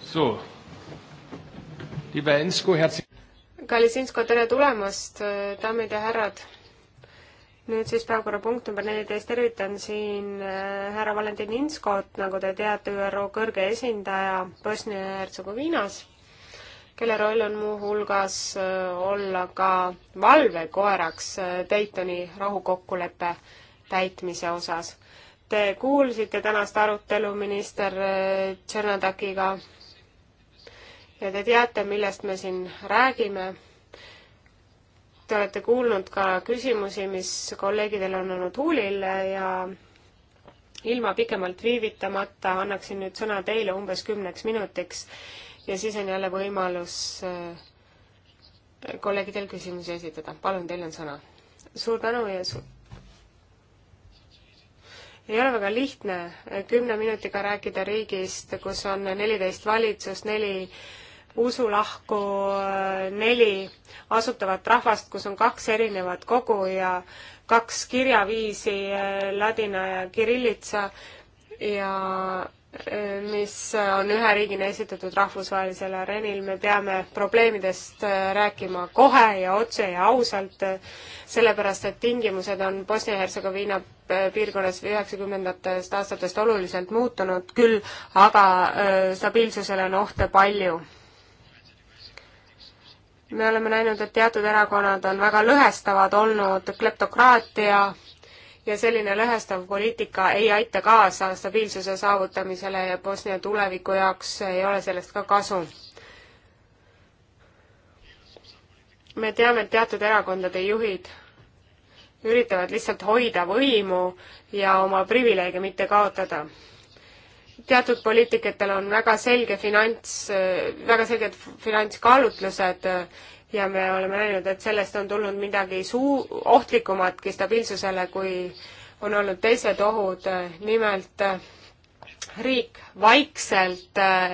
So, liebe Ensko, herzlich. kallis Insko, tere tulemast, daamid ja härrad. nüüd siis päevakorrapunkt number neliteist, tervitan siin äh, härra Valentin Inskot, nagu te teate, ÜRO kõrge esindaja Bosnia ja Hertsegoviinas kelle roll on muuhulgas äh, olla ka valvekoeraks äh, Daytoni rahukokkuleppe täitmise osas. Te kuulsite tänast arutelu minister äh, Tšernodakiga ja te teate, millest me siin räägime. Te olete kuulnud ka küsimusi, mis kolleegidel on olnud huulil ja ilma pikemalt viivitamata annaksin nüüd sõna teile umbes kümneks minutiks ja siis on jälle võimalus äh, kolleegidel küsimusi esitada. palun, teil on sõna. suur tänu ja su-. ei ole väga lihtne äh, kümne minutiga rääkida riigist, kus on neliteist valitsust, neli usulahku, äh, neli asutavat rahvast, kus on kaks erinevat kogu ja kaks kirjaviisi, ladina ja kirillitsa ja mis on ühe riigina esitatud rahvusvahelisel areenil, me peame probleemidest äh, rääkima kohe ja otse ja ausalt, äh, sellepärast et tingimused on Bosnia-Hertsegoviina äh, piirkonnas üheksakümnendatest aastatest oluliselt muutunud küll, aga stabiilsusele on ohte palju. me oleme näinud, et teatud erakonnad on väga lõhestavad olnud, kleptokraatia ja selline lõhestav poliitika ei aita kaasa stabiilsuse saavutamisele ja Bosnia tuleviku jaoks ei ole sellest ka kasu. me teame, et teatud erakondade juhid üritavad lihtsalt hoida võimu ja oma privileege mitte kaotada. teatud poliitikatel on väga selge finants, väga selged finantskaalutlused ja me oleme näinud, et sellest on tulnud midagi suu-, ohtlikumatki stabiilsusele, kui on olnud teised ohud, nimelt riik vaikselt äh,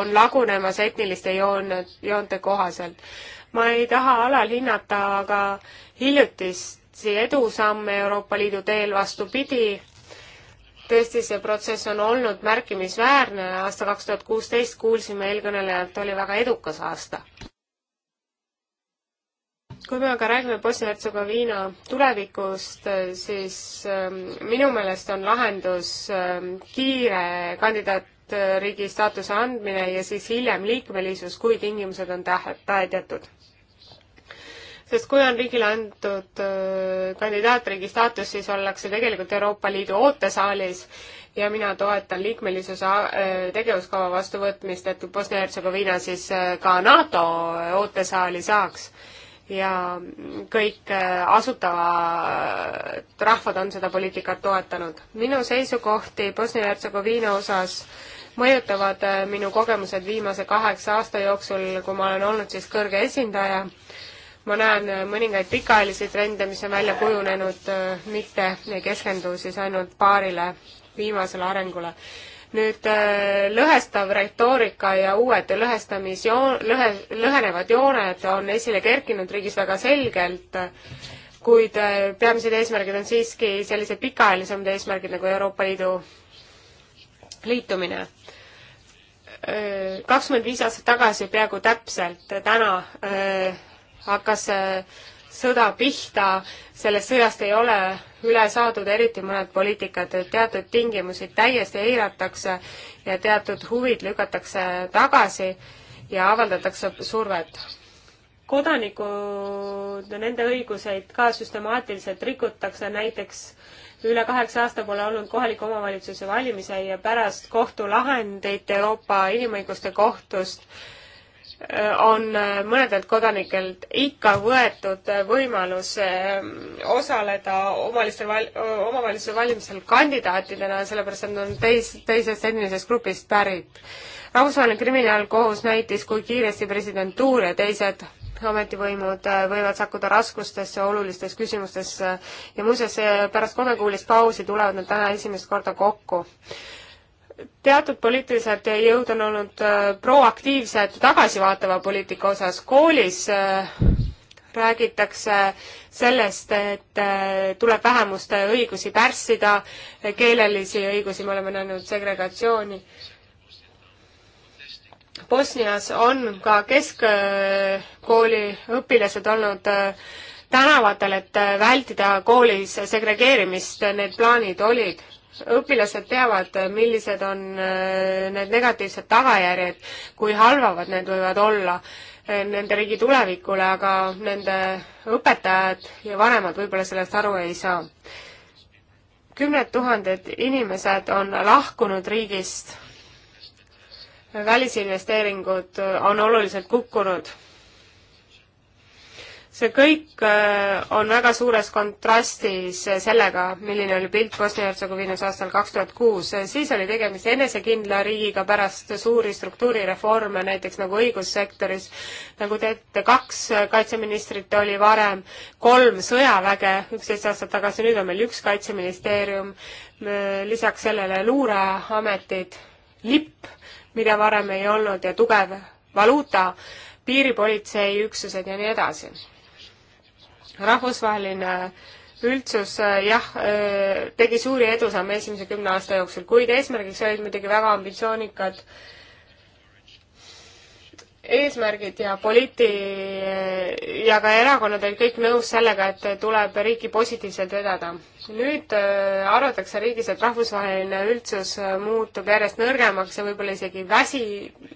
on lagunemas etniliste joone, joonte kohaselt. ma ei taha alalhinnata aga hiljutisi edusamme Euroopa Liidu teel, vastupidi, tõesti, see protsess on olnud märkimisväärne, aasta kaks tuhat kuusteist kuulsime eelkõnelejalt, oli väga edukas aasta kui me aga räägime Bosnia-Hertsegoviina tulevikust, siis ähm, minu meelest on lahendus ähm, kiire kandidaatriigi staatuse andmine ja siis hiljem liikmelisus, kui tingimused on täidetud. sest kui on riigile antud äh, kandidaatriigi staatus, siis ollakse tegelikult Euroopa Liidu ootesaalis ja mina toetan liikmelisuse äh, tegevuskava vastuvõtmist, et Bosnia-Hertsegoviina siis äh, ka NATO ootesaali saaks ja kõik äh, asutavad rahvad on seda poliitikat toetanud. minu seisukohti Bosnia-Hertsegoviina osas mõjutavad äh, minu kogemused viimase kaheksa aasta jooksul, kui ma olen olnud siis kõrge esindaja. ma näen äh, mõningaid pikaajalisi trende, mis on välja kujunenud, mitte ei keskendu siis ainult paarile viimasele arengule nüüd äh, lõhestav retoorika ja uued lõhestamisjoon, lõhe, lõhenevad jooned on esile kerkinud riigis väga selgelt, kuid äh, peamised eesmärgid on siiski sellised pikaajalisemad eesmärgid nagu Euroopa Liidu liitumine. Äh, kakskümmend viis aastat tagasi peaaegu täpselt täna hakkas sõda pihta, sellest sõjast ei ole üle saadud, eriti mõned poliitikad, teatud tingimusi täiesti eiratakse ja teatud huvid lükatakse tagasi ja avaldatakse survet. kodanikud, nende õiguseid ka süstemaatiliselt rikutakse, näiteks üle kaheksa aasta pole olnud kohaliku omavalitsuse valimisi ja pärast kohtulahendeid Euroopa Inimõiguste Kohtust äh, on mõnedelt kodanikelt ikka võetud võimalus eh, osaleda omalistel val-, omavalitsuse valimistel kandidaatidena, sellepärast et nad on teis-, teisest etnilisest grupist pärit. rahvusvaheline kriminaalkohus näitas, kui kiiresti presidentuur ja teised ametivõimud eh, võivad sakkuda raskustesse olulistes küsimustes eh, ja muuseas, pärast kolmekuulist pausi tulevad nad täna esimest korda kokku teatud poliitilised jõud on olnud äh, proaktiivsed tagasivaatava poliitika osas. koolis äh, räägitakse sellest, et äh, tuleb vähemuste õigusi pärssida, keelelisi õigusi, me oleme näinud segregatsiooni. Bosnias on ka keskkooli õpilased olnud tänavatel, et vältida koolis segregeerimist, need plaanid olid õpilased teavad, millised on äh, need negatiivsed tagajärjed, kui halvavad need võivad olla äh, nende riigi tulevikule, aga nende õpetajad ja vanemad võib-olla sellest aru ei saa. kümned tuhanded inimesed on lahkunud riigist, välisinvesteeringud on oluliselt kukkunud see kõik äh, on väga suures kontrastis sellega, milline oli pilt Bosnia-Hertsegoviinas aastal kaks tuhat kuus. siis oli tegemist enesekindla riigiga pärast suuri struktuurireforme, näiteks nagu õigussektoris, nagu teate, kaks kaitseministrit oli varem, kolm sõjaväge üksteist aastat tagasi, nüüd on meil üks kaitseministeerium, lisaks sellele luureametid, lipp, mida varem ei olnud, ja tugev valuuta, piiripolitseiüksused ja nii edasi rahvusvaheline üldsus jah, tegi suuri edusamme esimese kümne aasta jooksul, kuid eesmärgiks olid muidugi väga ambitsioonikad eesmärgid ja poliiti- ja ka erakonnad olid kõik nõus sellega, et tuleb riiki positiivselt vedada. nüüd äh, arvatakse riigis, et rahvusvaheline üldsus muutub järjest nõrgemaks ja võib-olla isegi väsi,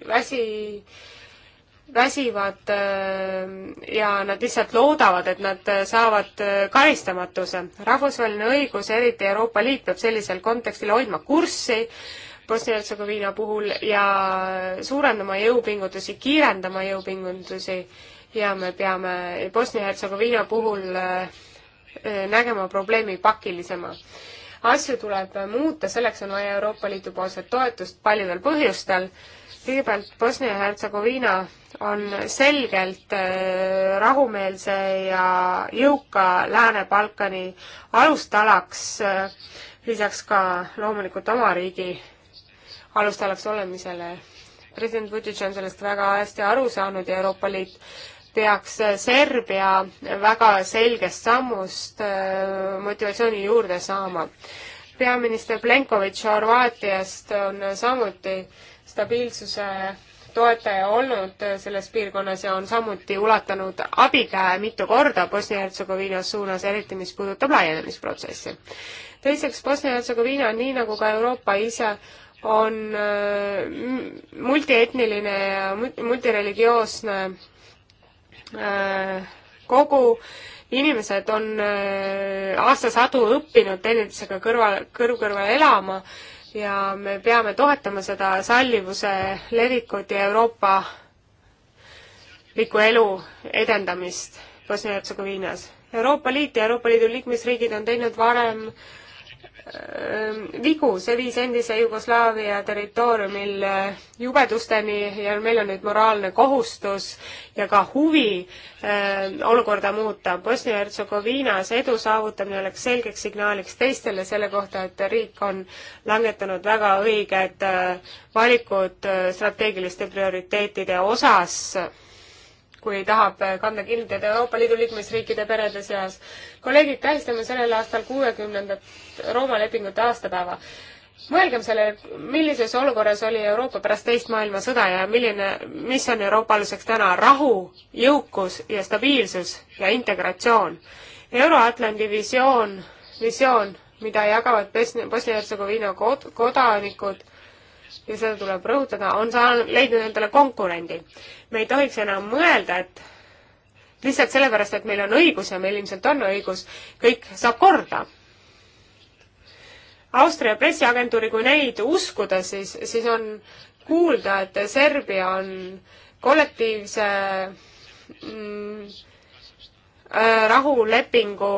väsi väsivad äh, ja nad lihtsalt loodavad, et nad äh, saavad äh, karistamatuse. rahvusvaheline õigus, eriti Euroopa Liit, peab sellisel kontekstil hoidma kurssi Bosnia-Hertsegoviina puhul ja suurendama jõupingutusi, kiirendama jõupingutusi ja me peame Bosnia-Hertsegoviina puhul nägema probleemi pakilisema. asju tuleb muuta, selleks on vaja Euroopa Liidu poolset toetust paljudel põhjustel kõigepealt Bosnia-Hertsegoviina on selgelt äh, rahumeelse ja jõuka Lääne-Balkani alustalaks, äh, lisaks ka loomulikult oma riigi alustalaks olemisele. president Vučić on sellest väga hästi aru saanud ja Euroopa Liit peaks äh, Serbia väga selgest sammust motivatsiooni juurde saama. peaminister Plenkovitš Horvaatiast on samuti äh, stabiilsuse toetaja olnud selles piirkonnas ja on samuti ulatanud abikäe mitu korda Bosnia-Hertsegoviina suunas, eriti mis puudutab laienemisprotsessi. teiseks, Bosnia-Hertsegoviina, nii nagu ka Euroopa ise, on äh, multietniline ja multireligioosne äh, kogu, inimesed on äh, aastasadu õppinud teineteisega kõrval, kõrv kõrvale elama ja me peame toetama seda sallivuse levikut ja Euroopa liku elu edendamist Bosnia-Hertsegoviinas. Euroopa Liit ja Euroopa Liidu liikmesriigid on teinud varem äh, Ehm, vigu, see viis endise Jugoslaavia territooriumil eh, jubedusteni ja meil on nüüd moraalne kohustus ja ka huvi ehm, olukorda muuta. Bosnia-Hertsegoviinas edu saavutamine oleks selgeks signaaliks teistele selle kohta, et riik on langetanud väga õiged eh, valikud eh, strateegiliste prioriteetide osas kui tahab kanda kinnitada Euroopa Liidu liikmesriikide perede seas. kolleegid, tähistame sellel aastal kuuekümnendat Rooma lepingute aastapäeva. mõelgem selle, millises olukorras oli Euroopa pärast teist maailmasõda ja milline, mis on Euroopa aluseks täna rahu, jõukus ja stabiilsus ja integratsioon. Euro-Atlandi visioon, visioon, mida jagavad Bosnia-Hertsegoviina kod-, kodanikud ja seda tuleb rõhutada, on saanud, leidnud endale konkurendi. me ei tohiks enam mõelda, et lihtsalt sellepärast, et meil on õigus ja meil ilmselt on õigus, kõik saab korda. Austria pressiagentuuri, kui neid uskuda, siis, siis on kuulda, et Serbia on kollektiivse mm, äh, rahulepingu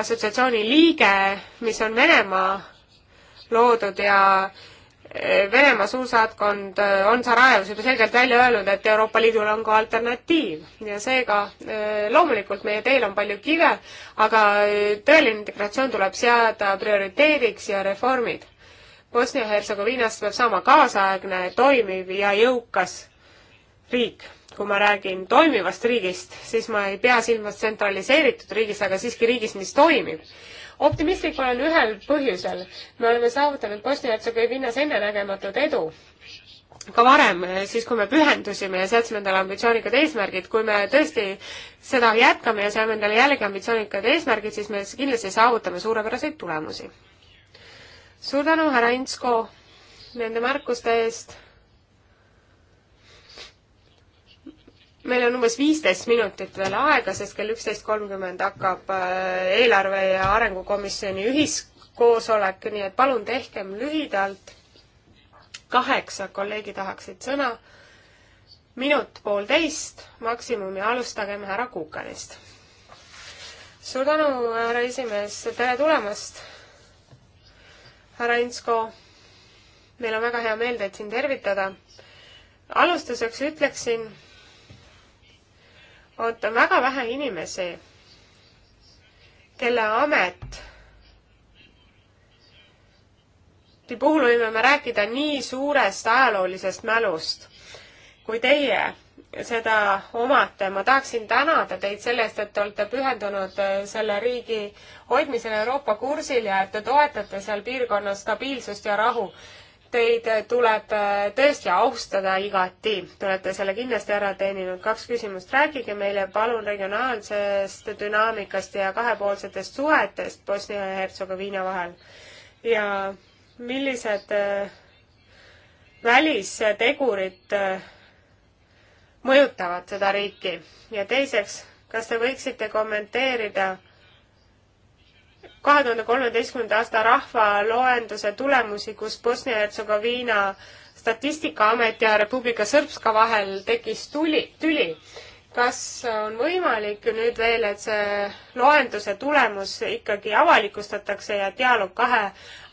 assotsiatsiooni liige, mis on Venemaa loodud ja äh, Venemaa suursaatkond äh, on Sarajevas juba selgelt välja öelnud, et Euroopa Liidul on ka alternatiiv ja seega äh, loomulikult meie teel on palju kive, aga äh, tõeline integratsioon tuleb seada prioriteediks ja reformid. Bosnia-Hertsegoviinast peab saama kaasaegne, toimiv ja jõukas riik. kui ma räägin toimivast riigist, siis ma ei pea silmas tsentraliseeritud riigist, aga siiski riigist, mis toimib optimistlik olen ühel põhjusel. me oleme saavutanud Bosnia-Hertsegoviinas ennenägematut edu ka varem, siis kui me pühendusime ja seadsime endale ambitsioonikad eesmärgid, kui me tõesti seda jätkame ja seame endale jällegi ambitsioonikad eesmärgid, siis me kindlasti saavutame suurepäraseid tulemusi. suur tänu, härra Intsko, nende märkuste eest meil on umbes viisteist minutit veel aega, sest kell üksteist kolmkümmend hakkab äh, eelarve ja arengukomisjoni ühiskoosolek, nii et palun tehkem lühidalt. kaheksa kolleegi tahaksid sõna. minut poolteist maksimum ja alustagem härra Kukanist. suur tänu, härra esimees, tere tulemast, härra Insko. meil on väga hea meel teid siin tervitada. alustuseks ütleksin on väga vähe inimesi, kelle amet puhul võime me rääkida nii suurest ajaloolisest mälust kui teie seda omate. ma tahaksin tänada teid selle eest, et te olete pühendunud äh, selle riigi hoidmisele Euroopa kursil ja et te toetate seal piirkonnas stabiilsust ja rahu. Teid tuleb äh, tõesti austada igati, te olete selle kindlasti ära teeninud. kaks küsimust, rääkige meile palun regionaalsest dünaamikast ja kahepoolsetest suhetest Bosnia ja Hertsegoviina vahel ja millised äh, välistegurid äh, mõjutavad seda riiki ja teiseks, kas te võiksite kommenteerida kahe tuhande kolmeteistkümnenda aasta rahvaloenduse tulemusi, kus Bosnia-Hertsegoviina statistikaamet ja Republika Srpska vahel tekkis tuli, tüli. kas on võimalik nüüd veel, et see loenduse tulemus ikkagi avalikustatakse ja dialoog kahe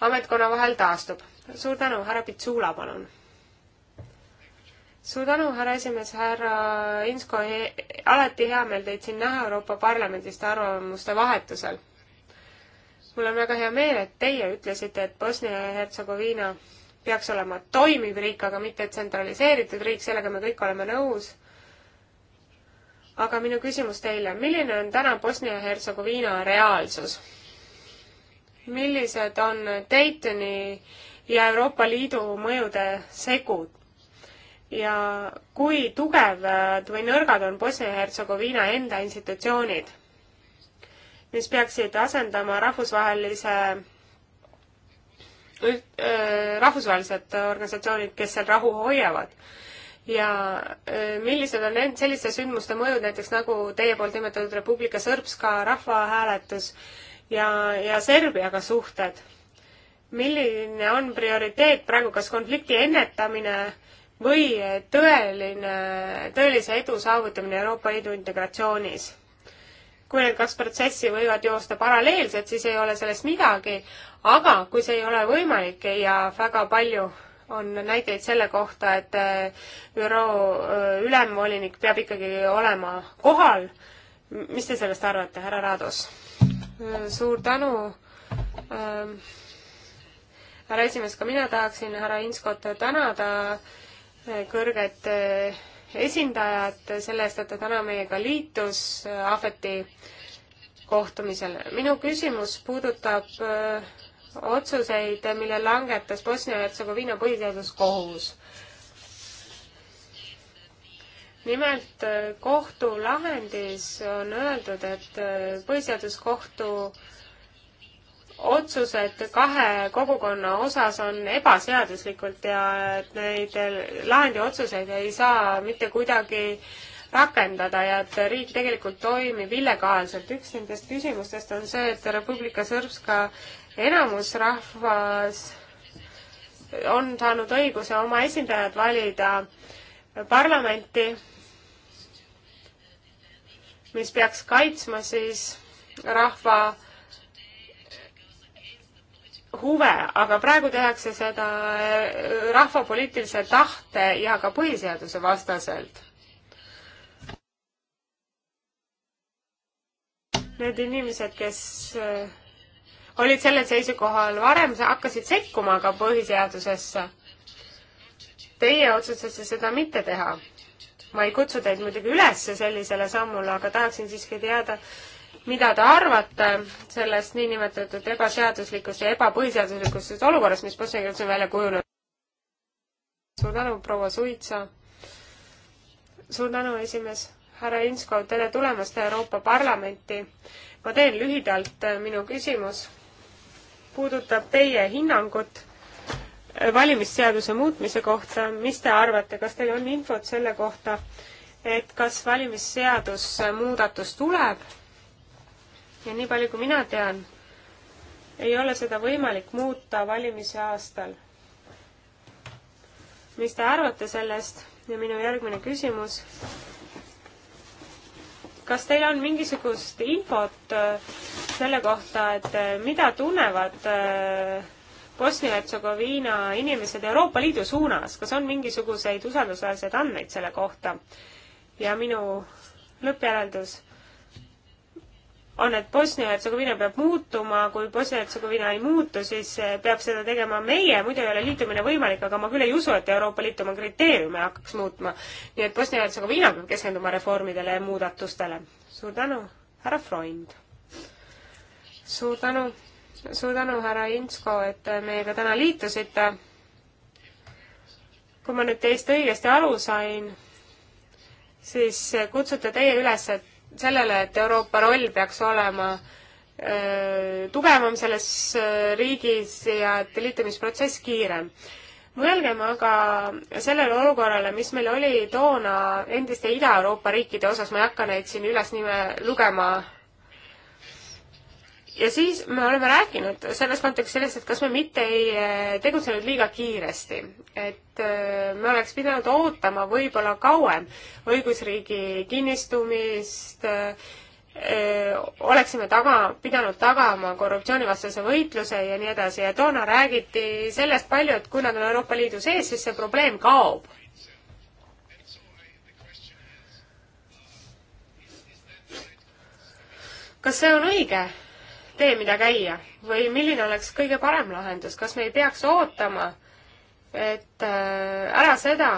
ametkonna vahel taastub? suur tänu, härra Pitsula, palun. suur tänu, härra esimees, härra Insko, alati hea meel teid siin näha Euroopa Parlamendist arvamuste vahetusel mul on väga hea meel, et teie ütlesite, et Bosnia ja Hertsegoviina peaks olema toimiv riik, aga mitte tsentraliseeritud riik, sellega me kõik oleme nõus. aga minu küsimus teile, milline on täna Bosnia ja Hertsegoviina reaalsus? millised on Daytoni ja Euroopa Liidu mõjude segud? ja kui tugevad või nõrgad on Bosnia ja Hertsegoviina enda institutsioonid? mis peaksid asendama rahvusvahelise äh, rahvusvahelised organisatsioonid, kes seal rahu hoiavad. ja äh, millised on need selliste sündmuste mõjud, näiteks nagu teie poolt nimetatud Republika Srpska rahvahääletus ja, ja Serbiaga suhted? milline on prioriteet praegu, kas konflikti ennetamine või tõeline, tõelise edu saavutamine Euroopa Liidu integratsioonis? kui need kaks protsessi võivad joosta paralleelselt, siis ei ole sellest midagi, aga kui see ei ole võimalik ja väga palju on näiteid selle kohta, et äh, ÜRO äh, ülemvolinik peab ikkagi olema kohal, mis te sellest arvate, härra Raados? suur tänu ähm,, härra esimees, ka mina tahaksin härra Inskot tänada äh, kõrget äh, esindajat selle eest, et ta täna meiega liitus äh, Ahveti kohtumisel. minu küsimus puudutab äh, otsuseid, mille langetas Bosnia-Hertsegoviina põhiseaduskohus. nimelt äh, kohtulahendis on öeldud, et põhiseaduskohtu otsused kahe kogukonna osas on ebaseaduslikult ja et neid lahendi otsuseid ei saa mitte kuidagi rakendada ja et riik tegelikult toimib illegaalselt. üks nendest küsimustest on see, et Republika Srpska enamusrahvas on saanud õiguse oma esindajad valida parlamenti, mis peaks kaitsma siis rahva huve, aga praegu tehakse seda äh, rahva poliitilise tahte ja ka põhiseaduse vastaselt. Need inimesed, kes äh, olid sellel seisukohal varem, hakkasid sekkuma ka põhiseadusesse. Teie otsustasite seda mitte teha. ma ei kutsu teid muidugi üles sellisele sammule, aga tahaksin siiski teada, mida te arvate sellest niinimetatud ebaseaduslikust ja ebapõhiseaduslikust olukorrast, mis Bosniakilt on välja kujunenud? suur tänu, proua Suitsa. suur tänu, esimees. härra Insko, tere tulemast Euroopa Parlamenti. ma teen lühidalt, äh, minu küsimus puudutab teie hinnangut äh, valimisseaduse muutmise kohta, mis te arvate, kas teil on infot selle kohta, et kas valimisseadus äh, muudatus tuleb ja nii palju, kui mina tean, ei ole seda võimalik muuta valimise aastal. mis te arvate sellest ja minu järgmine küsimus. kas teil on mingisugust infot äh, selle kohta, et äh, mida tunnevad äh, Bosnia-Hertsegoviina inimesed Euroopa Liidu suunas, kas on mingisuguseid usaldusväärseid andmeid selle kohta? ja minu lõppjäreldus on, et Bosnia-Hertsegoviina peab muutuma, kui Bosnia-Hertsegoviina ei muutu, siis eh, peab seda tegema meie, muidu ei ole liitumine võimalik, aga ma küll ei usu, et Euroopa Liit oma kriteeriume hakkaks muutma. nii et Bosnia-Hertsegoviina peab keskenduma reformidele ja muudatustele. suur tänu, härra Freund! suur tänu, suur tänu, härra Insko, et meiega täna liitusite. kui ma nüüd teist õigesti aru sain, siis kutsute teie üles, et sellele, et Euroopa roll peaks olema tugevam selles riigis ja et liitumisprotsess kiirem. mõelgem aga sellele olukorrale, mis meil oli toona endiste Ida-Euroopa riikide osas, ma ei hakka neid siin üles nime lugema, ja siis me oleme rääkinud selles kontekstis sellest, et kas me mitte ei eh, tegutsenud liiga kiiresti. et eh, me oleks pidanud ootama võib-olla kauem õigusriigi kinnistumist, eh, oleksime taga, pidanud tagama korruptsioonivastase võitluse ja nii edasi ja toona räägiti sellest palju, et kui nad on Euroopa Liidu sees, siis see probleem kaob kas see on õige, tee, mida käia või milline oleks kõige parem lahendus, kas me ei peaks ootama, et äh, ära seda,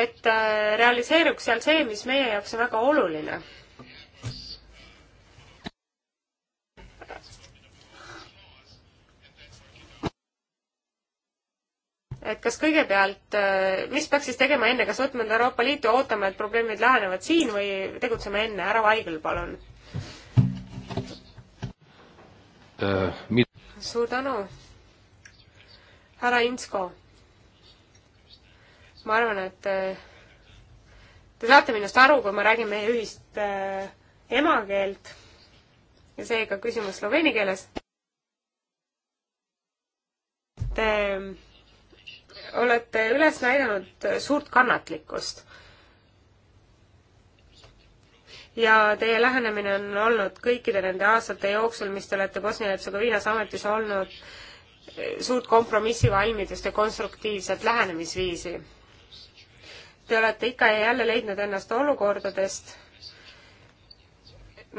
et äh, realiseeruks seal see, mis meie jaoks on väga oluline. et kas kõigepealt, äh, mis peaks siis tegema enne, kas võtame Euroopa Liitu, ootame, et probleemid lahenevad siin või tegutseme enne, härra Vaigel, palun Äh, mida... suur tänu, härra Insko. ma arvan, et äh, te saate minust aru, kui ma räägin meie ühist äh, emakeelt ja seega küsimus sloveeni keeles. Te ähm, olete üles näidanud suurt kannatlikkust ja teie lähenemine on olnud kõikide nende aastate jooksul, mis te olete Bosnia-Hertsegoviinas ametis olnud, suurt kompromissivalmidust ja konstruktiivset lähenemisviisi. Te olete ikka ja jälle leidnud ennast olukordadest,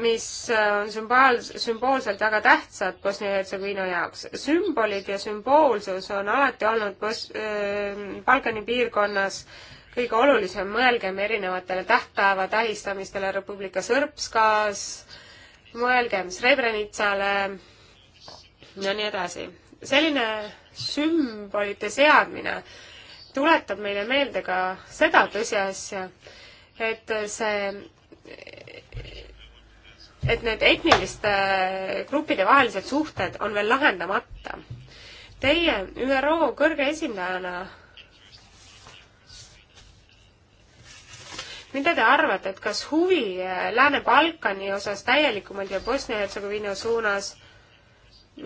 mis on sümbaal-, sümboolselt väga tähtsad Bosnia-Hertsegoviina jaoks. sümbolid ja sümboolsus on alati olnud Bos-, äh, Balkani piirkonnas äh, kõige olulisem, mõelgem erinevatele tähtpäeva tähistamistele Republika Sõrpskas, mõelgem Srebrenitsale ja nii edasi. selline sümbolite seadmine tuletab meile meelde ka seda tõsiasja, et see, et need etniliste gruppide vahelised suhted on veel lahendamata. Teie ÜRO kõrge esindajana mida te arvate, et kas huvi äh, Lääne-Balkani osas täielikumalt ja Bosnia-Hertsegoviina suunas,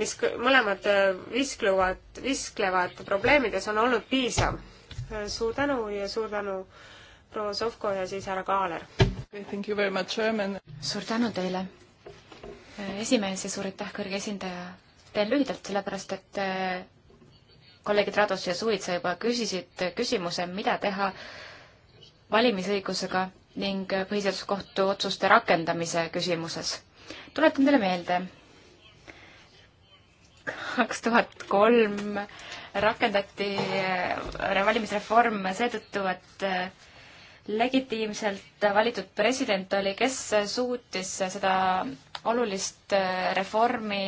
mis mõlemad äh, viskluvad, visklevad probleemides, on olnud piisav? Äh, suur tänu ja suur tänu, proua Sovko ja siis härra Kaaler! suur tänu teile, esimees ja suur aitäh, kõrge esindaja! teen lühidalt, sellepärast et kolleegid Rados ja Suitsa juba küsisid küsimuse, mida teha äh, valimisõigusega ning Põhiseaduskohtu otsuste rakendamise küsimuses. tuletan teile meelde, kaks tuhat kolm rakendati äh, valimisreform seetõttu, et äh, legitiimselt valitud president oli, kes suutis seda olulist äh, reformi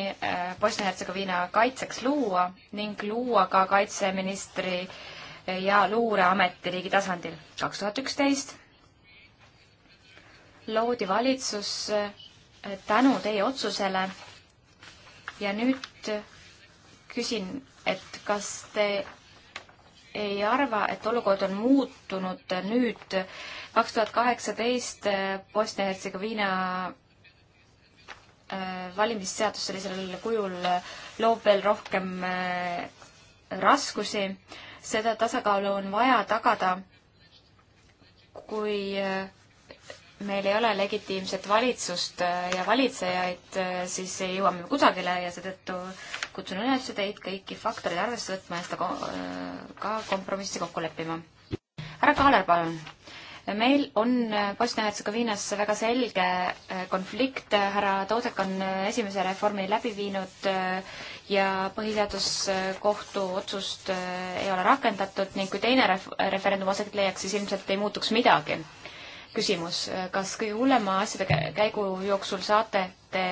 Bosnia-Hertsegoviina kaitseks luua ning luua ka kaitseministri äh, ja Luureameti riigi tasandil. kaks tuhat üksteist loodi valitsus eh, tänu teie otsusele ja nüüd küsin, et kas te ei arva, et olukord on muutunud nüüd kaks tuhat kaheksateist eh, Bosnia-Hertsegoviina eh, valimisseadus sellisel kujul loob veel rohkem raskusi seda tasakaalu on vaja tagada, kui äh, meil ei ole legitiimset valitsust äh, ja valitsejaid, äh, siis ei jõua me kusagile ja seetõttu kutsun üles teid kõiki faktoreid arvesse võtma ja seda ka kompromissi kokku leppima. härra Kaaler, palun meil on äh, Bosnia-Hertsegoviinas väga selge äh, konflikt, äh, härra Toodek on esimese reformi läbi viinud ja põhiseaduskohtu otsust ei ole rakendatud ning kui teine ref-, referendum aset leiaks, siis ilmselt ei muutuks midagi. küsimus, kas kõige hullema asjade käigu jooksul saate te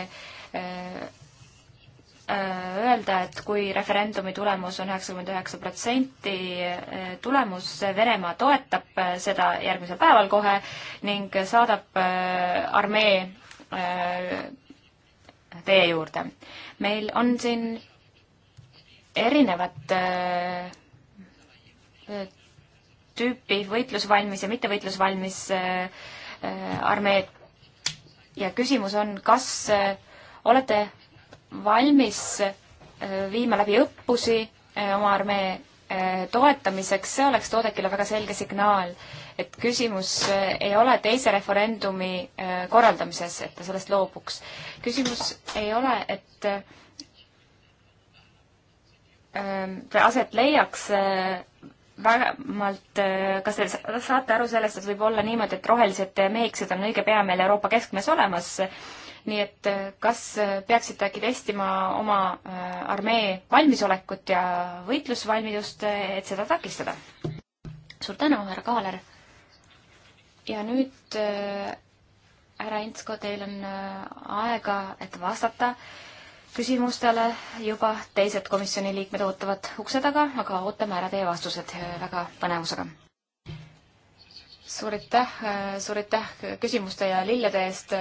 Äh, öelda, et kui referendumi tulemus on üheksakümmend üheksa protsenti äh, tulemus, Venemaa toetab äh, seda järgmisel päeval kohe ning saadab armee teie juurde. meil on siin erinevat tüüpi võitlusvalmis ja mittevõitlusvalmis armeed ja küsimus on, kas olete valmis äh, viima läbi õppusi äh, oma armee äh, toetamiseks, see oleks Toodekile väga selge signaal, et küsimus ei ole teise referendumi korraldamises, et ta sellest loobuks. küsimus ei ole, et aset leiaks vähemalt, kas te saate aru sellest, et võib olla niimoodi, et rohelised mehiksed on õige pea meil Euroopa keskmes olemas, nii et äh, kas äh, peaksite äkki testima oma äh, armee valmisolekut ja võitlusvalmidust, et seda takistada? suur tänu, härra Kaaler. ja nüüd härra Intsko, teil on aega, et vastata küsimustele juba teised komisjoni liikmed ootavad ukse taga, aga ootame ära teie vastused väga põnevusega. suur aitäh, suur aitäh küsimuste ja lillede eest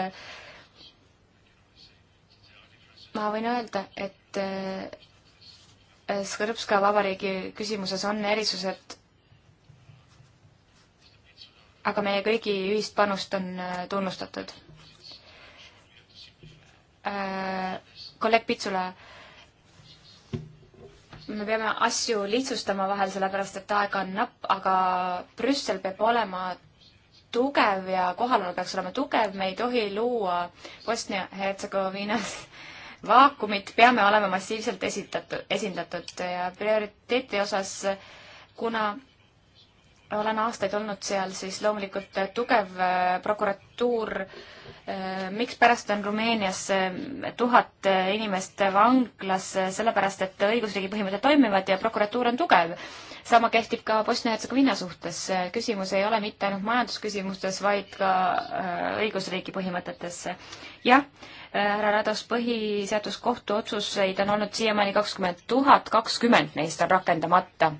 ma võin öelda, et äh, Skõrbska vabariigi küsimuses on erisused, aga meie kõigi ühist panust on äh, tunnustatud. Äh, kolleeg Pitsula, me peame asju lihtsustama vahel, sellepärast et aega on napp, aga Brüssel peab olema tugev ja kohalolu peaks olema tugev, me ei tohi luua Bosnia-Hertsegoviinas äh, vaakumit, peame olema massiivselt esitatud, esindatud ja prioriteeti osas, kuna olen aastaid olnud seal, siis loomulikult tugev äh, prokuratuur, äh, mikspärast on Rumeenias äh, tuhat inimest vanglas, sellepärast et õigusriigi põhimõtted toimivad ja prokuratuur on tugev. sama kehtib ka Bosnia-Hertsegoviina suhtes. küsimus ei ole mitte ainult majandusküsimustes, vaid ka õigusriigi põhimõtetes. jah härra Rados, põhiseaduskohtu otsuseid on olnud siiamaani kakskümmend tuhat, kakskümmend neist on rakendamata.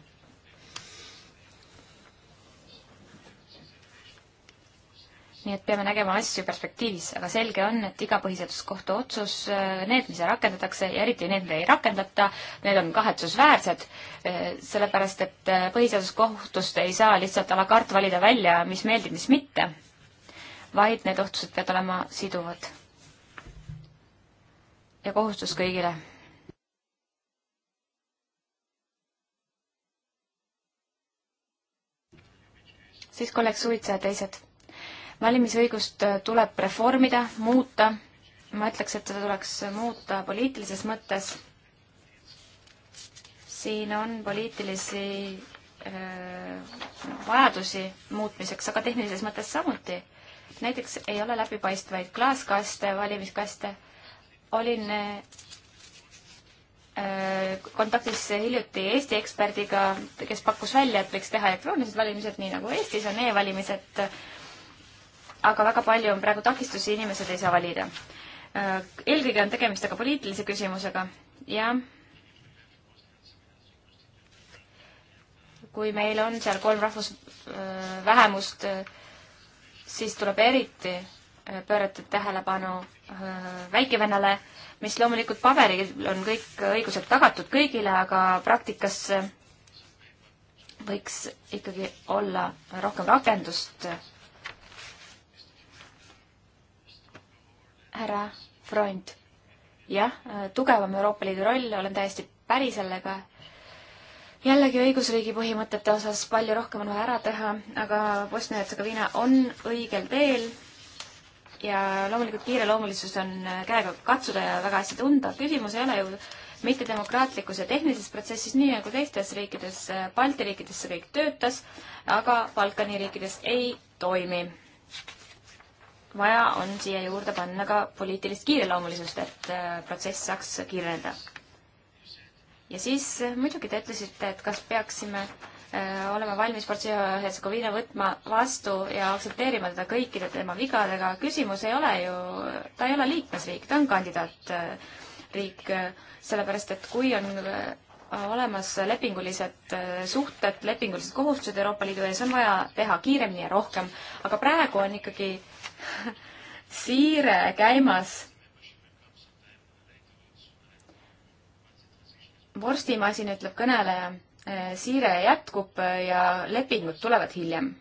nii et peame nägema asju perspektiivis, aga selge on, et iga põhiseaduskohtu otsus, äh, need, mis rakendatakse ja eriti need, mida ei rakendata, need on kahetsusväärsed, äh, sellepärast et äh, põhiseaduskohtust ei saa lihtsalt a la carte valida välja, mis meeldib, mis mitte, vaid need otsused peavad olema siduvad ja kohustus kõigile. siis kolleeg Suitsa ja teised. valimisõigust äh, tuleb reformida, muuta. ma ütleks, et seda tuleks muuta poliitilises mõttes. siin on poliitilisi äh, vajadusi muutmiseks, aga tehnilises mõttes samuti. näiteks ei ole läbipaistvaid klaaskaste, valimiskaste olin äh, kontaktis hiljuti Eesti eksperdiga, kes pakkus välja, et võiks teha elektroonilised valimised, nii nagu Eestis on e-valimised. aga väga palju on praegu takistusi, inimesed ei saa valida. Äh, eelkõige on tegemist aga poliitilise küsimusega ja kui meil on seal kolm rahvusvähemust, äh, siis tuleb eriti pöörata tähelepanu Äh, väikevennale, mis loomulikult paberil on kõik õigused tagatud kõigile, aga praktikas äh, võiks ikkagi olla rohkem rakendust. härra Freund, jah, äh, tugevam Euroopa Liidu roll, olen täiesti päri sellega. jällegi õigusriigi põhimõtete osas palju rohkem on vaja ära teha, aga Bosnia-Hertsegoviina on õigel teel ja loomulikult kiireloomulisus on käega katsuda ja väga hästi tunda. küsimus ei ole ju mittedemokraatlikus ja tehnilises protsessis, nii nagu teistes riikides, Balti riikides see kõik töötas, aga Balkani riikides ei toimi. vaja on siia juurde panna ka poliitilist kiireloomulisust, et äh, protsess saaks kiireneda. ja siis äh, muidugi te ütlesite, et kas peaksime äh, Äh, oleme valmis Portsio-Herzegoviina võtma vastu ja aktsepteerima teda kõikide tema vigadega. küsimus ei ole ju, ta ei ole liikmesriik, ta on kandidaatriik, äh, sellepärast et kui on äh, olemas lepingulised suhted, lepingulised kohustused Euroopa Liidu ees, on vaja teha kiiremini ja rohkem. aga praegu on ikkagi siire käimas vorstimasin, ütleb kõneleja siire jätkub ja lepingud tulevad hiljem.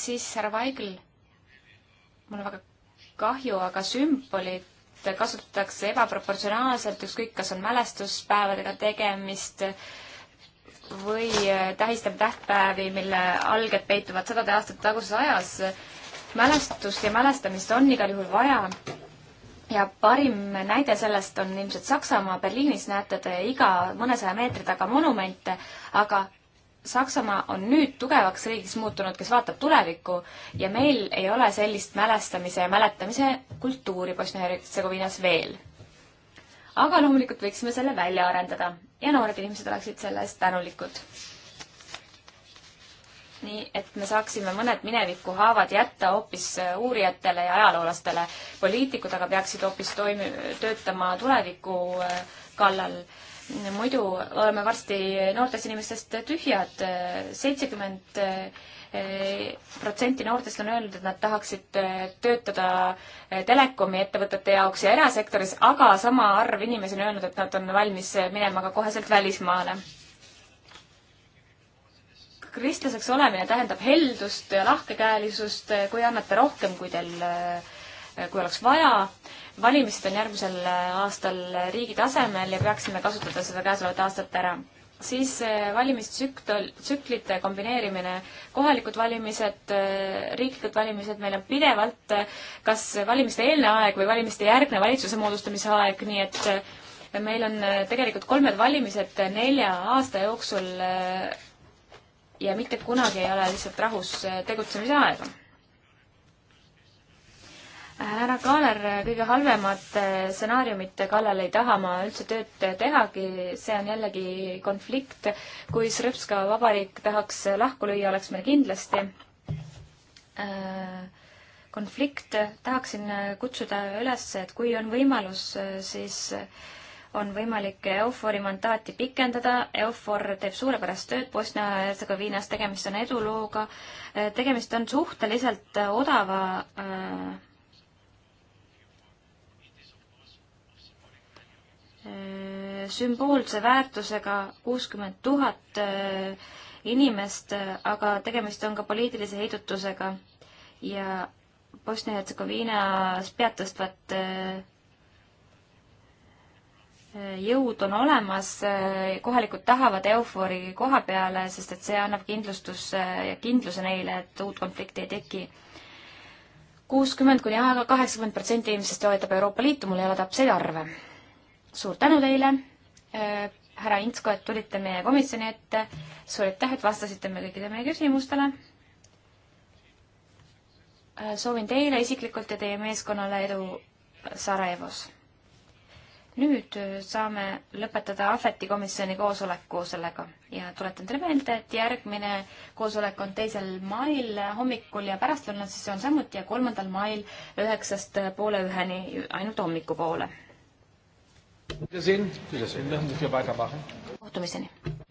siis härra Vaigel, mul on väga kahju, aga sümbolit kasutatakse ebaproportsionaalselt, ükskõik, kas on mälestuspäevadega tegemist või tähistame tähtpäevi, mille alged peituvad sadade aastate taguses ajas. mälestust ja mälestamist on igal juhul vaja ja parim näide sellest on ilmselt Saksamaa, Berliinis näete te iga mõnesaja meetri taga monumente, aga Saksamaa on nüüd tugevaks riigiks muutunud, kes vaatab tulevikku ja meil ei ole sellist mälestamise ja mäletamise kultuuri Bosnia-Hertsegoviinas veel. aga loomulikult võiksime selle välja arendada ja noored inimesed oleksid selle eest tänulikud nii et me saaksime mõned mineviku haavad jätta hoopis äh, uurijatele ja ajaloolastele. poliitikud aga peaksid hoopis toimi-, töötama tuleviku äh, kallal. muidu oleme varsti noortest inimestest tühjad, seitsekümmend äh, protsenti noortest on öelnud, et nad tahaksid töötada telekomi ettevõtete jaoks ja erasektoris, aga sama arv inimesi on öelnud, et nad on valmis minema ka koheselt välismaale kristlaseks olemine tähendab heldust ja lahkekäelisust, kui annate rohkem, kui teil, kui oleks vaja. valimised on järgmisel aastal riigi tasemel ja peaksime kasutada seda käesolevat aastat ära. siis eh, valimistsükl, tsüklite kombineerimine, kohalikud valimised, eh, riiklikud valimised, meil on pidevalt eh, kas valimiste eelne aeg või valimiste järgne valitsuse moodustamise aeg, nii et meil on tegelikult kolmed valimised nelja aasta jooksul ja mitte kunagi ei ole lihtsalt rahus äh, tegutsemise aega. härra Kaaler, kõige halvemate äh, stsenaariumite kallal ei taha ma üldse tööd tehagi, see on jällegi konflikt. kui Srpska vabariik tahaks lahku lüüa, oleks meil kindlasti äh, konflikt, tahaksin kutsuda üles, et kui on võimalus, siis äh, on võimalik EUFOR-i mandaati pikendada, EUFOR teeb suurepärast tööd Bosnia-Hertsegoviinas, tegemist on edulooga, tegemist on suhteliselt odava äh, sümboolse väärtusega kuuskümmend tuhat äh, inimest, aga tegemist on ka poliitilise heidutusega ja Bosnia-Hertsegoviinas pead tõstvat äh, jõud on olemas, kohalikud tahavad EUFOR-i koha peale, sest et see annab kindlustuse ja kindluse neile, et uut konflikti ei teki. kuuskümmend kuni kaheksakümmend protsenti inimesest toetab Euroopa Liitu, mul ei ole täpseid arve. suur tänu teile, härra Intsko, et tulite meie komisjoni ette, suur aitäh, et vastasite me kõikidele meie küsimustele. soovin teile isiklikult ja teie meeskonnale edu Sarajevos nüüd äh, saame lõpetada Ahveti komisjoni koosoleku sellega ja tuletan teile meelde, et järgmine koosolek on teisel mail hommikul ja pärastlõunal sessioon samuti ja kolmandal mail üheksast poole üheni ainult hommikupoole. kohtumiseni.